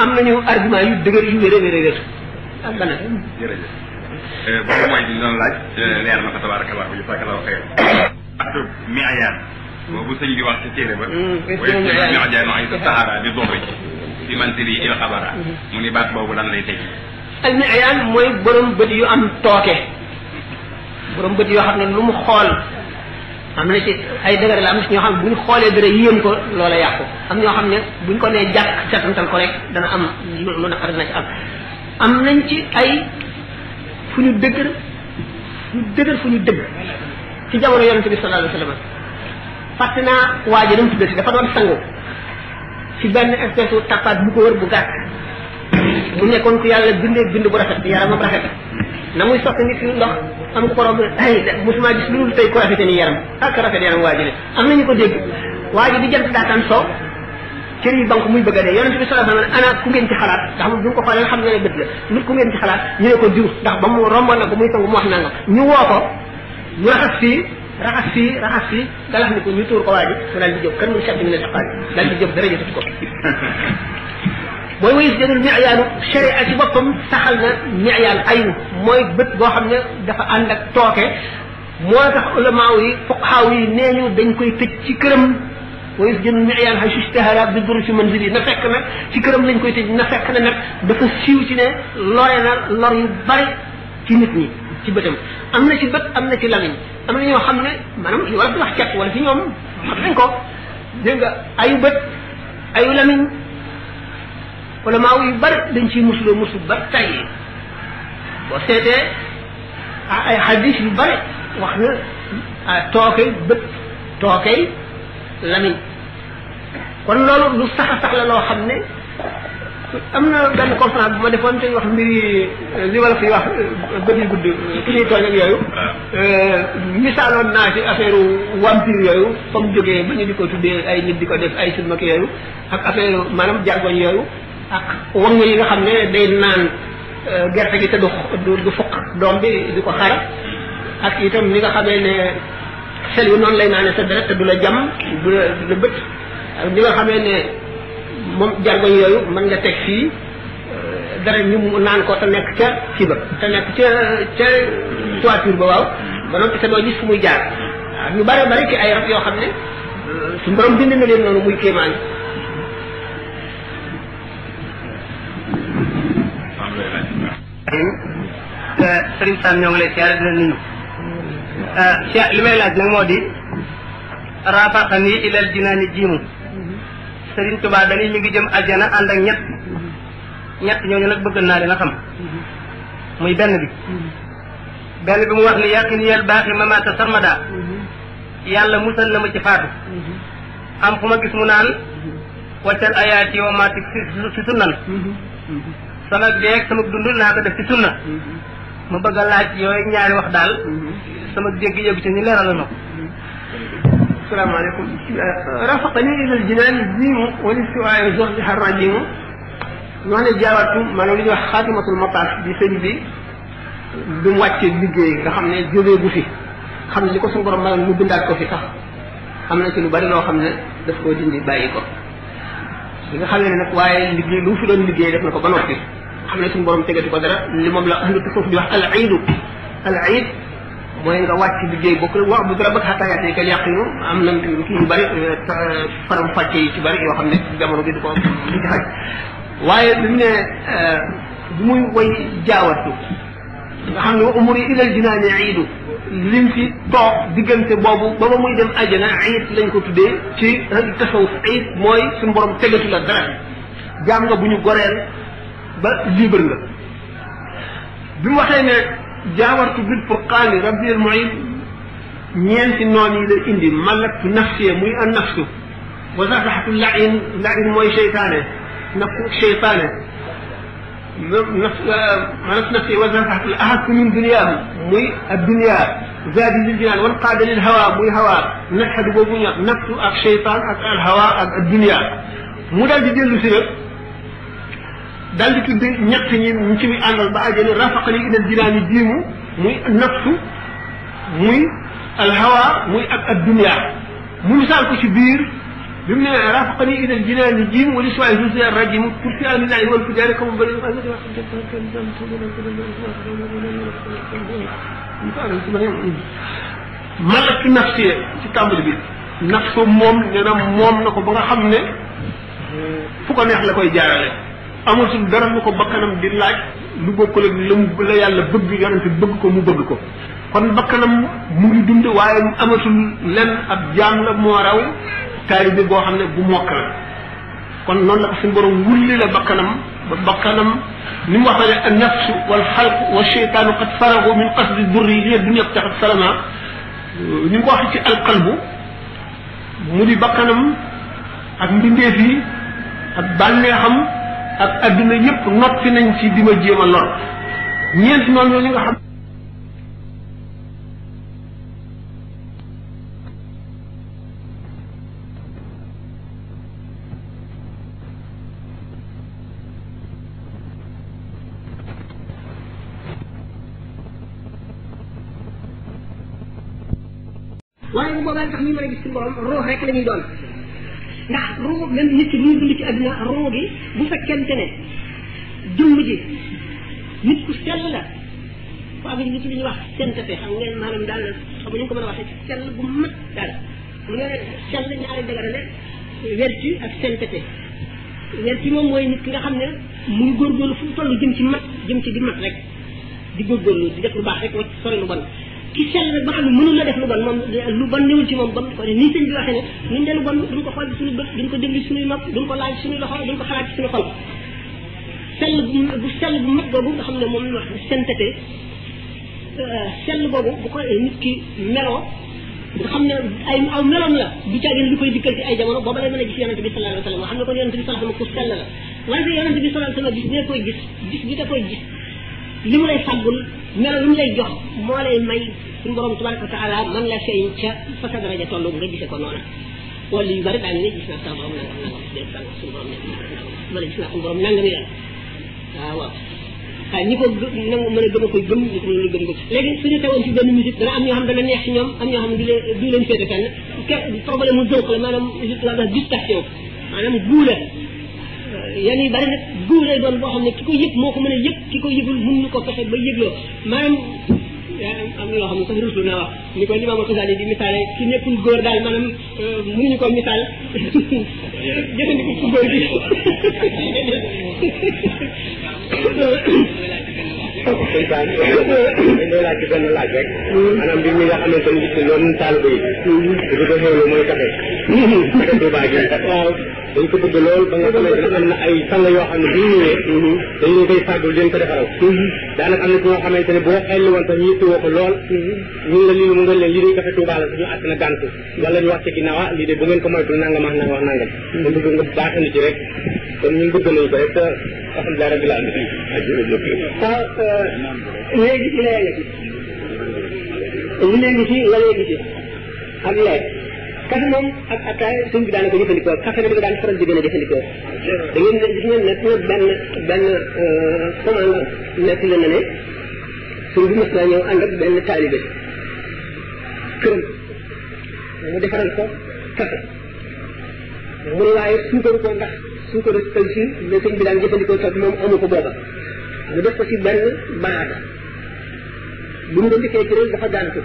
am nañu argument yu dëgër yu wér a wér a boobu mooy li ñu doon laaj leer na ko tabaaraka laahu jazaakallaahu xayr atu miayaan bi wax ci ba waaye miayaan ay di doxri ci mantiri il mm-hmm. mu ni baat boobu lan lay teg al miayaan mooy borom bët yu am tooke borom bët yoo xam ne lu mu xool am na ay dëgër la am na ci ñoo xam ne bu ñu ko loola yàqu xam ne bu ñu ko nee jàkk setantal ko rek dana am na ci am nañ ci ay fu ñu dëgër ñu dëgër fu ñu dëgg ci jamono yonente bi sallallahu alayhi wa sallam fàtte waa ji nam tudde si dafa doon sangu ci benn espèce tappaat bu ko wër bu gàtt bu nekkoon ku yàlla bindee bind bu rafet yaramam rafet na muy sotti nit ñu ndox am ko borom ay musuma gis lu dul tey ko rafete ni yaram ak rafet yaram waa ji ne am ko dégg waa di jant daataan soo cër yi banque muy bëgg a dee yonent bi sallallahu alayhi ana ku ngeen ci xalaat nga xam bu ñu ko xoolee xam ne bët la nit ku ngeen xalaat ñu ne ko diw dax ba mu romboon na ko muy sangu mu wax nangam ñu woo ko mu raxas fii raxas fii raxas fii galax ni ko ñu tuur ko waa ji mu daal di jóg kan mu seet ñu ne saxaat ko mooy wayis jënul miyaanu sharia ci ayu mooy bët boo xam ne dafa ànd ak tooke moo tax ulamaaw yi nee ñu dañ koy tëj ci wa yasjanu mi'yan haythu ishtahara bi dur fi manzili na fekk nag ci këram lañ koy tëj na fekk na nag dafa siiw ci ne lore na lor yu bari ci nit ñi ci bëtam am na ci bët am na ci lamiñ am na ñoo xam ne maanaam li wala di wax cet wala ci ñoom xam nañ ko dégg nga ayu bët ayu lamiñ wala maaw yu bari dañ ciy musuloo musul ba tay boo seetee ay xadis yu bari wax na tooke bët tooke lamiñ kon loolu lu sax a sax la loo xam ne am na benn conférence bu ma defoon te wax mbiri euh, li wala fi wax euh, bëri gudd ki ñuy tooñ ak yooyu euh, misaaloon naa ci affaire wampire yooyu comme jógee ba ñu di ko tuddee ay nit di ko def ay silmak yooyu ak affaire maanaam jargoñ yooyu ak wang yi nga xam ne day naan gerte gi te du du fukk doom bi di ko xara ak itam ni nga xamee ne sel yu noonu lay naane sa deret te du la jam du du la bët ak bi nga xamee ne moom jargo yooyu mën nga teg fii euh, dara ñu naan ko te nekk ca ci ba te nekk ca ca toiture ba waaw ba noppi te doo gis fu muy jaar ñu bare bari ci ay rab yoo xam ne euh, su borom dindi na leen noonu muy kéemaan te sëriñ Sam ñoo ngi lay siyaare dina nuyu euh, cheikh li may laaj nag moo di rafaxani ilal jinaani jiimu Serigne Touba dani mi ngi jëm aljana ànd ak ñett ñett ñooñu nag bëgg naa leen a xam muy benn bi benn bi mu wax ni yàqin yel baaxi mamata sarmada yàlla musal na ma ci faatu am fu ma gis mu naan waccal ayaati wa maatik si na sama deeg sama dund naa ko def ci na ma bëgg a laaj yooyu ñaari wax daal sama jéggi yëgu ci ñu leeral na ko salaamaaleykum rafaqani ilal jinaani ziimu wali siwaayo zordiha rajimu ñu wax ne jaawatu maanaam li ñuy wax xaatimatul mataaf bi sëñ bi bi mu wàccee liggéey nga xam ne jógee gu fi xam ne li ko suñu borom maanaam mu bindaat ko fi sax am na ci lu bari loo xam ne daf koo dindi bàyyi ko li nga xam ne nag waaye liggéey lu fi doon liggéey def na ko ba noppi xam ne suñu borom tegatu ko dara li moom la ahlu tasawuf di wax al iidu al iid mooy nga wàcc liggéey bokk la wa'bud rabbaka hattaa ka yaqiin am na kii yu bëri euh, faram fàcce yi ci bëri yoo xam ne jamono gi du ko du ci waaye bi mu ne euh, bu muy way jaawatu nga xam ne wa umri ilal jinaani iidu lim fi toog diggante boobu ba ba muy dem ajjana iid lañ ko tuddee ci tasawuf iid mooy suñu borom tegatu la dara jaam nga bu ñu goreel ba libre nga bi waxee ne جاورت بالفرقان ربي المعين نيانتي نوني لإندي ملكت نفسي مي أن نفسه وزاحة اللعين لعين موي شيطانة نفسه شيطانة نفس نفسي وزاحة الأهل من دنياهم مي الدنيا زاد الجنان والقادة للهواء مي هواء نحد بوبونيا نفسه أك شيطان أك الهواء أك الدنيا مدى جديد لسيرك dal di tudd ñett ñi ñu ci muy àndal ba àjjana rafaqani ila dinaami diimu muy nafsu muy alhawa muy ak ak dunia mu misaal ko ci biir bi mu ne rafaqani ila dinaami diimu wa liswaay jusdi arrajim pour fi amillahi wal fujari comme bëri malak nafsi ci tàmbali bi nafsu moom nee na moom na ko ba nga xam ne fu ko neex la koy jaarale amul ci dara lu ko bakkanam di laaj lu bokkul ak lu la yàlla bëgg yonente bëgg ko mu bëgg ko kon bakkanam mu ngi dund waaye amatul len ab jaam la moo raw taalibe boo xam ne bu mokk la kon noonu la ko suñ borom wulli la bakkanam ba bakkanam ni mu waxee an nafs wal xalq wa cheytaanu qad faragu min qasdi durri li dunya taxat salama ñu ngi ko wax ci alqalbu mu di bakkanam ak mbindeef yi ak bànneexam ak aduna yépp noppi nañ ci di ma jéem a lor ñeent noonu yooyu nga xam waaye bu boobaa tax ñu mën a gis suñu borom ruux rek la ñuy doon ndax ruu même nit ki muy dund ci àdduna ruu gi bu fekkente ne jëmm ji nit ku sell la ku am nit li ñuy wax sainteté xam ngeen maanaam daal xam nga ñu ko mën a waxee sell bu mat daal mu ne sell ñaari dëgërale vertu ak sainteté vertu moom mooy nit ki nga xam ne muy góorgóorlu fu mu toll jëm ci mat jëm ci di mat rek di góorgóorlu di def lu baax rek wacc sori lu bon ki sell nag ba xam ne mënul la def lu bon moom lu bon ñëwul ci moom ba mu ko ne nii sëñ bi waxee ne ñun de lu bon duñ ko xool ci suñu bët duñ ko déglu suñuy nopp duñ ko laaj suñuy loxo duñ ko xalaat ci suñu xol sell bu bu sell bu mag boobu nga xam ne moom wax sainteté sell boobu bu ko nit ki meloo nga xam ne ay aw meloom la du caagin lu koy dikkal ci ay jamono booba lay mën a gis yonente bi sallallahu alayhi wa sallam xam ne kon yonente bi sallallahu alayhi wa sallam ku sell la wante yonente bi sallallahu alayhi wa sallam bis bee koy gis bis bi da koy gis li mu lay fàggul melo li mu lay jox moo lay may suñu borom tabaraka wa taala man la feeñ ca fa sa nga gise ko noona wala yu bari daal ne gis naa sama borom nangam nangam dé sang ko a gëm a koy gëm ñi ko mën a gëm ko léegi suñu teewoon ci benn musique dana am ñoo xam dana neex ci ñoom am ñoo xam du leen du leen féete fenn problème mu dënk la maanaam la guula yoon yu bari nag guur doon boo xam ne ki ko yëg moo ko mën a yëg ki ko yëgul mën ñu ko fexe ba yëgloo maanaam am na loo xam ne ko ruuslu naa wax ni ko Imaam Xasaali di misaale ki nekkul góor daal maanaam euh, mënuñu ko misaal jëfandiku ci góor gi sëñ a ñu laaj ci benn laaj rek. maanaam bi mi nga xamante ni bii loolu taalibe yi. li ko xewlu mooy kafe. ko bëgg lool ba nga xamante ne am na ay sang yoo xam ne bi ñu ñëwee. dañ leen koy fàggul leen ko defaral. daanaka am na ñoo xamante ne boo xelli woon sax yittewoo ko lool. ñu la lii mu nga leen lii de kafe Tuuba la ñu àtt na gàntu. wala ñu wax ci ginnaaw ah lii de bu ngeen ko moytul nangam wax nangam wax nangam. dañ bëgg nga baaxandi ci rek. kon ñun bëgg nañu ko rek léegi ci layee nga ci léegi ci lalee gi ci ak lee kafe moom ak attaay suñ bi daana ko jëfandikoo kafe na dafa daan faral di gën a jëfandikoo da ne benn benn euh, commande nekk la ne suñ bi mos naa ñëw ànd ak benn taalibe këram mu defaral ko kafe mu ne waaye suukaru ko ndax suukaru tël bi daan jëfandikoo sax moom amu ko booba mu def ko ci benn baraada bu mu doon defee ci réew dafa daan ko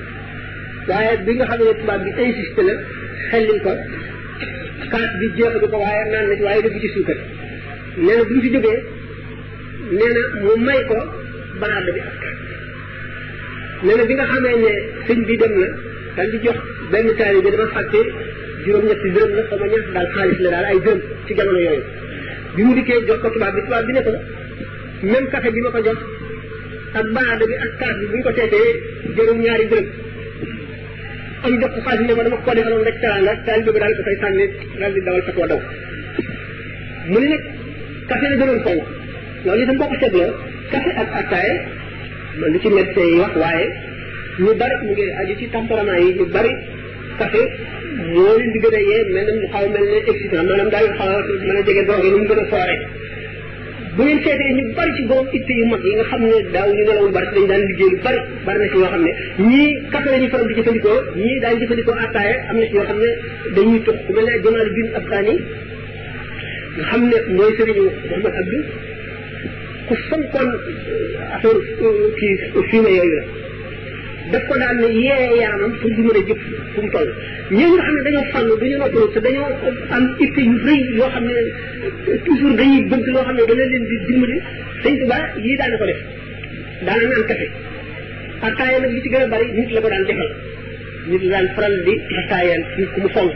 waaye bi nga xam ne tubaab bi insisté la xellil ko kaas bi jeexatu ko waaye naan na ci waaye def ci suukar nee na bu ci jógee nee mu may ko baraada bi ak nee bi nga xamee ne sëñ bi dem na daal di jox benn taali bi dama fàtte juróom-ñetti dërëm la xaw ma ñaata daal xaalis la daal ay dërëm ci jamono yooyu bi mu dikkee jox ko tubaab bi tubaab bi ne ko même café bi ma ko jox ak baada bi ak kaas bi bu ko seetee jërum ñaari dërëm am jox ko xaalis ne ma dama ko defaloon rek teraanga taalibe bi daal ko koy sànni daal di dawal fatwa daw mu ne nag café la gënoon fonk loolu itam boo ko seetloo café ak attaaya lu ci médecin yi wax waaye ñu bari ñu ngi aju ci tempérament yi ñu bari café moo leen di gën a yee mel na mu xaw mel ne excitant maanaam daal xaw mën a jege doog nu mu gën a foore bu ngeen seetee ñu bari ci borom itte yu mag yi nga xam ne daaw ñu nelaw lu bari dañ daan liggéey lu bari bari na ci yoo xam ne ñii kafe la ñuy faral di jëfandikoo ñii daal jëfandikoo attaaya am na ci yoo xam ne dañuy tux ku mel ne bin Afghani nga xam ne mooy sëriñu Mouhamad Abdou ku fonkoon affaire euh, kii fumier yooyu la daf ko daan ne yee yaramam pour mu mën a jëf fu mu toll ñi nga xam ne dañoo fànn dañu noppalu te dañoo am itte yu rëy yoo xam ne toujours dañuy bëgg loo xam ne dana leen di dimbali sëñ Tuubaa yii daana ko def daana naan kafe ataaya nag li a la ko daan defal nit la daan faral di ataayaan nit ko bësal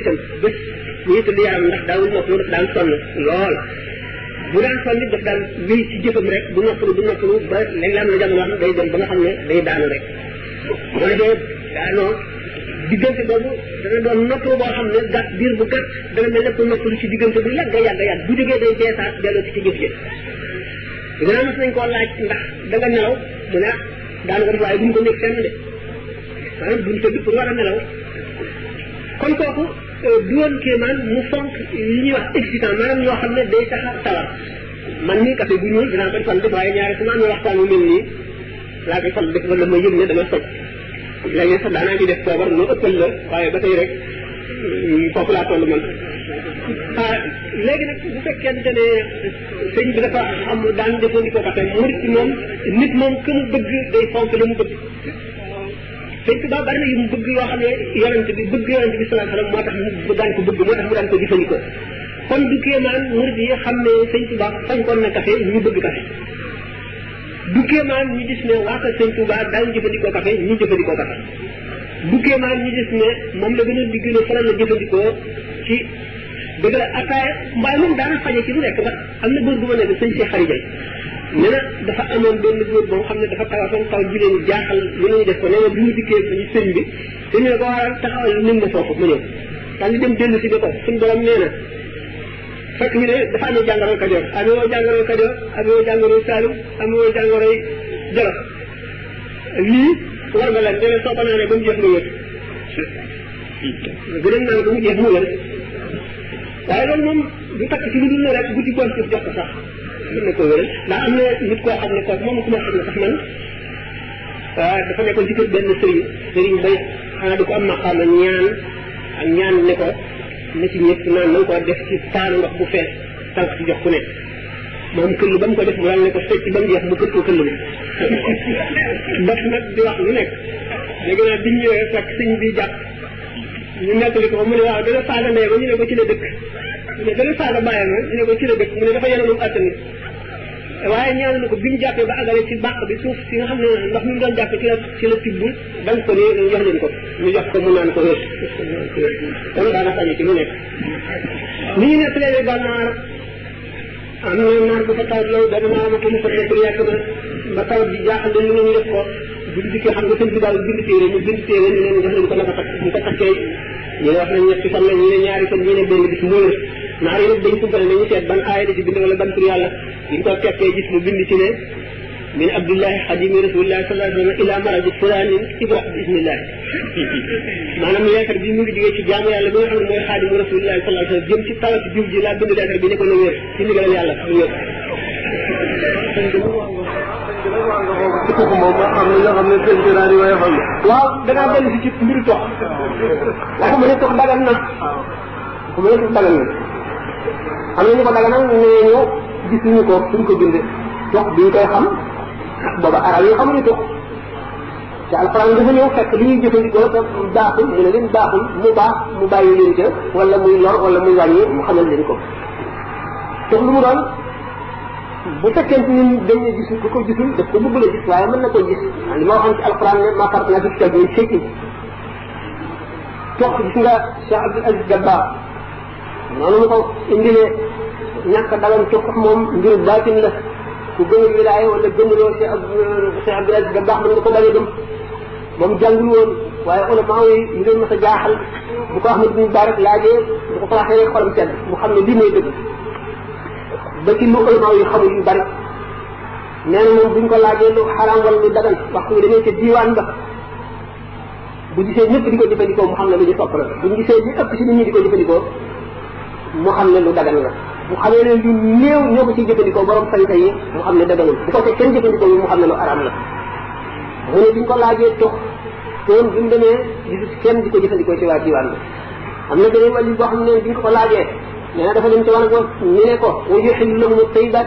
itam bés ñu tëdd yaram ndax lool bu daan toll nit daf daan wéy ci jëfam rek bu noppalu bu noppalu ba léegi am na jamono day dem ba nga xam ne day daanu rek mooy dee daanoo ah diggante boobu dana doon noppalu boo xam ne gàtt biir bu gàtt dana mel ne ko noppalu ci diggante bu yàgg yàgg yàgg bu jógee day beesaat delloo ci ci jëf ji dinaa mas nañ koo laaj ndax da nelaw mu ne ah, daanu ko def waaye bu mu ko nekk fenn de maanaam bu mu tëdd pour war a nelaw kon kooku bu euh, doon kéemaan mu fonk li ñuy wax excitant maanaam ñoo xam ne day tax a tawar man nii café bu ñuul dinaa koy fan def waaye ñaari su ma amee waxtaan wu mel nii laa koy fan def wala ma yëg ne dama soj léegi sax la waaye ba tey rek mm, foofu laa toll man ah léegi bu fekkente ne sëñ bi dafa am daan jëfandikoo café murit moom nit moom ku mu bëgg day fonk li mu bëgg sëñ Tuba bari na yu mu bëgg yoo xam ne yonent bi bëgg yonent bi sallallahu alayhi wasallam moo tax mu daan ko bëgg moo tax mu daan ko jëfandikoo kon du kéemaan murid yi xam ne sëñ Tuba fonkoon na café ñu bëgg café du kéemaan ñu gis ne waa ko sëñ Tuba daañu jëfandikoo café ñu jëfandikoo café du kéemaan ñu gis ne moom la gën a digg ne la jëfandikoo ci dëgg la attaaya mbaay moom daana faje ci lu nekk ba am na góor bu ma nekk sëñ Cheikh Xari Jël nee na dafa amoon benn góor boo xam ne dafa tawaatoon taw ji leen jaaxal lu ñuy def ko nee bu ñu dikkee ñu sëñ bi sëñ bi ne ko waral taxawal nim mu ñëw daal di si ne ko suñu borom nee na fekk ñu ne dafa amee jàngoro Kajoor amewoo jàngoro Kajoor amewoo jàngoro Saalum amewoo jàngoro Jolof lii war nga ko naanee ba mu jeex ba mu jeex mu wér waaye loolu moom du takk ci lu dul ne rek guddi bon ci jox ko sax mën na koo wéral ndax am na nit koo xam ne kooku moom ku ma ne sax man dafa nekkoon ci kër benn sëriñ sëriñ bay xanaa di ko am maqaama ñaan ak ñaan ne ko na ci ñëpp naan na ko def ci taanu ndox bu fees tànk ci jox ku ne moom këll ba mu ko def mu daal ne ko sëcc ba mu jeex mu kër ko këll bi daf nag di wax lu nekk léegi nag biñ ñëwee fekk sëñ bi jàpp ñu nekk li ko mu ne waaw dana faana ndee ba ñu ne ko ci la dëkk mu ne dana saaga bàyyam ñu ne ko ci la dëkk mu ne na ko bi mu jàppee ba àggale ci bi suuf nga xam ne ndox mi mu doon jàppee ci la ci la tibb dañ ko ni jox ko ñu ko mu naan ko wér kon daana sañu ci lu nekk li ñu nekk léegi ba naar na naar bu fa tawat loolu benn maama ko mu fa nekk yàgg na ba tawat bi jaaxal dañu ñu def ko buñ dikkee xam nga sëñ bi daal bind téere mu bind téere ñu leen jox leen ko na ko takk ñu nañ ñetti fan la ñu ñaari fan ñu ne benn bis mu wér naar yi nag dañ sukkale nañu seet ban aaya la ci bind wala ban tur yàlla ñu ko tekkee gis mu bind ci ne min abdullahi xadimi rasulillahi sallallahu la wa ila maradi fulaanin ibra bismillahi maanaam leetar bi mu ngi jógee ci jaamu yàlla bi nga xam ne mooy xaadimu rasulillahi sallallahu alayhi wa sallam jëm ci tawat jub ji laa bind leetar bi ne ko na wér ci ndigalal yàlla mu wér moom nga xam ne nga xam ne sëñ bi daal waaw dangaa dellu si ci mbiru tox waxuma ne ne tox dagan na xam nga ñu ko daganal nee ñu gis ñu ko suñ ko bindee tux bi ñu koy xam booba arab yi xamuñu tux te alxuraan dafa ñëw fekk li ñuy jëfandikoo te baaxul ñu ne leen baaxul mu baax mu bàyyi leen ca wala muy lor wala muy wàññi mu xamal leen ko tux lu mu doon bu fekkente ni dañu gis ku ko gisul daf ko bëgg la gis waaye mën na ko gis li ma ci alxuraan ne ma farat naa fi fekk ñu sekki tux gis nga Cheikh Abdul Aziz Dabakh noonu mu ko indilee ñàkk dagan ci sax moom ngir baatin la ku gëmul wilaaya wala gëmuloo si ab si ab da baax ko bañ a gëm moom jàngul woon waaye ulama yi li leen mos a jaaxal bu ko Ahmad bin Mubarak laajee bu ko ko rek xolam sedd mu xam ne lii mooy dëgg ba ci lu ulama yi xamul yu bari nee na moom buñ ko laajee lu xaraam wala lu dagan waxtu bi dañoo ca diiwaan ba bu gisee ñëpp di ko jëfandikoo mu xam ne lu ñu sopp la bu ñu gisee ñu ëpp si nit ñi di ko jëfandikoo mu xam ne lu dagan la mu xamee ne lu néew ñoo ko ci jëfandikoo borom fañka yi mu xam ne daganul bu fekkee kenn jëfandikoo yi mu xam ne lu duñ ko laajee tux bi mu demee kenn di ko jëfandikoo ci waa diwaan bi am na beneen wàllu boo na dafa dem ci wan ko ñu ko wa yuxillu lahum at-tayyibaat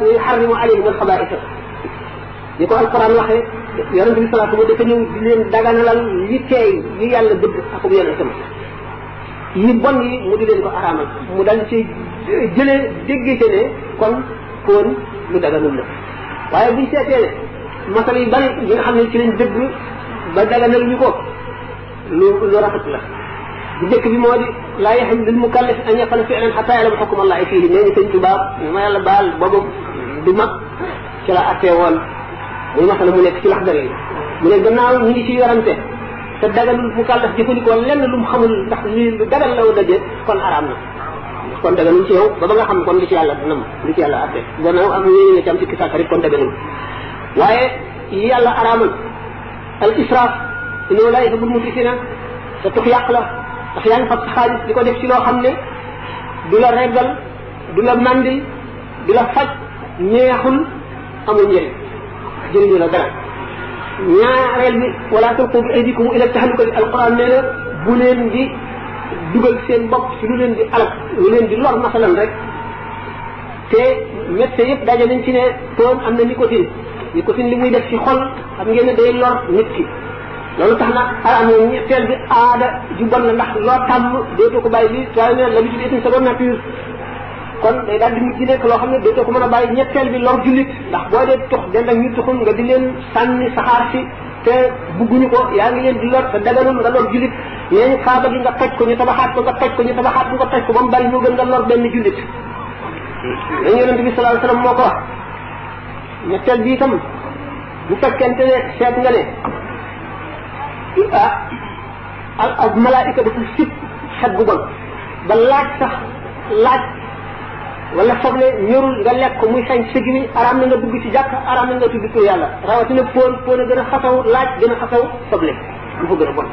wa ko alquran waxee yonente bi salaatu dafa ñëw di leen daganalal li teey yàlla bëgg ak bu yu bon yi mu di leen ko araamal mu dal ci jëlee déggee ci ne kon fóon lu daganul la waaye buñ seetee ne masal yu bari yi nga xam ne ci lañ dëgg ba daganal ñu ko lu lu rafet la bu njëkk bi moo di laa yaxil lil mukallaf an yaqala fi'lan xataa ya'lama xukma allahi fiihi nee ni sëñ tubaab ñu ma yàlla baal boobu du mag ci la attee woon muy masala mu nekk ci lax dara yi mu ne gannaaw ñu ngi ci yorante te daganul mu kàllaf jëfandikoo lenn lu mu xamul ndax lu dagan la woon a dee kon araam na kon daganul ci yow ba ba nga xam kon li ci yàlla nam li ci yàlla waaye yi yàlla araamal al israaf yàq la ndax yaa di ko def ci loo xam ne du la reggal neexul amul njëriñ jëriñu la dara ñaareel bi wala tulqu bi aydikum ila tahlukati alquran nee na bu leen di dugal seen bopp ci lu leen di alak lu leen di lor masalan rek te médecin yëpp daje nañ ci ne poon am na nicotine nicotine li muy def ci xol xam ngeen ne day lor nit ki loolu tax na araam yoon ñetteel bi aada ju bon la ndax loo tàmm dootoo ko bàyyi li toi ne l'habitude est une seconde nature kon day daal di mujj nekk loo xam ne dootoo ko mën a bàyyi ñetteel bi lor jullit ndax boo dee tux dend ak ñu tuxul nga di leen sànni saxaar si te bugguñu ko yaa ngi leen di lor te daganul nga lor jullit yéen kaaba gi nga toj ko ñu tabaxaat ko nga toj ko ñu tabaxaat ko nga toj ko ba mu bari moo gën nga lor benn jullit dañu yonente bi sallallahu alayhi wasallam moo ko wax ñetteel bi itam bu fekkente ne seet nga ne ak ah, malaayika dafa sib xet bu bon ba laaj sax laaj wala soble ñorul nga lekk ko muy xañ sa gimiñ araam na nga dugg ci jàkk araam na nga tudd tur yàlla rawatina póon póon a gën a xasaw laaj gën a xasaw soble lu fa gën a bon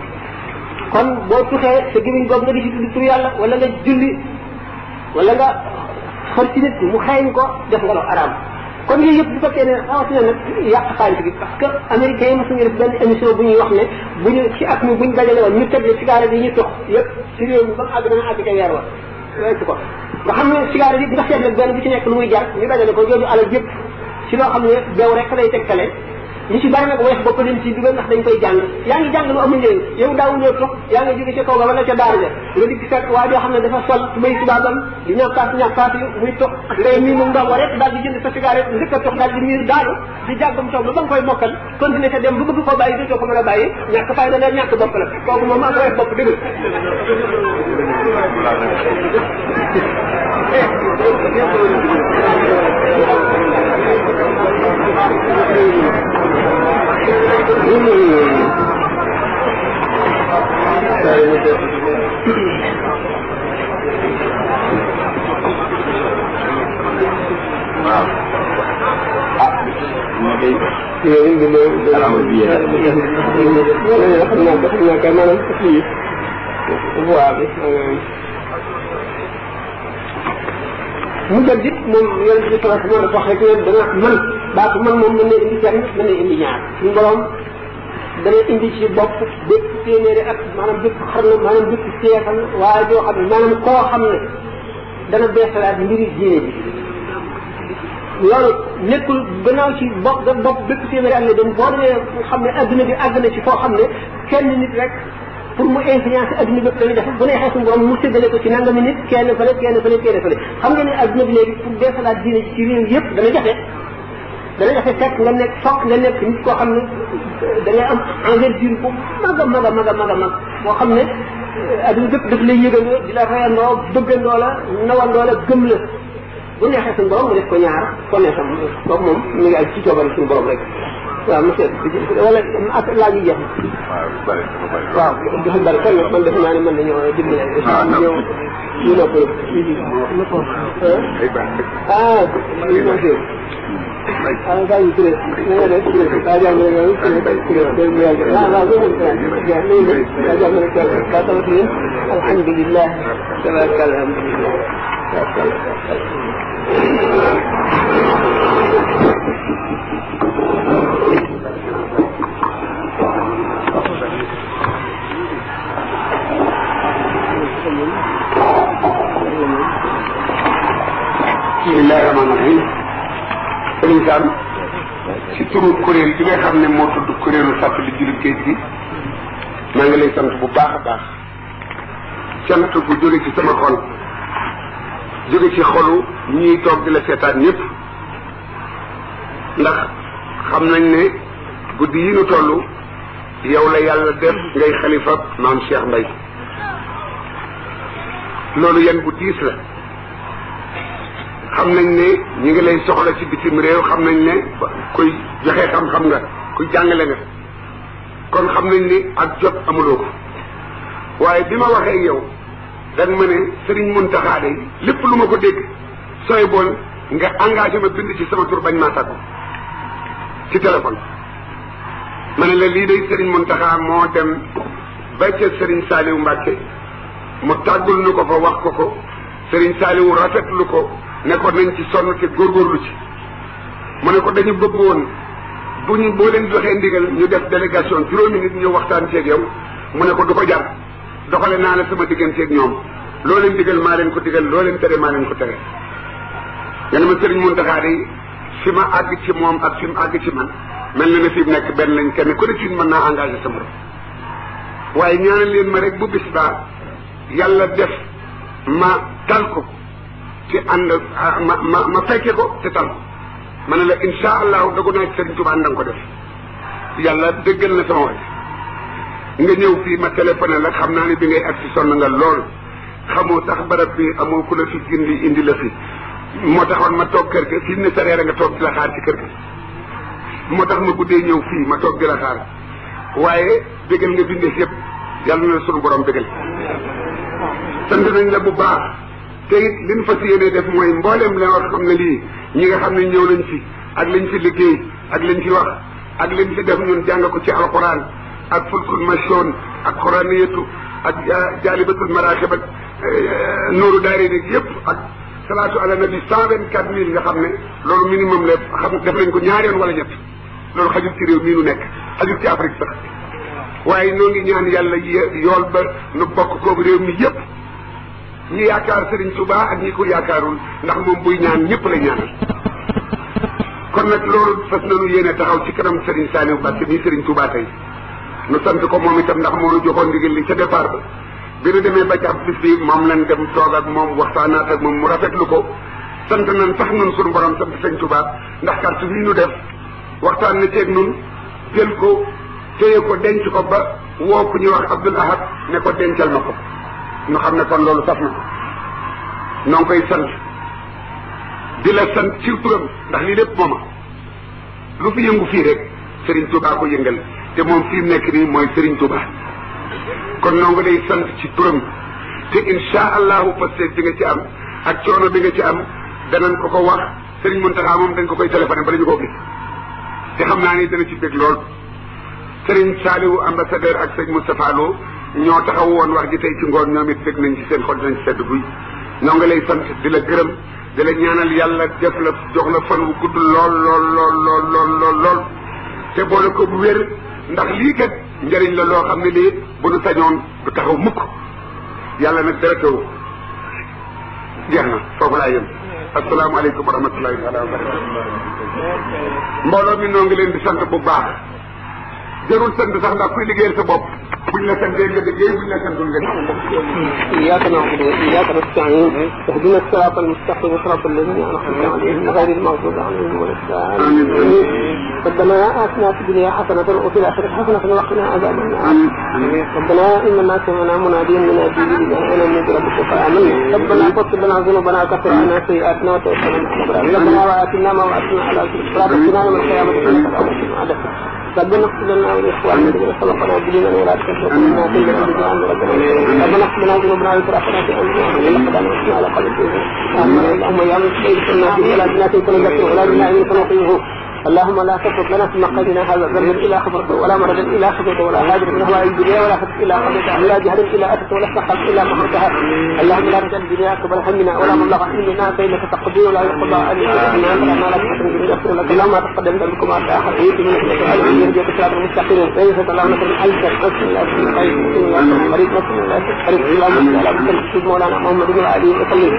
kon boo tuxee sa gimiñ boobu nga di ci tudd tur yàlla wala nga julli wala nga xër ci nit mu xeeñ ko def nga loo araam kon yooyu yëpp bu fekkee ne rawatina nag yàq xaalis bi parce que américains yi mosu ñu def benn émission bu ñuy wax ne bu ñu ci at mi bu ñu dajale woon ñu tëdd cigarette yi ñu tox yëpp ci réew mi ba mu àgg dana àgg ca weer wa weesu ko nga xam ne sigaare bi nga seetlee benn bu ci nekk lu muy jar ñu dajale ko jooju alal yëpp ci loo xam ne beew rek lay tegtale ñu ci bari nag weex bopp dañ ndax dañ koy jàng yaa ngi jàng lu amul njëriñ yow daawu ñoo toog yaa ngi jóge ca kaw ga wala ca daara nga dikk fekk waa joo xam ne dafa sol tubay tubaabam di ñàkkaat ñàkkaat yu muy toog ngay mii mu ndongo rek a ba ba nga koy mokkal continuer ca dem bu bëgg ko mën a bàyyi ñàkk fay na la ñàkk bopp la kooku moom ak weex bopp dëgg ini Maaf. Ah, Iya, ini benar. Kalau dia. Ini, ini, ini, ini, ini, ini, ini, ini, ini, ini, ini, mujallid moom yonent bi sallallahu alayhi wasallam wax rek ne dana man baatu man moom mën na indi kenn mën na indi ñaar suñu borom dana indi ci bopp bépp téeméeri at maanaam bépp xarnu maanaam bépp seexal waaye joo xam ne maanaam koo xam ne dana beesalaat mbiri diine bi loolu nekkul gannaaw ci bopp bopp bépp téeméeri at ne dem boo demee xam ne àdduna bi àgg na ci foo xam ne kenn nit rek pour mu influencer adduna bépp dañuy def bu neexee suñu borom mu séddale ko ci nangami nit kenn fële kenn fële kenn fële xam nga ne adduna bi léegi pour deesalaat diine ci réew yëpp dana jafe dana jafe fekk nga nekk fokk nga nekk nit koo xam ne da ngay am envergure bu mag a mag a mag a mag a mag boo xam ne adduna bépp daf lay yëgandoo di la reyandoo bëggandoo la nawandoo la gëm la bu neexee suñu borom mu def ko ñaar ko neexam kooku moom mi ngi aj ci coobari suñu borom rek waaw monsieur wala ak laaj yi jeex waaw dafa bari kon man naa ne ñëw ñu ah monsieur ah gaa yi kuré na nga def kuré daa jàng rek mu yàgg waaw loolu la jàng rek alhamdulillah bismillaahi rahmaani rahiim sëriñ turu kuréel gi nga xam ne moo tudd kuréelu sàttali jullit géej gi maa ngi lay sant bu baax a baax cant bu jóge ci sama xol jóge ci xolu ñiy toog di la seetaan ñëpp ndax xam nañ ne guddi yi ñu tollu yow la yàlla def ngay xalifa maam Cheikh Mbaye loolu yan bu diis la xam nañ ne ñu ngi lay soxla ci bitim réew xam nañ ne kuy joxe xam-xam nga kuy jàngale nga kon xam nañ ni ak jot amuloo ko waaye bi ma waxee yow danga ma ne sëriñ Muntaxa de lépp lu ma ko dégg sooy bool nga engagé ma bind ci sama tur bañ maa sàkku ci téléphone ma ne la lii de sëriñ Muntaxa moo dem ba sëriñ Saaliw Mbàkke mu tàggul nu ko fa wax ko ko sëriñ Saaliw rafetlu ko ne ko nañ ci sonn te góorgóorlu ci mu ne ko dañu bëgg woon bu ñu boo leen joxee ndigal ñu def délégation juróomi nit ñëw waxtaan ceeg yow mu ne ko du ko jar doxale naa la sama digganteeg ñoom loo leen digal maa leen ko digal loo leen tere maa leen ko tere yene ma sëriñ Muntaxa yi fi ma àgg ci moom ak fi mu àgg ci man mel na ne fi mu nekk benn lañ kenn ku ne ci mën naa engagé sama morom waaye ñaanal leen ma rek bu bis baa yàlla def ma tal ko ci ànd ah, ma ma ma fekke ko te tal ma ne la insha allahu dogu naa ci nga ko def yàlla dëggal na sama wax nga ñëw fii ma téléphoné la xam naa ne bi ngay agsi sonn nga lool xamoo sax barab bi amoo ku la fi gindi indi la fi moo taxoon ma toog kër ga fii ne sa toog di kër moo tax ma guddee ñëw fii ma toog di xaar waaye bégal nga bindeef yëpp yàlla na sunu borom bégal sant nañ la bu baax te it li ñu fas yéene def mooy mboolem la war xam ne lii ñi nga xam ne ñëw nañ fi ak lañ fi liggéey ak lañ fi wax ak lañ fi def ñun jàng ko ci alquran ak fulkul machon ak quraniyatu ak jaalibatul maraaxib ak nuuru daari nag yëpp ak salaatu ala nabi cent vingt quatre mille nga xam ne loolu minimum la xam def nañ ko ñaari yoon wala ñett loolu xajul ci réew mii nu nekk xajul ci Afrique sax waaye noo ngi ñaan yàlla yool ba nu bokk kooku réew mi yëpp ñu yaakaar Serigne Touba ak ñi ko yaakaarul ndax moom buy ñaan ñëpp la ñaanal kon nag loolu fas nañu yéene taxaw ci kanam Serigne Saliou Mbacké nii Serigne Touba tey nu sant ko moom itam ndax moo nu joxoon ndigal li ca départ ba bi nu demee ba jàpp bis bi moom lañ dem toog ak moom waxtaanaat ak moom mu rafetlu ko sant nañ sax nun suñu borom sant Serigne Touba ndax carte bii nu def waxtaan na ceeg nun jël ko téye ko denc ko ba woo ku ñu wax Abdoul Ahad ne ko dencal na ko ñu xam ne kon loolu saf na noo ngi koy sant di la sant ci turam ndax lii lépp mooma lu fi yëngu fii rek sëriñ Touba ko yëngal te moom fii nekk nii mooy sëriñ Touba kon noo ko lay sant ci turam te insha allahu parce bi nga ci am ak coono bi nga ci am danañ ko ko wax Serigne Mountakha moom dañ ko koy téléphoné ba dañu koo gis te xam naa ni dana ci bég lool Serigne Saliou ambassadeur ak sëñ Moustapha ñoo taxaw woon wax ji tey ci ngoon ñoom it fekk nañ ci seen xol dinañ sedd buy ñoo ngi lay sant di la gërëm di la ñaanal yàlla def la jox la fan wu gudd lool lool lool lool lool lool lool te ko bu wér ndax lii kat njëriñ la loo xam ne lii bu nu sañoon du taxaw mukk yàlla nag dara jeex na foofu laa yem asalaamaaleykum wa rahmatulahi taala wa barakatu mbooloo mi noo ngi leen di sant bu baax jarul sant sax ndax kuy liggéeyal sa bopp buñ la santee nga liggéey buñ la santul nga إياك نعبد وإياك نستعين اهدنا الصراط المستقيم صراط الذين أنعمت عليهم غير المغضوب عليهم ولا الضالين ربنا آتنا في الدنيا حسنة وفي الآخرة حسنة وقنا عذاب النار ربنا إنما كنا منادين من أجل أنا من ربك فآمنا ربنا فاغفر لنا ذنوبنا وكفر عنا سيئاتنا وتوفنا مع ربنا وآتنا ما وعدتنا على رسلك ولا تخزنا يوم القيامة إنك لا تخلف ربنا اغفر لنا ولاخواننا الذين سبقنا بدين ولا تحرمنا وقل لنا ربنا اغفر لنا ذنوبنا واسرافنا في امرنا ولا تدعنا على قلبنا اللهم يا مصيبتنا في بلادنا في كل جهه ولا بنا ان تنقيه اللهم لا تترك لنا في مقعدنا هذا ذنبا الا خبرته ولا مرضا الا خبرته ولا هاجر من اهواء الدنيا ولا خبر الا خبرتها ولا جهل الا اتت ولا سخط الا مهرتها اللهم لا تجعل الدنيا اكبر همنا ولا مبلغ علمنا فانك تقضي ولا يقضى علينا ما لا تقدر به لك اللهم تقدم ذنبكم على احد من يرجوك صراط المستقيم فان ستلعن من الحج نفس الاجر لا تقدم نفس الاجر الخير اللهم لا بد مولانا تقدم بن علي وسلم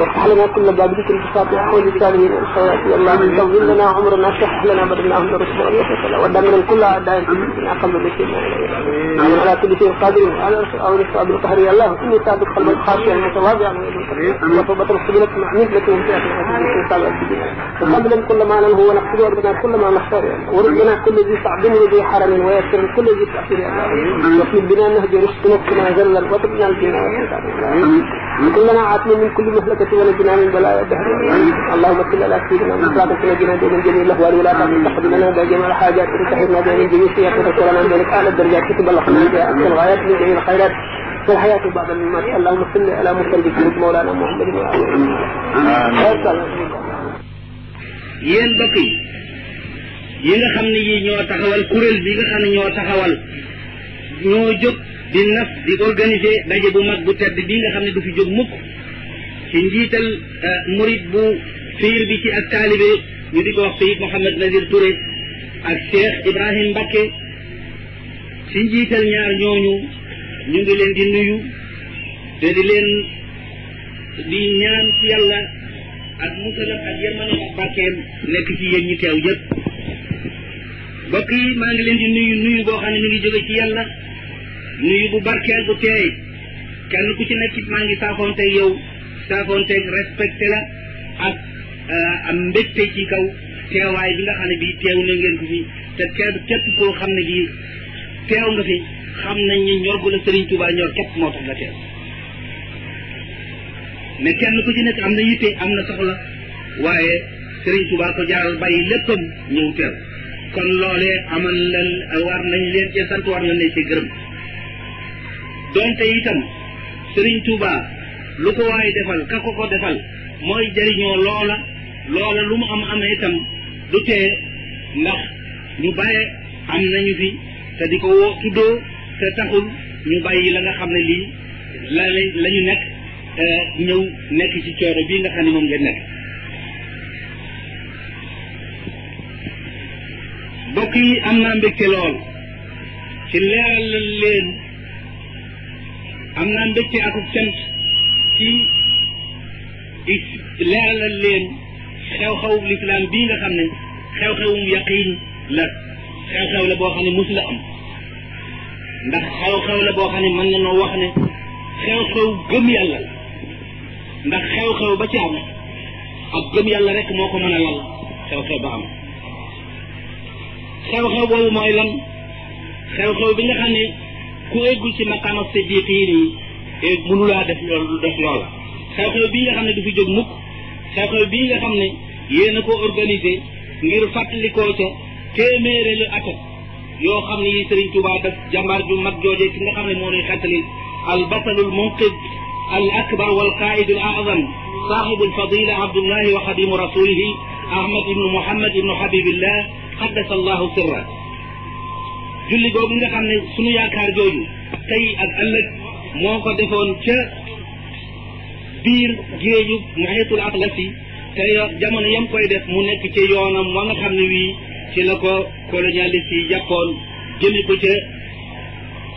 وافتح لنا كل باب ذكر بفاتحه ولسانه يا الله من طول لنا عمرنا شح لنا بدلنا من رسول الله صلى الله عليه وسلم كل اعداء من اقل بكنا على كل شيء قادر على اول الصعب القهر يا الله اني ثابت قلب الخاشع المتواضع وطوبة الخجلة مع نسبة وقبلا كل ما له ونقصد ربنا كل ما نختار وربنا كل ذي صعب وذي حرم ويسر كل ذي تأثير يا الله واطلب بنا نهج رشدنا كما ذلل وطبنا الجنة كلنا عاتنا من كل مهلكة وانت ونجنا من بلاء الدهر اللهم اكفنا لاسيدنا واصلاحك ونجنا دون جميع الاهوال ولا تحب لنا بجميع الحاجات وتحبنا بين جميع سيئات وتسولنا من اعلى الدرجات تبلغنا بها اقصى الغايات من جميع الخيرات والحياة بعد الممات اللهم صل على مسلمك مولانا محمد وعلى اله yéen bokk yi yi nga xam ne yi ñoo taxawal kuréel bi nga xam ne ñoo taxawal ñoo jóg di nas di organiser daje bu mag bu tedd bi nga xam ne du fi jóg mukk ci njiital eh, murid bu fiir bi ci ak taalibe ñu di ko wax Seyid Nazir Touré ak Cheikh Ibrahim Mbakke ci njiital ñaar ñooñu ñu ngi leen di nuyu te di leen di ñaan ci yàlla ak musalam ak yërmande ak barkeem nekk ci yéen ñi teew yëpp mbokk maa ngi leen di nuyu nuyu boo xam ne mi ngi jóge ci yàlla nuyu bu barkeel bu teey kenn ku ci nekk it maa ngi saafoonte yow saafonteeg respecté la ak eh, am mbégte ci kaw teewaay bi nga xam ne bi teew na ngeen te kenn képp xam ne bii teew nga fi xam nañ ne ñor bu la Sëriñ Tuubaa ñor képp moo tax nga teew mais kenn ku ci nekk am na yitte am na soxla waaye Sëriñ Tuubaa ko jaaral bàyyi léppam ñëw teew kon loolee amal lan war nañ leen ci sant war nañ leen ci gërëm donte itam Sëriñ Tuubaa lu ko waay defal ka ko ko defal mooy jëriñoo loola loola lu mu am amee itam du tee ndax ñu bare am nañu fi te di ko woo tuddoo te taxul ñu bàyyi la nga xam ne lii la la ñu nekk ñëw nekk ci coono bii nga xam ne moom la nekk mbokk yi am naa mbégte lool ci leeral leen am naa mbégte akub cant ci leeralal leen xew-xewum lislaam bii nga xam ne xew-xewum yaqiin la xew-xew la boo xam ne mos la am ndax xew-xew la boo xam ne mën na noo wax ne xew-xew gëm yàlla la ndax xew-xew ba ci am ak gëm yàlla rek moo ko mën a lal xew-xew ba am xew-xew boobu mooy lan xew-xew bi nga xam ne ku eggul ci maqaama siddiqiin yi et mënulaa def loolu def loolu xew-xew bii nga xam ne du fi jóg mukk xew-xew bii nga xam ne yéen a ko organisé ngir fàttalikoo ca téeméere la atam yoo xam ne yi Serigne Touba daf jàmbaar ju mag jooje ki nga xam ne moo nuy xettali al basalul munqid al akbar wal qaid al a'zam صاحب الفضيلة عبد الله وخديم رسوله أحمد بن محمد بن حبيب الله قدس الله سره julli googu nga xam ne sunu yaakaar jooju tey ak ëllëg moo ko defoon ca biir géeju muhitul atlasi te jamono yam koy def mu nekk ci yoonam wa nga xam ne wii ci la ko colonialiste yi jàppoon jëli ko ca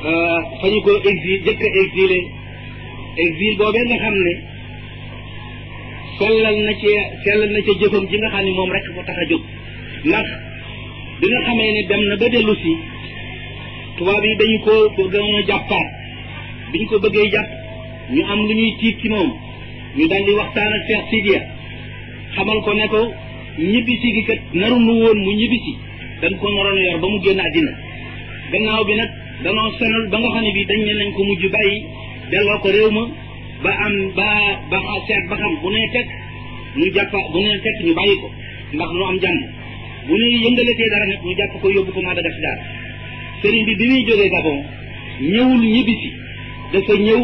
euh, fa ñu ko exil jëkk exilé exil boobee nga xam ne sellal na ci sellal na ca jëfam ji nga xam ne moom rek ko tax a jóg ndax bi nga xamee ne dem na ba dellu si tubaab yi dañu ko dañoo jàppaat biñ ko bëggee jàpp ñu am lu ñuy tiit ci moom ñu dal di waxtaan ak cheikh sidia xamal ko ne ko ñibbisi gi kat narunu woon mu ñibbisi dañ ko naroon yor ba mu génn àddina gannaaw bi nag danoo sonal ba nga xam ne bii dañ ne nañ ko mujj bàyyi delloo ko réew ma ba am ba ba seet ba xam bu nee tekk ñu jàpp bu nee tekk ñu bàyyi ko ndax lu am jàmm bu ne yëngalatee dara nag ñu jàpp ko yóbbu ko Madagascar sëriñ bi bi muy jógee Gabon ñëwul ñibbisi dafa ñëw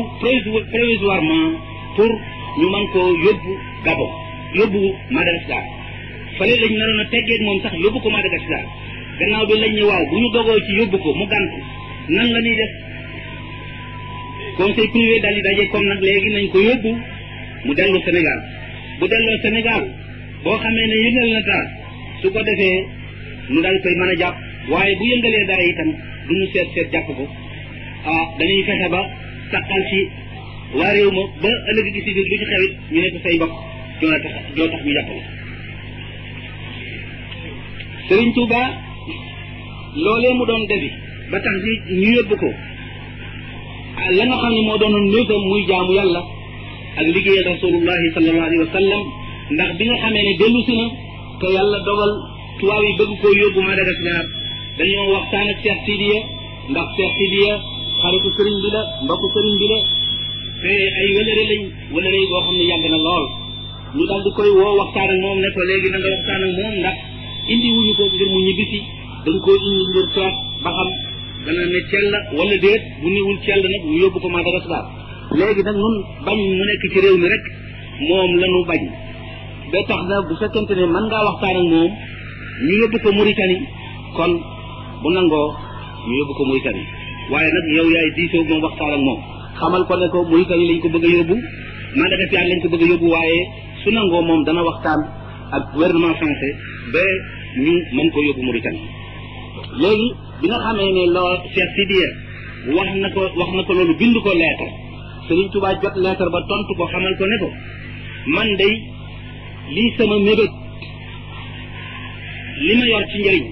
provisoirement pour ñu mën koo yóbbu Gabon yóbbu Madagascar fële lañ naroon a teggeeg moom sax yóbbu ko Madagascar gannaaw bi lañ ñu waaw bu ñu dogoo ci yóbbu ko mu gànt nan la ñuy def conseil privé daal di daje comme nag léegi nañ ko yóbbu mu dellu Sénégal bu delloo Sénégal boo xamee ne yëngal na daal su ko defee ñu daal koy mën a jàpp waaye bu yëngalee dara itam du ñu seet seet jàpp ko ah dañuy fexe ba saqal ci waa réew ma ba ëllëg gi si biir lu ci xewit ñu nekk say mbokk ñoo tax ñoo tax ñu jàpp la Tuuba loolee mu doon defi ba tax ñu yóbbu ko la nga xam ne moo doon néegam muy jaamu yàlla ak liggéeyal rasulullahi sallallahu alayhi wa sallam ndax bi nga xamee ne dellu si na te yàlla dogal tubaab yi bëgg koo yóbbu Madagascar dañoo waxtaan ak Cheikh Sidiya ndax Cheikh Sidiya xaritu sëriñ bi la mbokku sëriñ bi la te ay wëlëre lañ wëlëre boo xam ne yàgg na lool ñu daal di koy woo waxtaan ak moom ne ko léegi na nga ko ngir mu ñibbisi dañ koy indi ngir toog ba xam dana ne cell la wala déet bu nag mu yóbbu ko Madagascar léegi nag nun bañ mu nekk ci réew mi rek moom la ñu bañ ba tax na bu fekkente ne mën ngaa waxtaan ak moom ñu yóbbu ko Mauritanie kon bu nangoo ñu yóbbu ko Mauritanie waaye nag yow yaay diisoo moom waxtaan ak moom xamal ko ne ko muy kañ lañ ko bëgg a yóbbu man da def yaan lañ ko bëgg yóbbu waaye su nangoo moom dana waxtaan ak gouvernement français ba ñu mën ko yóbbu Mauritanie léegi bi nga xamee ne loo Cheikh Sidiya wax na ko wax na ko loolu bind ko leetar Serigne Touba jot leetar ba tontu ko xamal ko ne ko man day lii sama mébét li ma yor ci njëriñ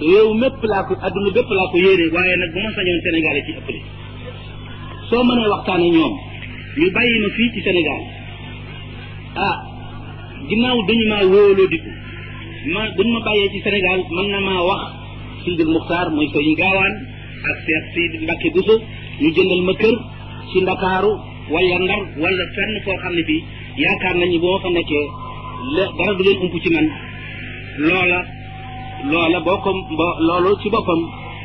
rew mepp la ko aduna bepp la ko yere waye nak buma ma sañoon ci ëppale so mënee waxtane ak ñoom ñu bàyyi ma fii ci sénégal ah ginnaaw dañu maa wóoloo diku ma buñ ma bayé ci sénégal man na ma wax sidil muxtaar mooy sëriñ gawan ak cheikh sid mbacke buso ñu jëndal ma kër ci ndakaaru wala ndar wala fenn foo xamni bi yaakaar nañu bo fa nekké dara du leen ump ci man loola loola boo ko loolu ci boppam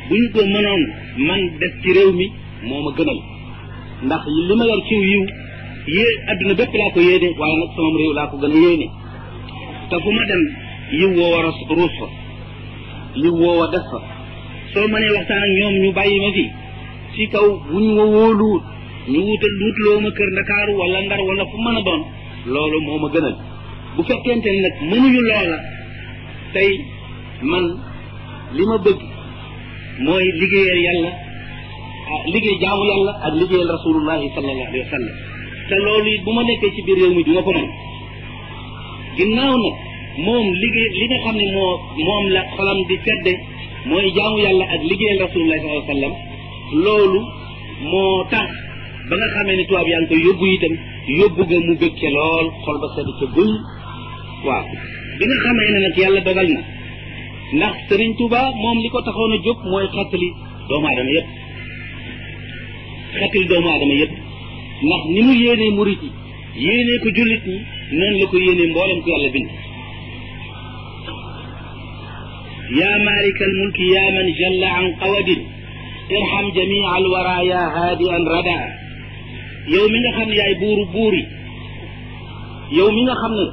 bu ñu ko mënoon man def ci réew mi moo ma gënal ndax li ma yor ci yiw yée adduna bépp laa ko yéene waaye nag sama réew laa ko gën a yéene te fu ma dem yiw woo war a ruus fa yiw woo wa def fa soo mënee waxtaan ak ñoom ñu bàyyi ma fi ci kaw buñ wo ma wóoluwut ñu wutal wutloo ma kër ndakaaru wala ndar wala fu mën a doon loolu moo ma gënal bu fekkente nag mënuñu loola tey man li ma bëgg mooy liggéeyal yàlla ah, liggéey jaamu yàlla ak ma nekkee ci biir réew mi du ma ko mën liggéey mooy jaamu yàlla ak liggéeyal rasulullahi sallallahu alayhi wa sallam loolu waaw bi nga xamee ne nag yàlla dogal na ndax serigne touba mom liko taxono jog moy jóg do ma adam yeb yépp do ma adam yeb ndax ni mu yene mouride yene ko julit ñi non la ko yene mbolam ko yàlla bind يا مالك الملك يا من جل عن قود ارحم جميع الورى يا هادئا ردا يوم nga xam ne yaay buuru buuri yow mi nga xam ne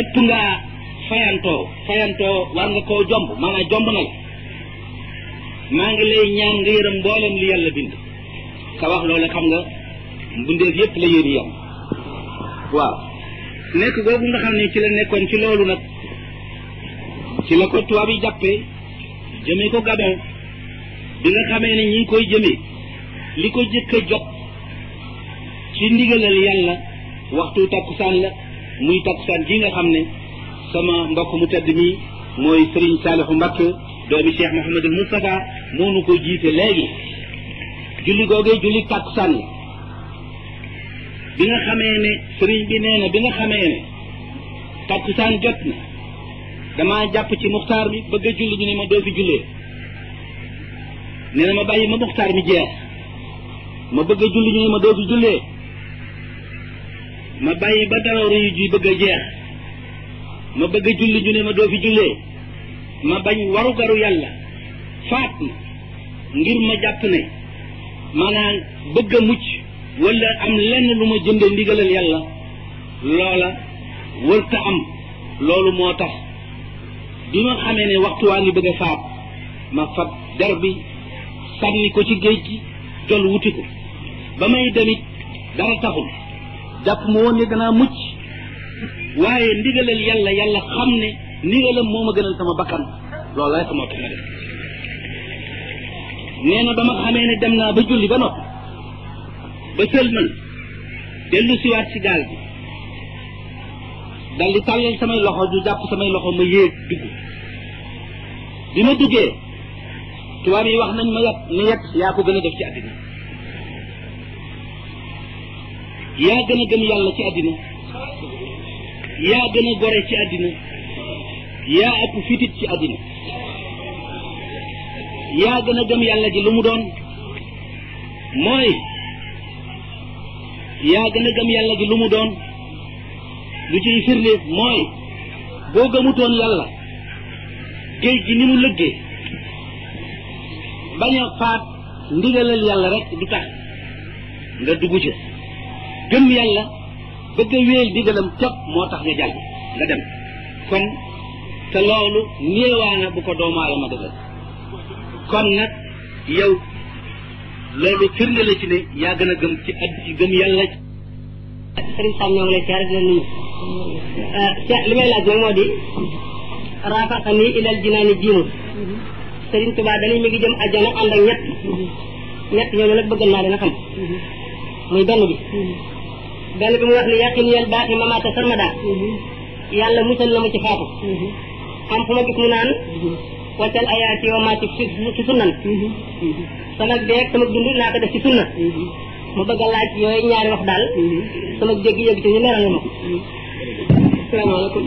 ëpp ngaa fayantoo fayantoo war nga koo jomb maanaam jomb na la maa ngi lay ñaan nga yërëm mboolem li yàlla bind ka wax loolu xam nga mbindeef yépp la yéen yam waaw nekk googu nga xam ne ci la nekkoon ci loolu nag ci la ko tubaab yi jàppee jëmee ko Gabon bi nga xamee ne ñi koy jëmee li ko jëkk jot ci ndigalal yàlla waxtu takkusaan la muy takkusaan ji nga xam ne sama mbokk mu tedd mi mooy Serigne Salihu Mbakke doomi Cheikh Mouhamadul Moustapha moo nu ko jiite léegi julli googee julli takkusaan bi nga xamee ne Serigne bi nee na bi nga xamee ne takkusaan jot na damaa jàpp ci muxtaar mi bëgg julli ñu ne ma doo fi jullee nee na ma bàyyi ma muxtaar mi jeex ma bëgg julli ñu ne ma doo fi jullee ma bàyyi ba dara yu ji bëgg jeex ma bëgg a julli ñu ne ma doo fi jullee ma bañ warugaru yàlla faat ma ngir ma jàpp ne maanaam bëgg a mucc wala am lenn lu ma jënde ndigalal yàlla loola wërta am loolu moo tax bi ma xamee ne waxtu waa ngi bëgg a faat ma fab der bi sànni ko ci géej gi jol wuti ko ba may demit dara taxul jàpp ma woon ne danaa mucc waaye ndigalal yàlla yàlla xam ne ndigalam moo ma gënal sama bakkan loolu rek moo tax nee na ba xamee ne dem naa ba julli ba noppi ba sëlmal dellu siwaat si gaal bi dal di tàllal samay loxo du jàpp samay loxo ma yéeg dugg bi ma duggee tubaab yi wax nañ ma yet ma yet yaa ko gën a def ci àddina yaa gën a gëm yàlla ci àddina yaa gën a gore ci àddina yaa ëpp fitit ci àddina yaa gën a gëm yàlla ji lu mu doon mooy yaa gën a gëm yàlla ji lu mu doon lu ciy firnde mooy boo gëmutoon yàlla géej gi ni mu lëggee bañ faat ndigalal yàlla rek du tax nga dugg ca gëm yàlla bëgg a wéy ndigalam topp moo tax nga jàng nga dem kon te loolu néewaana bu ko doomu aadama defal kon nag yow loolu firnde la ci ne yaa gën a gëm ci at ci gëm yàlla sëriñ euh, li may laaj nag moo di rafaxani ilal jinaani jiimu sëriñ Tuubaa dañuy mi ngi jëm ajjana ànd ak ñett ñett ñooñu nag bëgg naa dana xam muy benn bi benn bi mu wax ni yàqin yel baaxi mamaata sarmada mhm. yàlla musal na ma ci faatu mhm. am fu ma gis mu naan mhm. waccal ayaati wa maa ci ci sunnan sama beeg sama dund naa ko def ci sunna ma bëgg a laaj yooyu ñaari wax daal sama jéggi-yëg ci ñu leeral ma ko asalaamaaleykum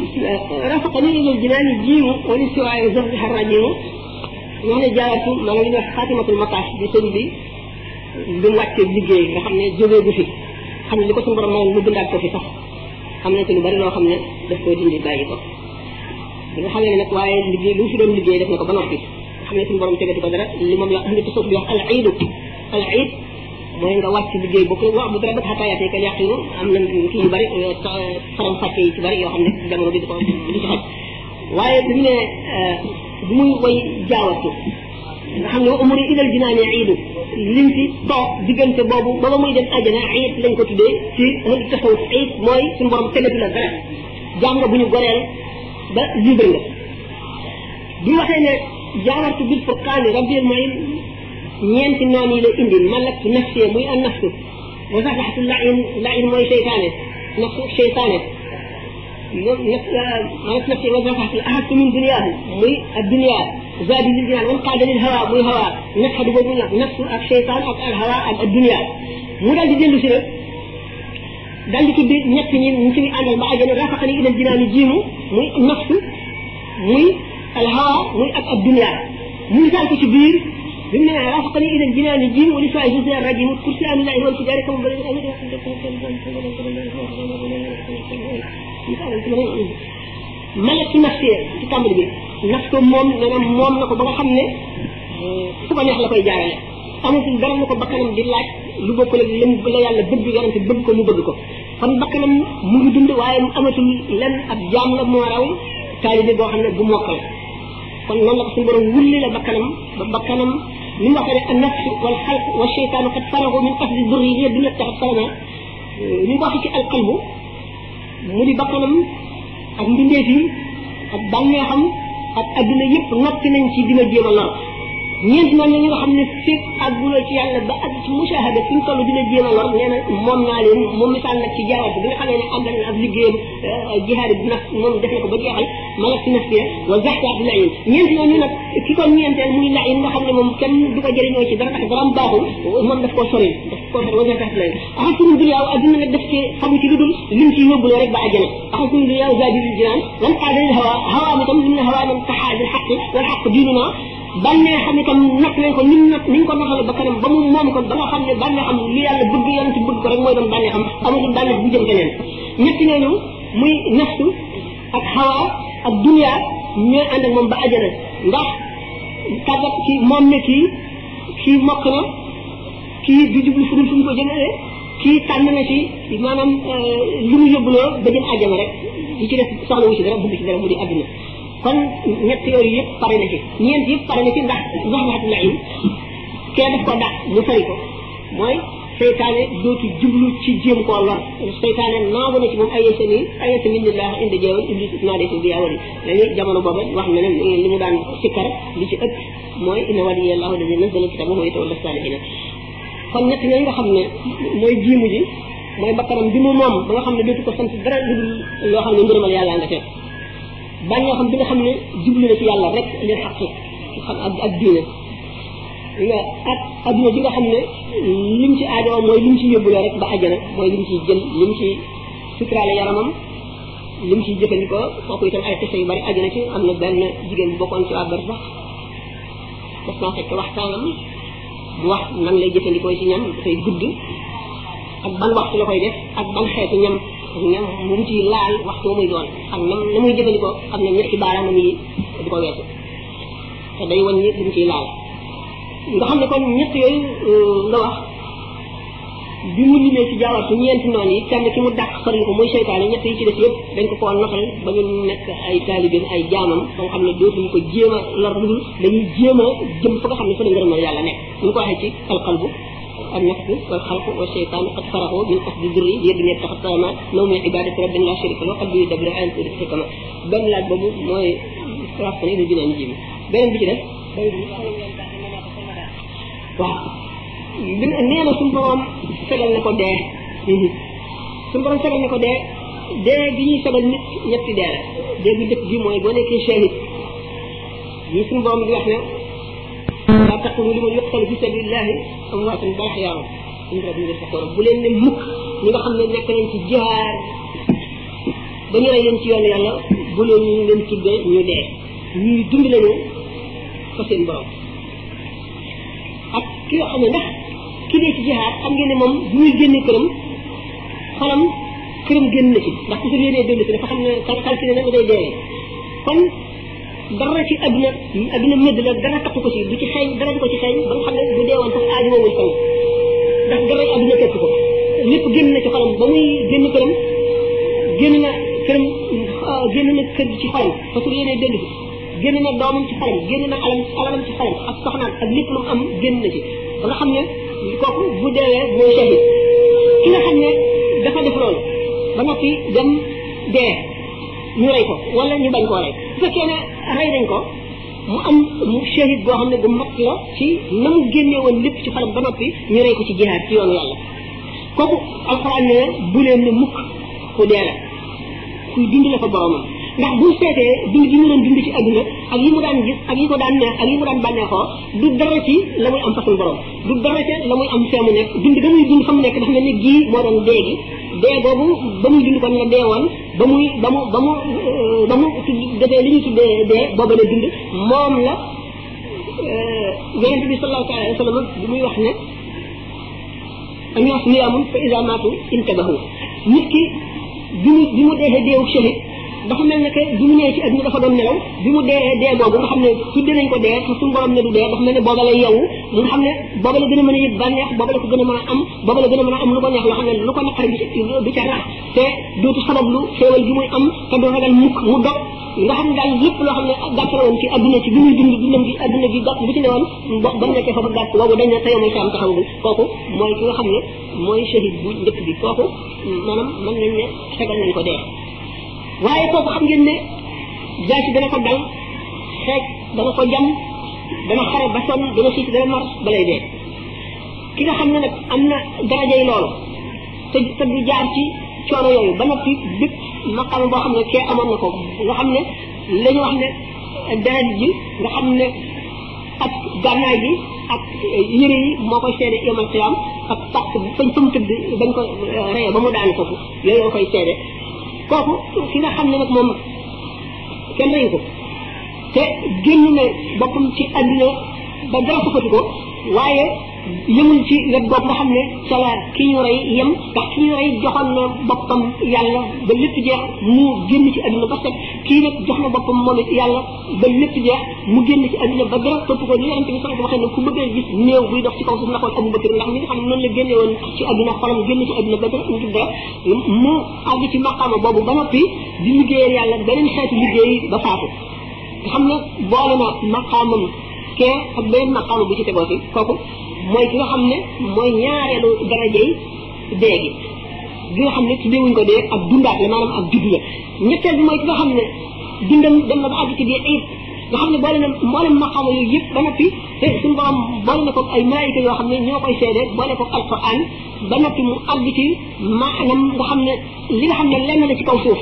rafaqa ni ilal jinaani jiimu wani siwaaye zafriha rajimu ñoo ne jaaratu maa ngi li sëñ bi bi mu wàccee liggéey nga xam ne jógee gu fi xam ne li ko suñu borom mayoon mu dundaat ko fi sax xam na ci lu bari loo xam ne daf koy dindi bàyyi ko bi nga xamee ne nag waaye liggéey lu mu fi doon liggéey def na ko ba noppi xam ne suñu borom tegati ko dara li moom la indi ci suuf bi wax al iidu al iid mooy nga wàcc liggéey bokk wax bu dara bëgg xataayaat yi ka yàqinu am na kii yu bari faram fàcce yi ci bari yoo xam ne jamono bi di ko di ci xaj waaye bu ñu ne euh, bu muy way jaawatu nga xam ne wa umri ilal jinaane iidu lim fi toog diggante boobu ba ba muy dem ajana iid lañ ko tuddé ci mo ci taxaw iid moy sun borom tegatu la dara jaam nga buñu gorél ba libre nga bu waxé ne jaawartu bil furqani rabbil mayin ñeenti noon yi la indi malak nafsi muy an nafsu wa safaxatu lain lain moy shaytané nafsu seytaane nafsu nafsee wa safaxatu ahadtu min duniyaahu muy ad duniyaahu زاد الجنان من قادر الهواء من الهواء نفس الدنيا نفس الشيطان أو الهواء أو الدنيا مودا دي جيلو سيرو دال دي كيب نيت ني نتي اندال ما اجي رافقني الى الجنان جيمو مي نفس مي الهواء مي اك الدنيا مودا دي كي بير بما رافقني الى الجنان جيمو ولي فاي جزء الرجيم كرسي ان لا اله الا الله تبارك الامر ملك نفسي تكمل بيه nas ko moom nee na moom na ko ba nga xam ne fu ko neex la koy jaarale amatul dara lu ko bakkanam di laaj lu bokkul ak lam la yàlla bëgg yonente bëgg ko mu bëgg ko kon bakkanam mu ngi dund waaye amatul lenn ab jaam la moo raw taalibe boo xam ne bu mokkal kon noonu la ko suñu borom wulli la bakkanam ba bakkanam ni mu waxee ne an nafsu wal xalq wa cheytaanu qad faragu min qasdi durri yi bi nekk taxat farana ni mu waxee ci di bakkanam ak mbindeef yi ak bànneexam ak aduna yépp noppi nañ ci di jéem a lor ñeent ñooñu ñu nga xam ne fekk àgguloo ci yàlla ba àgg ci mushahada fi mu toll dina jéem a lor nee na moom naa leen moom misaal nag ci jawaat bi nga xamee ne ànd na ak liggéeyam jihaad bi naf moom def na ko ba jeexal ma nga si nafsiya wa zaxta bi layin ñeent ñooñu nag ki ko ñeenteel muy layin nga xam ne moom kenn du ko jëriñoo ci dara ndax daram baaxul moom daf koo sori daf koo sori wa zaxta bi layin axasunu dunyaaw adduna nag daf ci xamu ci lu dul lim ci yóbbuloo rek ba àjjana axasunu dunyaaw zaadi jinaan man qaadal hawa hawa mu tam lim ne hawa man taxaadil xaqi wal xaq diinuna bànnee xam itam natt nañ ko ni mu natt ni ñu ko naxal ba kanam ba mu moom ko ba nga xam ne bànnee xam li yàlla bëgg yàlla ci bëgg ko rek mooy doon bànnee xam amatul bànnee bu jëm keneen ñett ñooñu muy nafsu ak xawaa ak dunia ñooy ànd ak moom ba ajana ndax tàggat ci moom ne kii kii mokk na kii du jublu fu fu mu ko jëmee kii tànn na ci maanaam li mu yóbbuloo ba jëm ajana rek li ci def soxla wu ci dara bëgg ci dara mu di àdduna kon ñett yooyu yëpp pare na ci ñeent yëpp pare na ci ndax a ilm kee daf ko dàq mu fay ko mooy seytaane dootu jublu ci jéem koo lor seytaane naagu na ci moom ay seen i ay seen nit ñi laa wax indi jéewal iblis naa dee si biyaa wax na leen li mu daan sikkar li ci ëpp mooy inna waliya allahu alladi nazzala kitaba wa yatawalla salihina kon ñett yooyu nga xam ne mooy jiimu ji mooy bakkanam bi mu moom ba nga xam ne dootu ko sant da loo xam bànneexam xam bi nga xam ne jublu na ci yàlla rek lil xaq xam ak diine nga ak adduna bi nga xam ne lim ci aajowoo mooy lim ci yóbbuloo rek ba ajjana mooy lim ciy jël lim ci sutraale yaramam lim ciy jëfandikoo kooku itam ay xisa yu bari ajjana ci am na benn jigéen bokkoon ci waa bari sax daf naa fekk waxtaanam bu wax nan lay jëfandikoo ci ñam dafay gudd ak ban waxtu la koy def ak ban xeetu ñam ne mu ngi ciy laal waxtu muy doon xam na na muy jëfandikoo xam ne ñetti baaraamam yi du ko weesu te nga xam ne kon ñett yooyu nga euh, wax bi mu limee ci jaawar su ñeenti noonu yi kenn ki mu dàq sori ko muy seytaane ñett yi ci des yëpp dañ ko koo noxal ba ñu nekk ay taalibeem ay jaamam ba nga xam ne dootuñu ko jéem a lor lu dañuy jéem a jëm fa nga xam ne fa la ngërëmal yàlla nekk ñu ko waxee ci alqalbu ام يكفر والخلق والشيطان قد فرغوا من قصد ذري يد من التخطيما نوم عبادة رب لا شريك له قد يدبر عين في الحكمة بل لا بابو موي صراف سنين بين نجيب بين بجنة بين نيانا سنبرام سجل نكو دي سنبرام سجل نكو دي دي بي سجل نت نت دي دي بي دي موي بوني كي شهد يسنبرام نعم. دي laa taqulu li man yuqtalu fi sabilillahi amwaatun bal ahyaa'un inda rabbihim yurzaquun bu leen ne mukk ñi nga xam ne nekk nañ ci jihaar ba ñu rey leen ci yoonu yàlla bu leen ñu leen tudde ñu dee ñuy dund lañu fa seen borom ak ki nga xam ne ndax ki dee ci jihaar xam ngeen ne moom bu muy génne këram xolam këram génn na ci ndax ku sa yéenee dund si dafa xam ne calculé na day dee kon dara ci aduna aduna mëdd la dara takku ko ci du ci xeeñ dara di ko ci xeeñ ba nga xam ne bu deewoon sax aaju woowul sang ndax dara aduna tekk ko lépp génn na ci xolam ba muy génn këram génn na këram génn na kër ci xolam parce que yéene dellu ci génn na doomam ci xolam génn na alam alamam ci xolam ak soxnaam ak lépp lu mu am génn na ci ba nga xam ne kooku bu deewee mooy shahid ki nga xam ne dafa def loolu ba noppi dem dee ñu rey ko wala ñu bañ koo rey bu fekkee ne rey nañ ko mu am shahid boo xam ne bu mat la ci na mu génne woon lépp ci faram ba noppi ñu rey ko ci jihaad ci yoonu yàlla kooku alxuraan ne bu leen ne mukk ku dee la kuy dindi la fa boromam ndax buñ seetee dund yi mu doon dund ci adduna ak yi mu daan gis ak yi ko daan neex ak yi mu daan bànneexoo du dara ci la muy am façon borom du dara la muy am fee mu nekk dund ba dund fa nekk dafa mel ni gii moo doon dee gi dee boobu ba muy dund kon la dee woon ba muy ba mu ba mu la dund moom la euh, yonent bi sallallahu alayhi wa sallam bi muy wax ne añoos niyaamun fa iza maatu nit ki bi bi mu deexee deewu shahid dafa mel ne que bi mu nee ci àdduna dafa doon nelaw bi mu dee dee boobu nga xam ne tudde nañ ko dee te suñu borom ne du dee dafa mel ne booba la yeewu nga xam ne booba la gën a mën a yëg bànneex booba la ko gën a mën a am booba la gën a mën a am lu ko neex loo xam ne lu ko naqari du ca rax te dootu sabablu xéewal gi muy am te du ragal mukk mu dog nga xam ne daal lépp loo xam ne gàtt la woon ci adduna ci bi muy dund dundam gi adduna gi gàtt bu ci newoon ba mu nekkee foofu gàtt boobu dañ ne tey mooy saam taxawul kooku mooy ki nga xam ne mooy shahid bu njëkk bi kooku maanaam mën nañ ne fegal nañ ko dee waaye kooku xam ngeen ne jaasi dana ko dal xeej dana ko jam dana xare ba sonn dana xiif dana mar balay dee ki nga xam ne nag am na darajay loolu te te du jaar ci coono yooyu ba noppi bépp maqaama xam ne kee amoon na xam ne la ñu wax ne deret ji nga xam ne ak gànnaay bi ak yëre yi moo koy seede yomal xiyaam ak pàkk bañ fa mu tëdd bañ ko eh, reye ba mu daan foofu yooyu koy seede kooku ki nga xam ne na moom kenn reyu te génn na boppam ci àddina ba dara ko ko waaye yëmul ci wet xam ne ca la ki ñu rey yem ndax ki ñu rey joxoon na boppam yàlla ba lépp jeex mu génn ci àdduna ba set kii jox na boppam moom it yàlla ba lépp mu génn ci àdduna ba dara topp ko ni yonente bi sax waxee ne na ko ba maqaama boobu ba noppi di liggéeyal yàlla beneen xeetu liggéey ba faatu xam ne boole na maqaamam kee ak beneen maqaama bu ci tegoo si kooku mooy ki nga xam ne mooy ñaareelu darajey dee gi bi nga xam ne tuddeewuñ ko dee ak dundaat la maanaam ak judd la ñetteel bi mooy ki nga xam ne dundam dem na ba àgg ci biir ayib nga xam ne boole na mboolem maqaama yooyu yëpp ba noppi te suñu borom boole na ko ay malaayika yoo xam ne ñoo koy seede boole ko alquran ba noppi mu àgg ci maanam nga xam ne li nga xam ne lenn la ci kaw suuf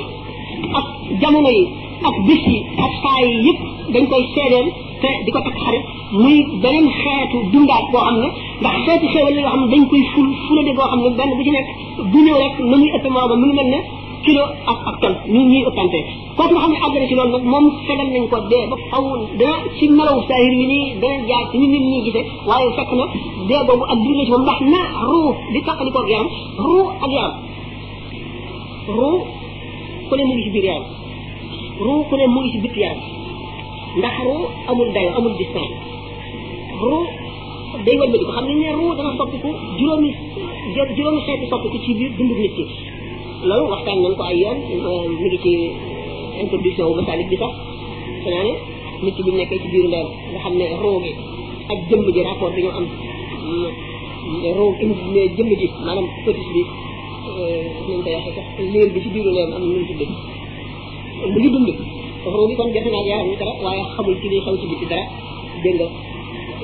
ak jamono yi ak bis yi ak saa yi yëpp dañ koy seedeel te di ko tak xarit muy beneen xeetu dundaat boo xam ne ndax xeetu xéewal yoo xam ne dañ koy ful fulade boo xam ne benn bu ci nekk bu ñëw rek na muy ëpp moo ba mu ngi mel ne kilo ak ak ton ñu ñuy ëppante kooku nga xam ne àgg na ci loolu nag moom fegal nañ ko dee ba faw dana ci melaw saahir yi nii dana jaar ci ñu nit ñi gisee waaye fekk na dee boobu ak dund ci moom ndax na ruux di tàqali koog yaram ruux ak yaram ruux ku ne mu ngi ci biir yaram ruux ku ne mu ngi ci bitt yaram ndax ruu amul dayo amul distance ruu day wëlbati ko xam ne ne ruu dana soppiku juróomi juróomi xeeti soppiku ci biir dundu nit ki loolu waxtaan nañ ko ay yoon euh, mi ngi ci introduction wu masalik bi sax nit ki nekkee ci biiru ndeyam nga xam ne ruu gi ak jëmm ji rapport bi ñu am ji maanaam fœtus bi euh, nañ koy waxee sax liir bi ci biiru ndeyam am nu mu tudd ruu bi kon jot naa yaram wi dara waaye xamul ci liy xew ci biti dara dégg nga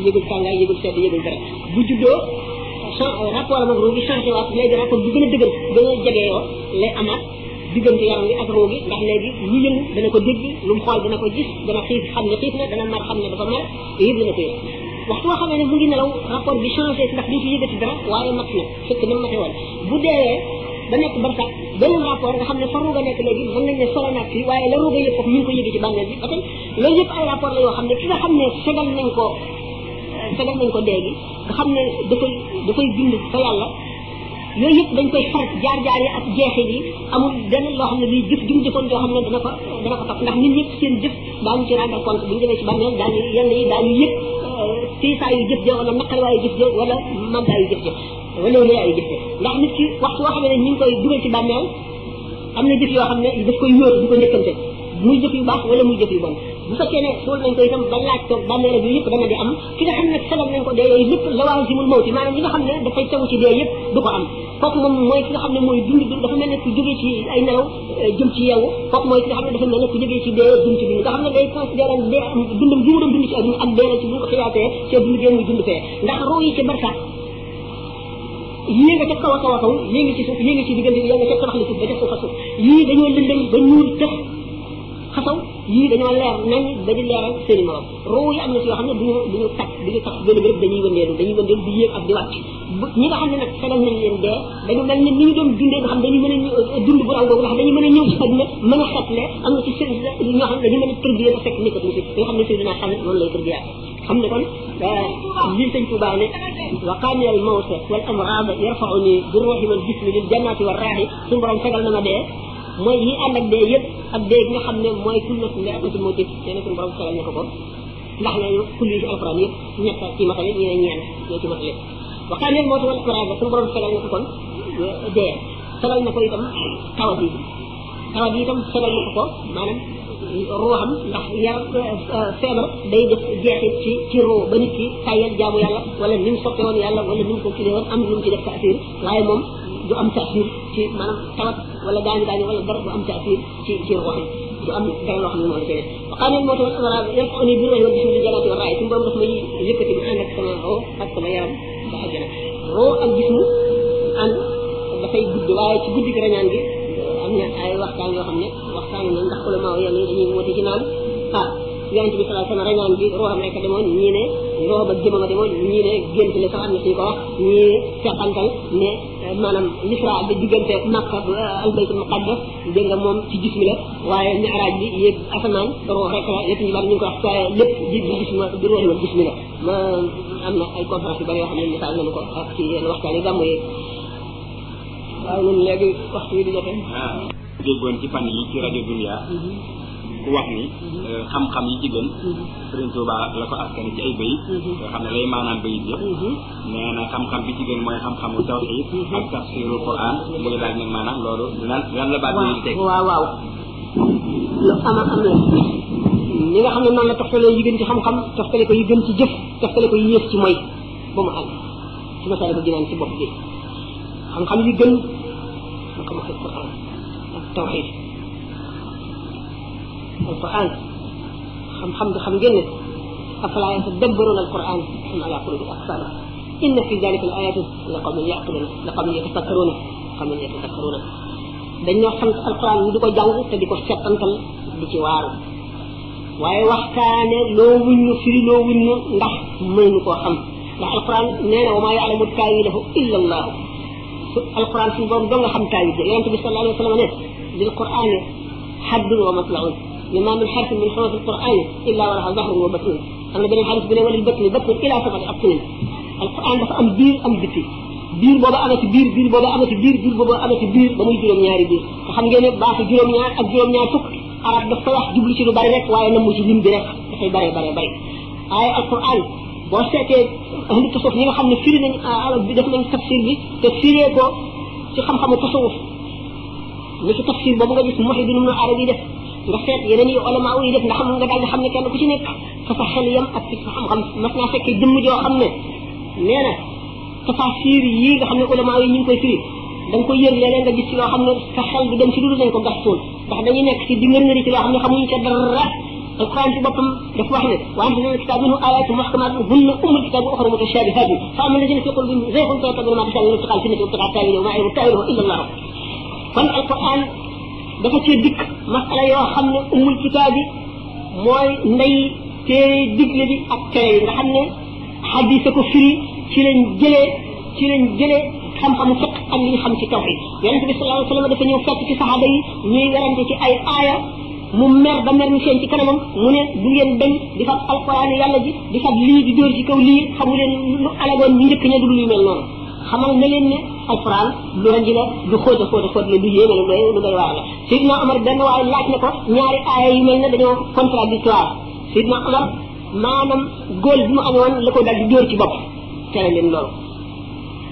yëgul tàngaay yëgul sedd yëgul dara bu juddoo rapport am ak ruu bi changé waat léegi rapport bu gën a dëgër a jegeeyoo lu yëngu dana ko dégg lu mu xool dana ko gis dana xiif xam ne xiif na dana mar xam ne dafa mar yëpp dana ko yëg waxtu boo xamee ne mu ngi nelaw rapport bi changé ndax duñ ci yëgati dara waaye mat na fekk na mate woon bu deewee ba nekk barsax benn rapport nga xam ne fa ruuga nekk léegi mën nañ ne solo nag fii waaye la ruuga yëpp foofu ñu ngi ko yëgi ci bàmmeel bi ba tey loolu yëpp ay rapport la yoo xam ne ki nga xam ne segal nañ ko segal nañ ko déegi nga xam ne dafay dafay bind fa yàlla yooyu yëpp dañ koy far jaar-jaar yi ak jeexit yi amul benn loo xam ne luy jëf jum jëfoon joo xam ne dana ko dana ko topp ndax ñun ñëpp seen jëf daañu ci rendre compte bu ñu demee ci bàmmeel daañu yenn yi daañu yëpp tiisaayu jëf jo wala naqari waayu jëf jo wala màggaayu jëf jo wala wéyaayu jëf jo ndax nit ki waxtu woo xam ne ñu ngi koy dugal ci bàmmeel am na jëf yoo xam ne daf koy yóor di ko njëkkante muy jëf yu baax wala muy jëf yu bon bu fekkee ne suul nañ ko itam ba laaj toog bàmmeel ak yëpp dana di am ki nga xam ne sabab nañ ko dee yooyu lépp la waaw si mul mawti maanaam li nga xam ne dafay tegu ci dee yëpp du ko am kooku moom mooy ki nga xam ne mooy dund dund dafa mel ne ku jógee ci ay nelaw jëm ci yeewu kooku mooy ki nga xam ne dafa mel ne ku jógee ci dee jëm ci dund nga xam ne day considéré dee dundam gi mu doon dund ci àdduna ak dee ci bu ko xiyaatee ci dund gee muy dund fee ndax roo yi ci barsax yii nga ca kaw a kaw a kaw yii nga ci suuf yii nga ci diggante yaa nga ca tabax li suuf ba ca suuf a suuf yii dañoo lëndëm ba ñuul tëx xasaw yii dañoo leer nañ dañu leeral seeni morom roo yi am na ci yoo xam ne duñu duñu takk duñu tax gën a gërëm dañuy wëndeelu dañuy wëndeelu di yéeg ak di wàcc ñi nga xam ne nag fegal nañ leen dee dañu mel ni ni ñu doon dundee nga xam dañu mën a dund bu raw boobu ndax dañu mën a ñëw ci àdduna mën a xetle am na ci seen ñoo xam ne dañu mën a tërbiyee ba fekk nekkatuñ si nga xam ne seen dinaa xam noonu lay tërbiyee xam ne kon lii eh, sëñ Tuubaa wa qaani al mawta wal amraada yarfauni bi ruuxi wal jismi lil jannaati wa raaxi suñu borom fegal na ma dee mooy yi ànd ak dee yëpp ak dee gi nga xam ne mooy sunnatu la'atul mawti te ne suñu borom fegal na ko ko ndax na kulli ci alquran yëpp ñett ci matale ñu ne ñeen ñoo ci matale wa qaani al mawta wal amraada suñu borom fegal na ko kon eh, dee fegal na ko itam tawat yi tawat yi itam fegal na ko ko ruuxam ndax yar feebar day def jeexit ci ci roo ba nit ki tayal jaamu yàlla wala ni mu soppe woon yàlla wala ni mu ko kilee woon am lu mu ci def taasir waaye moom du am taasir ci maanaam tawat wala gaañu gaañu wala dara du am taasir ci ci ruux yi du am dara loo xam ne moo la jëlee waxaane moo tax amara yàlla ni bi roo yoon bisu di jalaati wa raay suñu borom daf may yëkkati bi ànd ak sama roo ak sama yaram ba àjjana roo ak gis mu ànd dafay gudd waaye ci guddi gi rañaan gi dañu naan ay waxtaan yoo xam ne waxtaan yi ndax ulama yi yàlla dañuy wuute ci naan ah yonente bi sallallahu alayhi wasallam rañaan bi rooxam rek demoon ñii ne rooxam ak jëmama demoon ñii ne gént li sax am na suñu ko wax ñii seqantal ne maanaam lisra bi diggante makka albaytul muqaddas dégg nga moom ci gis mi la waaye mi'raj bi yéeg asamaan roox rek la lépp ñu bari ñu ko wax waaye lépp di di gis ma di roox la gis mi la ma am na ay conférence yu bari yoo xam ne misaal nañu ko ak ci yenn waxtaan yi gàmmu yeeg waaw ñun léegi waxtu yi di jote ah, déggoon ci fan yi ci rajo Dunia mhm. ku wax ni mhm. euh, xam-xam yi ci gën mhm. Sëriñ Tuubaa la ko askan ci ay bayit yoo xam maanaam bayit yëpp nee na xam bi ci gën mooy xam-xamu tawxiid ak tafsirul Quraan muy laaj nag maanaam loolu lan lan la baat yi teg waaw waaw lu ama am la ñi nga xam ne noonu la toftalee yi gën ci xam-xam toftale ko yi gën ci jëf toftale ko yi yées ci mooy ba mu àgg su ma saale ko ginaan ci bopp bi xam-xam yi gën حكمه في القرآن التوحيد القرآن خم خم خم جنة أفلا يتدبرون القرآن أم على قلوب أقسامه إن في ذلك الآيات لقوم يعقلون لقوم يتفكرون قوم يتفكرون dañoo sant alquran ñu di ko jàng te di ko settantal di ci waaru waaye waxtaane loo wuñ ñu firi loo wuñ ñu ndax mënuñu koo xam ndax alquran nee na wa maa yaalamu taawilahu illa allahu القران في بوم دوغا خام تاي جي يونس صلى الله عليه وسلم نه بالقران حد ومطلعون لما من حرف من حروف القران الا ولها ظهر وبطن انا بين حرف بين ولي البطن بطن الى سبع اقطين القران دا ام بير ام بيتي بير بابا انا في بير بير بابا انا في بير بابا انا في بير بامي جيروم بير خام نيني باخ جيروم نيار اك جيروم فك عرب دا فا واخ جوبلي سي لو باري رك واي نمو سي لين اي القران boo seetee ahlu tasawuf ñi nga xam ne firi nañ arab bi def nañ tafsir bi te firee ko ci xam-xamu tasawuf ni ci tafsir boobu nga gis moxi bi nu mu arab yi def nga seet yeneen yi olama yi def nga xam nga daal di xam ne kenn ku ci nekk ka sa xel yam ak sa xam-xam mas naa fekkee jëmm joo xam ne nee na tafasir yii nga xam ne olama yi ñu ngi koy firi da nga koy yër léeg-léeg nga gis ci loo xam ne sa xel bi dem ci lu dul nañ ko gastoon ndax dañuy nekk ci di ngër ngëri ci loo xam ne xamuñ ca dara القرآن في بطن لفوحنا وأنت من كتابه آيات محكمات هن أم الكتاب أخرى متشابهات فأما الذين في قلوبهم زيغ فيعتبرون ما تشابه الاتقاء الفنة والاتقاء الثاني وما يعلم تأويله إلا الله كون القرآن دا فا تي ديك مساله يو خامل ام الكتاب موي ناي تي ديك لي اك تي nga xamne hadith ko firi ci lañ jëlé ci lañ jëlé xam xam fekk ak li xam ci tawhid yalla nabi sallallahu alaihi wasallam dafa ñu fekk ci sahaba yi mu mer ba mer ñu seen ci kanamam mu ne du ngeen dañ di fab alquran yàlla ji di fab lii di dóor ci kaw lii xamu leen lu alagoon ñu njëkk ña du lu mel noonu xamal na leen ne alquran lu ranji la du xóota xóota xóot a xóot la lu yéeme lu lu doy waar la Seydina Omar benn waaye laaj na ko ñaari aaya yu mel ne dañoo contradictoire sidna Omar maanaam góol bi mu amoon la ko dal di dóor ci bopp tere leen loolu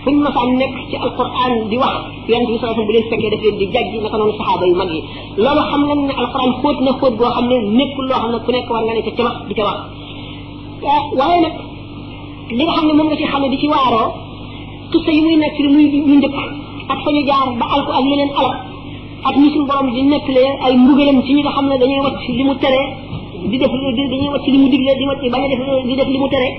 buñ masaan nekk ci alquran di wax yonente bi sallallahu bu leen fekkee daf leen di jajji naka noonu saxaaba yu mag yi loolu xam nañ ne alquran xóot na xóot boo xam ne nekk loo xam ne ku nekk war nga ne ca ca wax di ca wax waaye nag li nga xam ne moom nga ci xam ne di ci waaroo xista yi muy nekk ci muy ñu njëkk ak fa ñu jaar ba alku ak yeneen alal ak ñi suñu borom di nettalee ay mbugalam ci ñi nga xam ne dañuy wacc li mu tere di def dañuy wacc li mu digle di wacc bañ a def di def li mu tere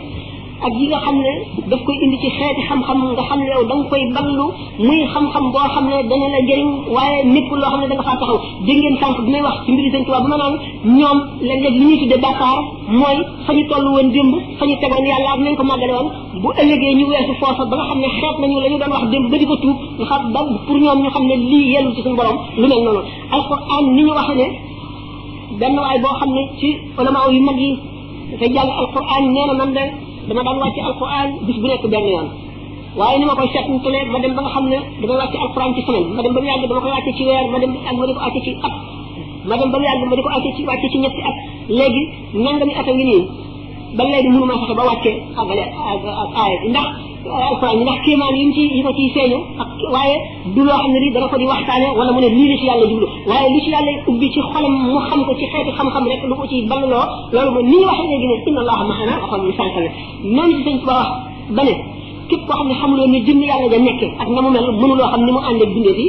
ak yi nga xam ne daf koy indi ci xeeti xam-xam nga xam ne yow da nga koy ballu muy xam-xam boo xam ne dana la jëriñ waaye népp loo xam ne da nga faa taxaw dégg ngeen sànq bi may wax ma naan ñoom léeg-léeg li ñuy tuddee bàkkaar mooy fa ñu toll woon démb fa ñu bu ëllëgee ñu weesu xam ne xeet nañu la ñu doon wax démb ba ko tuub nga xam ba pour ñoom ñu xam ne lii yellu ci suñu borom lu mel noonu alquran ni ñu waxe ne benn waay boo xam ne ci ulama yu mag yi dafay jàng alquran nee na man de dama daan wàcc alquran bis bu nekk benn yoon waaye ni ma koy seetantulee ma dem ba nga xam ne damay wàcc alquran ci semaine ma dem ba mu yàgg dama koy wàcce ci weer ma dem ak ma di ko wàcce ci at ma dem ba mu yàgg ma di ko wàcce ci wàcce ci ñetti at léegi nangami at a nii ba léegi mënu maa fexe ba wàccee àggale ak ak aaya bi ndax alquran bi ndax kéemaan yi mu ci yi ko ciy seeñu ak waaye du loo xam ne li dana ko di waxtaane wala mu ne lii la ci yàlla jublu waaye li ci yàlla ubbi ci xolam mu xam ko ci xeeti xam-xam rek lu ko ci ballaloo loolu mooy ni ñu waxee léegi ne inna allaha mahana waxoon ñu sànq la noonu ci sëñ Tuba wax ba ne képp koo xam ne xamuloo ni jëmm yàlla ja nekk ak na mu mel mënuloo xam ni mu ànd ak bindee yi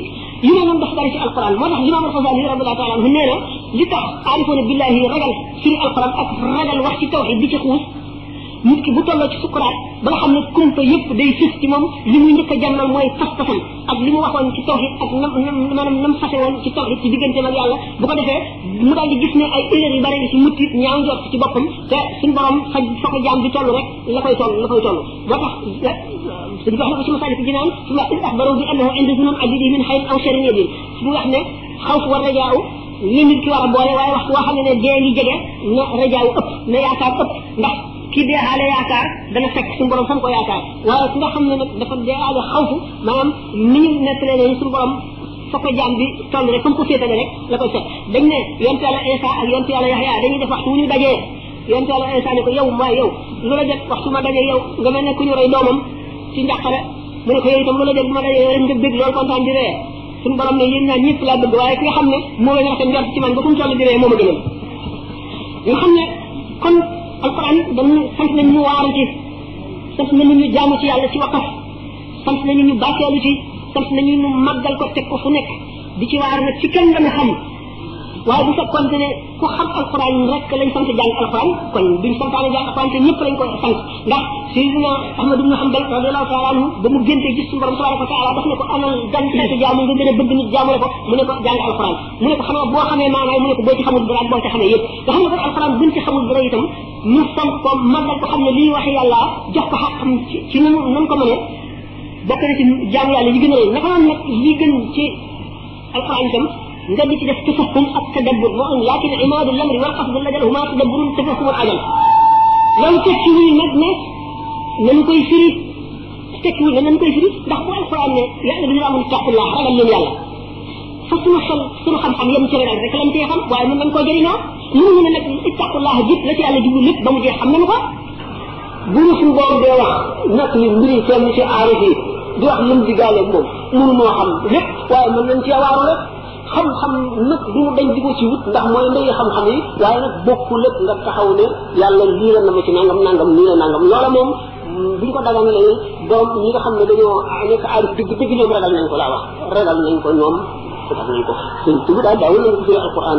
yu ne noonu dafa bari ci alquran moo tax limaam alxasaali rabbil taala anhu nee na li tax aarifoona billahi ragal firi alquran ak ragal wax ci tawxid di ci xuus nit ki bu tolloo ci sukuraat ba nga xam ne kumpa yépp day fis ci moom li muy njëkk a jàngal mooy fas fasam ak li mu waxoon ci tawxid ak nam maanaam nam fase woon ci tawxid ci digganteem ak yàlla bu ko defee mu daal di gis ne ay erreur yu bari ci mutti ñaaw njort ci boppam te suñ borom fa fa ko jaam bi toll rek la koy toll la koy toll moo tax suñ wax na ko ci masaalik ci naan su ma is axbaru bi annahu inda zunun abidi min xayrin aw sharin yadin su wax ne xawf wa rajaaw li nit ki war a boole waaye waxtu woo xam ne ne dee ngi jege na rajaaw ëpp na yaakaar ëpp ndax ki deeaale yaakaar dana fekk suñu borom fan ko yaakaar waaye su nga xam ne nag dafa deeaale xawfu maanaam ni ñu nettalee leen suñu borom fa ko jaam bi ko féetale rek la koy fekk dañ ne yontu yàlla Isa ak yontu yàlla Yaxya dañuy def waxtu wu ñu dajee yontu yàlla Isa ne ko yow mooy yow lu la jot waxtu ma dajee nga mel ne ku ñu roy doomam ci njàqare mu ne ko yow itam lu la jot bu ma dajee yow rek nga bég loolu kontaan di ree suñu borom ne yéen ñaan ñëpp laa bëgg waaye ki nga xam ne moo la rafet njort ci man ba fu mu toll diree a ma gënal xam ne kon alquran dañu sant nañ ñu waaru ci sant nañu ñu jaamu ci yàlla ci waqaf sant na ñu bàcceelu ci sant nañu ñu màggal ko teg ko fu nekk di ci waar nag ci kenn dana xam waaye bu fekkoon ne ku xam alxuraan rek lañ sant jàng alxuraan kon duñ santaane jàng alxuraan te ñëpp lañ koy sant ndax Seydina Ahmad ibn Hanbal radiyallahu taala anhu ba mu géntee gis suñu borom tabaraka wa taala daf ne ko anal gan xeetu jaamu nga gën a bëgg nit jaamu la ko mu ne ko jàng alxuraan mu ne ko xam nga boo xamee maanaam mu ne ko boo ci xamul dara boo ci xamee yëpp nga xam ne kon alxuraan buñ ci xamul dara itam ñu sant ko màggal ko xam ne lii wax yàlla jox ko xàqam ci nu mu ko mënee bokk na ci jaamu yàlla yi gën a rëy naka noonu nag li gën ci alxuraan itam nga di ci def tafahum ak tadabbur mu am laakin imaadu lamri wal qasdu ladal huma tadabburun tafahumul ajal loolu tekkiwul nag ne nañ koy firi tekkiwul ne nañ koy firi ndax bu alquran ne yaa ngi dina amul taqullah ragal leen yàlla fa sunu xel sunu xam-xam yam ci ragal rek lañ cee xam waaye mën nañ koo jëriñoo mënuñu ne nag ittaqullah jib la ci yàlla jublu lépp ba mu jeex xam nañu ko bu ñu suñu borom dee wax nag li mbiri kenn ci aarif yi di wax lim digaale moom mënu moo xam lépp waaye mën nañ cee waaru rek xam-xam nag du mu dañ di ko ci wut ndax mooy ndeyu xam-xam yi waaye nag bokkul ak nga taxaw ne yàlla lii la na ma ci nangam nangam lii la nangam loola moom mm, buñ ko daganalee borom ñi nga xam ne dañoo nekk aarif ko laa ko ñoom ragal nañ ko seen tubu daal daawul nañ ko ci alquran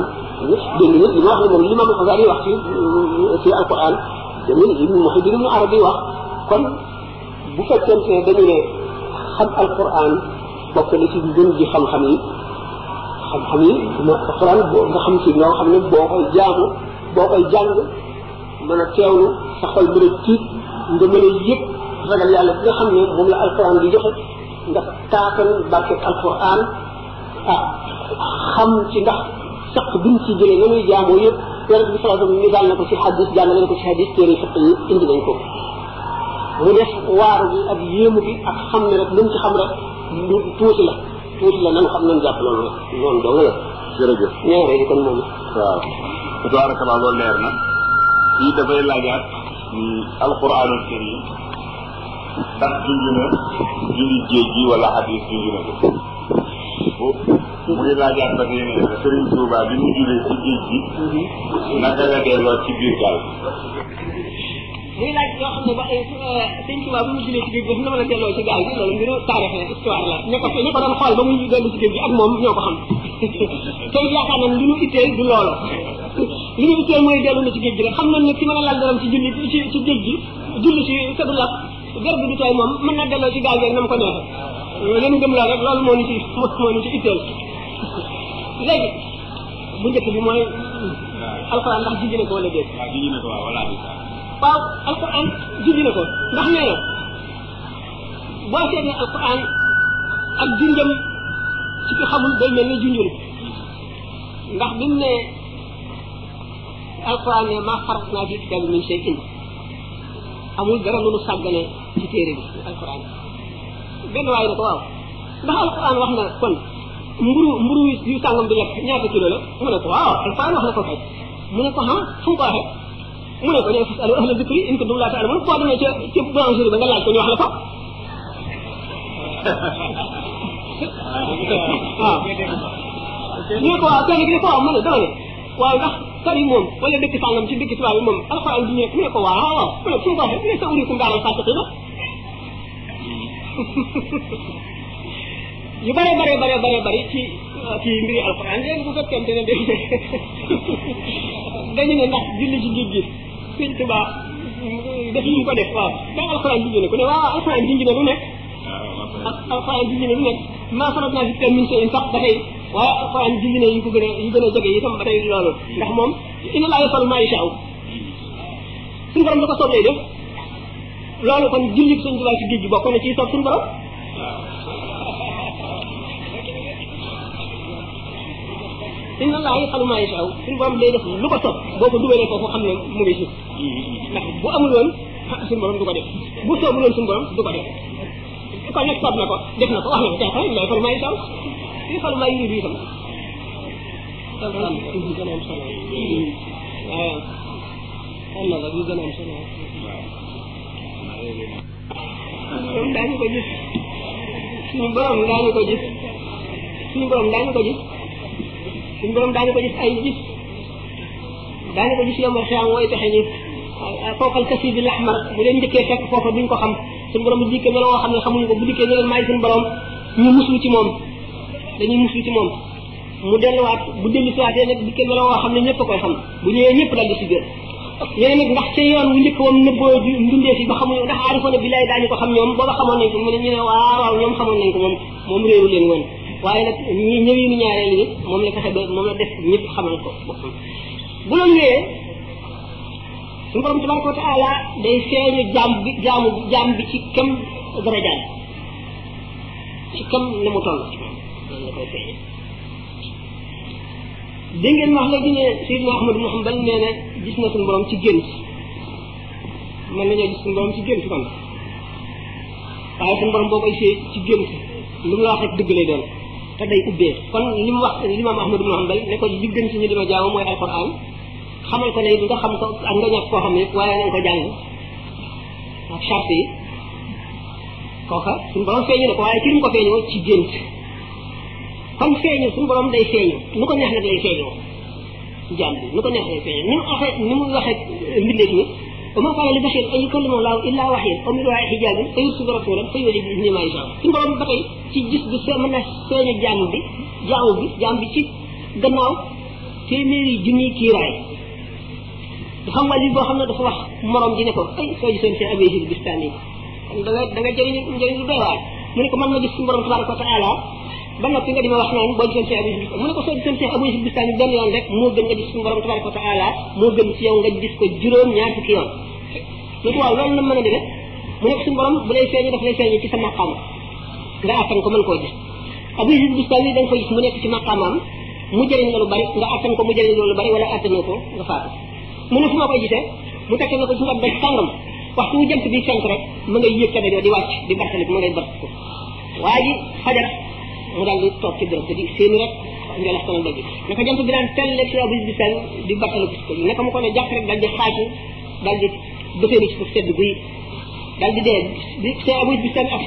dégg nga li ma wax ne li ma wax ci mm, ci alquran dañuy ibnu wax kon bu fekkente ne dañu ne xam alquran bokk na ci gën ji xam-xam yi xam-xam yi ma alquran boo nga xam ci loo xam ne boo koy jaamu boo koy jàng mën a teewlu sa xol mën a tiit nga mën a yëg ragal yàlla bi nga xam ne moom la alquran di joxe nga taatan barke alquran ah xam ci ndax saq biñ ci jëlee na muy jaamoo yëpp yonent bi saa sallam misaal na ko ci xadis jàngale na ko ci xadis téere saq yi indi nañ ko mu def waaru bi ak yéemu bi ak xam ne rek lu mu ci xam rek lu tuuti la tuuti la nan xam nañ jàpp loolu la noonu la. jërëjëf ñaare kon moom. waaw. tabaarakallah loolu leer na fii dafay laajaat mm, alquranul karim ndax junj na junj géej gi wala hadis junj na ko. muy laajaat ba nee ne bi mu jullee ci géej gi. Mhm. naka la delloo ci biir gaal. muy laaj yoo xam ne ba euh, sëñ Tuubaa bu mu jëlee ci géej gi daf la mën a delloo ci gaal gi loolu mbiru taarix la histoire la ñi ko ñi ko doon xool ba mu dellu ci géej gi ak moom ñoo ko xam te yaakaar nañ li ñu itteel du loolu li ñu itteel mooy dellu na ci géej gi rek xam nañ ne ci mën a laal daram ci julli ci ci géej gi julli ci sa du lakk garab du tooy moom mën na delloo ci gaal gi rek na mu ko neexee leen gëm loolu rek loolu moo ñu ci moo ñu ci itteel léegi bu njëkk bi mooy alxuraan ndax jigéen ko wala déet waaw alquran junj na ko ndax nee na boo seetee alquran ak junjam ci ko xamul day mel ni junjul ndax bi mu ne alquran ne maa farat naa fi kitaab min shay'in amul dara lu nu sàggane ci téere bi alquran benn waay ne ko waaw ndax alquran wax na kon mburu mburu yu sàngam du lekk ñaata kilo la mu ne ko waaw alquran wax na ko kay mu ne ko xam fu mu ko waxee mu ne ko ne fasalu ahla dikri in kuntum laa ta'lamuun boo demee ca ca boulangerie ba nga laaj ko ñu wax la ko. waaw ñu ne ko waaw kenn gi ne ko waaw ma ne dama ne waaw ndax sori moom wala dëkk sàngam ci dëkk tubaab bi moom alxuraan bi ñu ne ko waaw waaw mu ne su ma ko waxee mu ne sa urikum daaral faasiqiina yu bare bare bare bare bare ci ci mbiri alxuraan léegi bu fekkente ne dañu ne ndax julli ci géej gi sëñ Tuubaa def yi mu ko def waaw da alxuraan bi jëne ko ne ah, waaw alxuraan bi jëne lu nekk alxuraan bi jëne lu nekk maa farat naa fi kenn min seen sax dafay waaye alxuraan bi jëne yu ko gën a yu gën a jege itam ba tey loolu ndax moom ina laa yafalu maa yashaa suñu borom da ko soob lay def loolu kon jullit sëñ Tuubaa si géej gi bokk na ci soob suñu borom ah, inna allah yafalu ma yashaa suñu borom day def lu ko sopp boo ko dugalee foofu xam ne mu ngi suuf ndax bu amul woon suñu borom du ko def bu soobul woon suñu borom du ko def kon nag soob na ko def na ko wax na ko tey xam nga yafalu ma yashaa yafalu ma yuridu itam suñu borom daañu ko gis suñu borom daañu ko gis suñ borom daañu ko gis ay gis daañu ko gis yombal xiyaam mooy taxe ni fookal kasi bi laxmar bu leen njëkkee fekk foofa duñ ko xam suñ borom bu dikkee meloo xam ne xamuñ ko bu dikkee ne leen maay suñ borom ñu muslu ci moom dañuy muslu ci moom mu delluwaat bu dellu siwaatee nag dikkee meloo xam ne ñëpp koy xam bu ñëwee ñëpp dal di si biir ñene nag ndax ca yoon wu njëkk wam nëbboo mbindee fi ba xamuñu ndax aarifoon bilaay daañu ko xam ñoom booba xamoon nañ ko mu ne ñu ne waaw waaw ñoom xamoon nañ ko moom moom réewu leen woon waaye nag ñi ñëwinu ñaareel bi moom la fexe ba moom la def ñëpp xamal ko boppam bu la ñëwee suñu borom tabaraka wa taala day feeñu jaam bi jaamu jaam bi ci kam darajaam ci kam mu toll ci moom loolu la koy feeñe dégg ngeen wax léegi ne Seydina Ahmad ibn Hanbal nee na gis na suñu borom ci gént mën ci gént kon waaye suñu borom boo koy see ci gént lu mu la wax rek dëgg lay doon te day ubbee kon li mu wax limaam ahmadu ibnu hambal ne ko li gën ci ñu di mooy alquran xamal ko ne nga xam ko ak nga ñàkk koo xam ne waaye nañ ko jàng ak charte yi kooka borom feeñu na ko waaye ci ko feeñoo ci gént kon feeñu suñu borom day feeñu nu ko neex nag lay feeñoo jàmm bi nu ko neex lay feeñoo ni mu waxee ni mu waxee mbindeef ñi وما قال لبشر أن يكلم الله إلا وحيا أو من وعي حجاب فيرسل رسولا فيولي بإذن ما يشاء ثم قال بقي في جس بس من سوين الجانب جاوب جانب تي غناو تيميري جني كيراي خم ولي بو خم دا واخ مروم دي نكو اي سوي سين سي ابي جيل بستاني دا دا جاري ني جاري دو واي من كمان ما جيس مروم تبارك وتعالى ba noppi nga di ma wax naan boo gisoon Cheikh Abou Yusuf mu ne ko soo gisoon Cheikh Abou Yusuf Bistani benn yoon rek moo gën nga gis borom tabaraka wa taala moo gën ci yow nga gis ko juróom ñaar fukki yoon mu waaw loolu na mën a demee mu nekk suñu borom bu lay feeñu daf lay feeñu ci sa maqaama nga attan ko mën koo gis Abou Yusuf Bistani da nga ko gis mu nekk ci maqaamaam mu jëriñ la lu bari nga attan ko mu jëriñ la lu bari wala attanoo ko nga faatu mu ne fu ma gisee mu tekkee na ko bi fenk rek ma ngay di wàcc di bartalik ma ngay fajar mu daal di toog ci béréb te di séenu rek njolextanal doj di battala gis ko naka ko ne jàpp rek daal di xaaju daal di bëteeni ci suuf sedd guy daal di dee bi see abus bi seen ak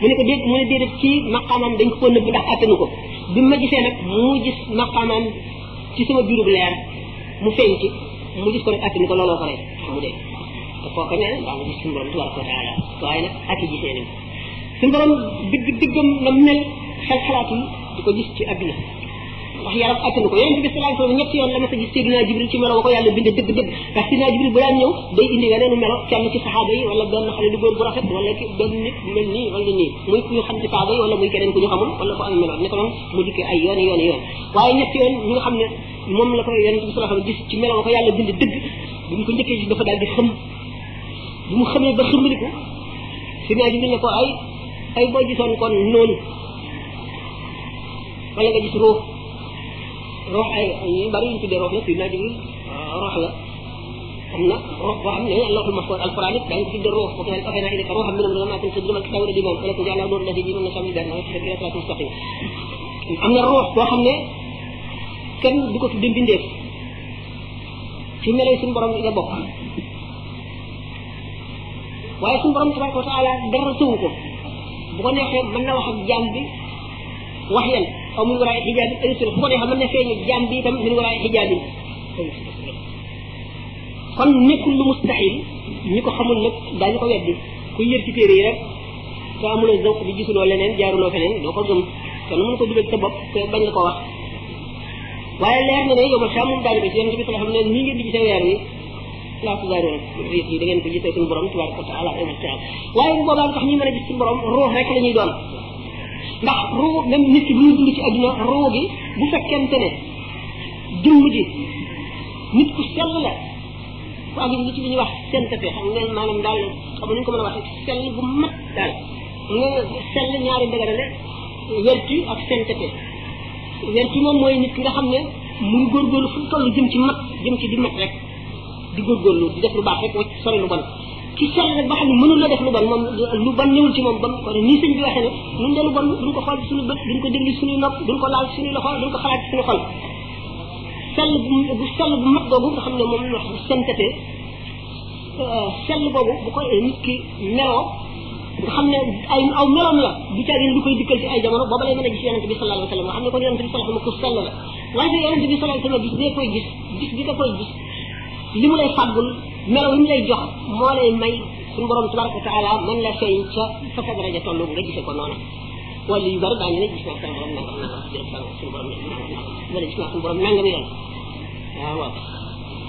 mu ne ko déet mu ne déedéet ci maqaamam dañ ko ko nëbb ndax attanu ko bi ma gisee nag mu gis maqaamam ci sama biirub leer mu feeñ ci mu gis ko rek attanu ko looloo ko rey mu dee te kooku ne daa nga gis suñu borom tabaraka wa taala waaye nag atti gisee nañ suñ borom digg diggam la mel xel xalaatul di ko gis ci àdduna wax yaram attanu ko yonente bi salaa sallam ñetti yoon la ma sa gis Seydina Jibril ci melo ko yàlla bind dëgg dëgg ndax Seydina Jibril bu daan ñëw day indi weneenu melo kenn ci saxaaba yi wala benn xale du góor bu rafet wala ki benn nit mel nii wala nii muy ku ñu xam ci saxaaba yi wala muy keneen ku ñu xamul wala ko am melo ne ko noonu mu dikkee ay yoon yoon yoon waaye ñetti yoon ñi nga xam ne moom la ko yonente bi salaa sallam gis ci melo ko yàlla bind dëgg bi mu ko njëkkee gis dafa daal di xam bi mu xamee ba xëmbaliku Seydina Jibril ne ko ay ay bo gisone kon noonu wala nga gis ruux ruux ay yu bari ñu tuddee ruux la sidna jibril ruux la amna na ruux boo xam ne allahul mahfud alquran it daañu ko tuddee ruux boo xam ne dafay naa ruuxam minam la maatin sa dumal kitaaw radi moom wala ko jalla doon la di mën na sami dara wax ci rek mustaqim am na ruux boo xam kenn du ko tuddee bindé ci melay suñu borom la bokk waye suñu borom tabaraka wa taala dara tëwu ko bu ko neexee mën na wax ak jaam bi wax yan aw muy waraay xijaabi insul bu ko neexee mën na feeñ jaam bi itam min waraay xijaabi kon nekkul lu mustahil ñi ko xamul nag daañu ko weddi ku yër ci téere yi rek te amuloo zawq bi gisuloo leneen jaaruloo feneen doo ko gëm te nu mën ko dugal sa bopp te bañ la ko wax waaye leer na ne yow ba saa moom daañu ko ci yonente bi sallallahu alayhi wa sallam mi ngi di ci sa weer wi laafugaarona riis yi da ngeen ko gisee borom tabaraka wa taala yawmal qiyaama waaye bu boobaa tax ñuy mën gis suñu borom ruux rek la ñuy doon ndax ruu même nit ki luy dund ci adduna ruu gi bu fekkente ne jëmm ji nit ku sell la ku ak nit ci li ñuy wax sainteté xam ngeen maanaam daal xam nu ñu ko mën a waxee sell bu mat daal nga sell ñaari dëgërale vertu ak sainteté vertu moom mooy nit ki nga xam ne mu ngi góorgóorlu fu toll jëm ci mat jëm ci di mat rek di góorgóorlu di def lu baax rek wacc sori lu bon ki sori nag ba xam ne mënul la def lu bon moom lu bon ñëwul ci moom bon kon nii sëñ bi waxee ne nun de lu bon duñ ko xool ci suñu bët duñ ko déglu suñuy nopp duñ ko laal suñuy loxo duñ ko xalaat suñu xol sell bu bu sell bu mag boobu nga xam ne moom wax bu sënkate sell boobu bu ko nit ki meloo nga xam ne ay aw meloom la du caa lu koy dikkal ci ay jamono booba lay mën a gis yonente bi sallallahu alayhi wa sallam xam ne kon yonente bi sallallahu alayhi wa sallam ku sell la waaye yonente bi sallallahu alayhi wa sallam bis bee koy gis gis bi nga koy gis li mu lay fàggul melaw li mu lay jox moo lay may suñu borom tabaraka wa taala mën la feeñ ca fa sa daraja toll nga gisee ko noonu wala yu bari daañu ne gis naa sama borom nangam nangam gis naa suñu borom nangam wala gis naa suñu borom nangam yoon waaw waaw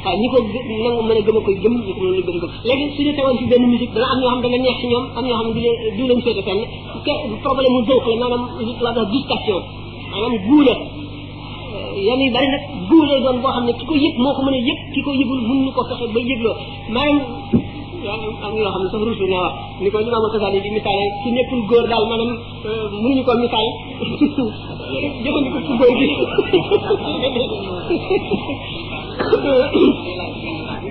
waaw ñi ko nangu mën a gëm a koy gëm ñi ko mën a gëm gëm léegi su ñu tegoon ci benn musique dana am ñoo xam dana neex ci ñoom am ñoo xam du leen du leen féete fenn ke problème mu dënk la maanaam li tubaab wax discussion maanaam guula yoon yu bari nag guur doon boo xam ne ki ko yëg moo ko mën a yëg ki ko yëgul mun ko fexe ba yëgloo maanaam am na loo xam ne sax ruusul naa wax ni ko Imaamu Xasaali di misaale ci nekkul góor daal maanaam euh, mënuñu ko misaal jëfandiku ci góor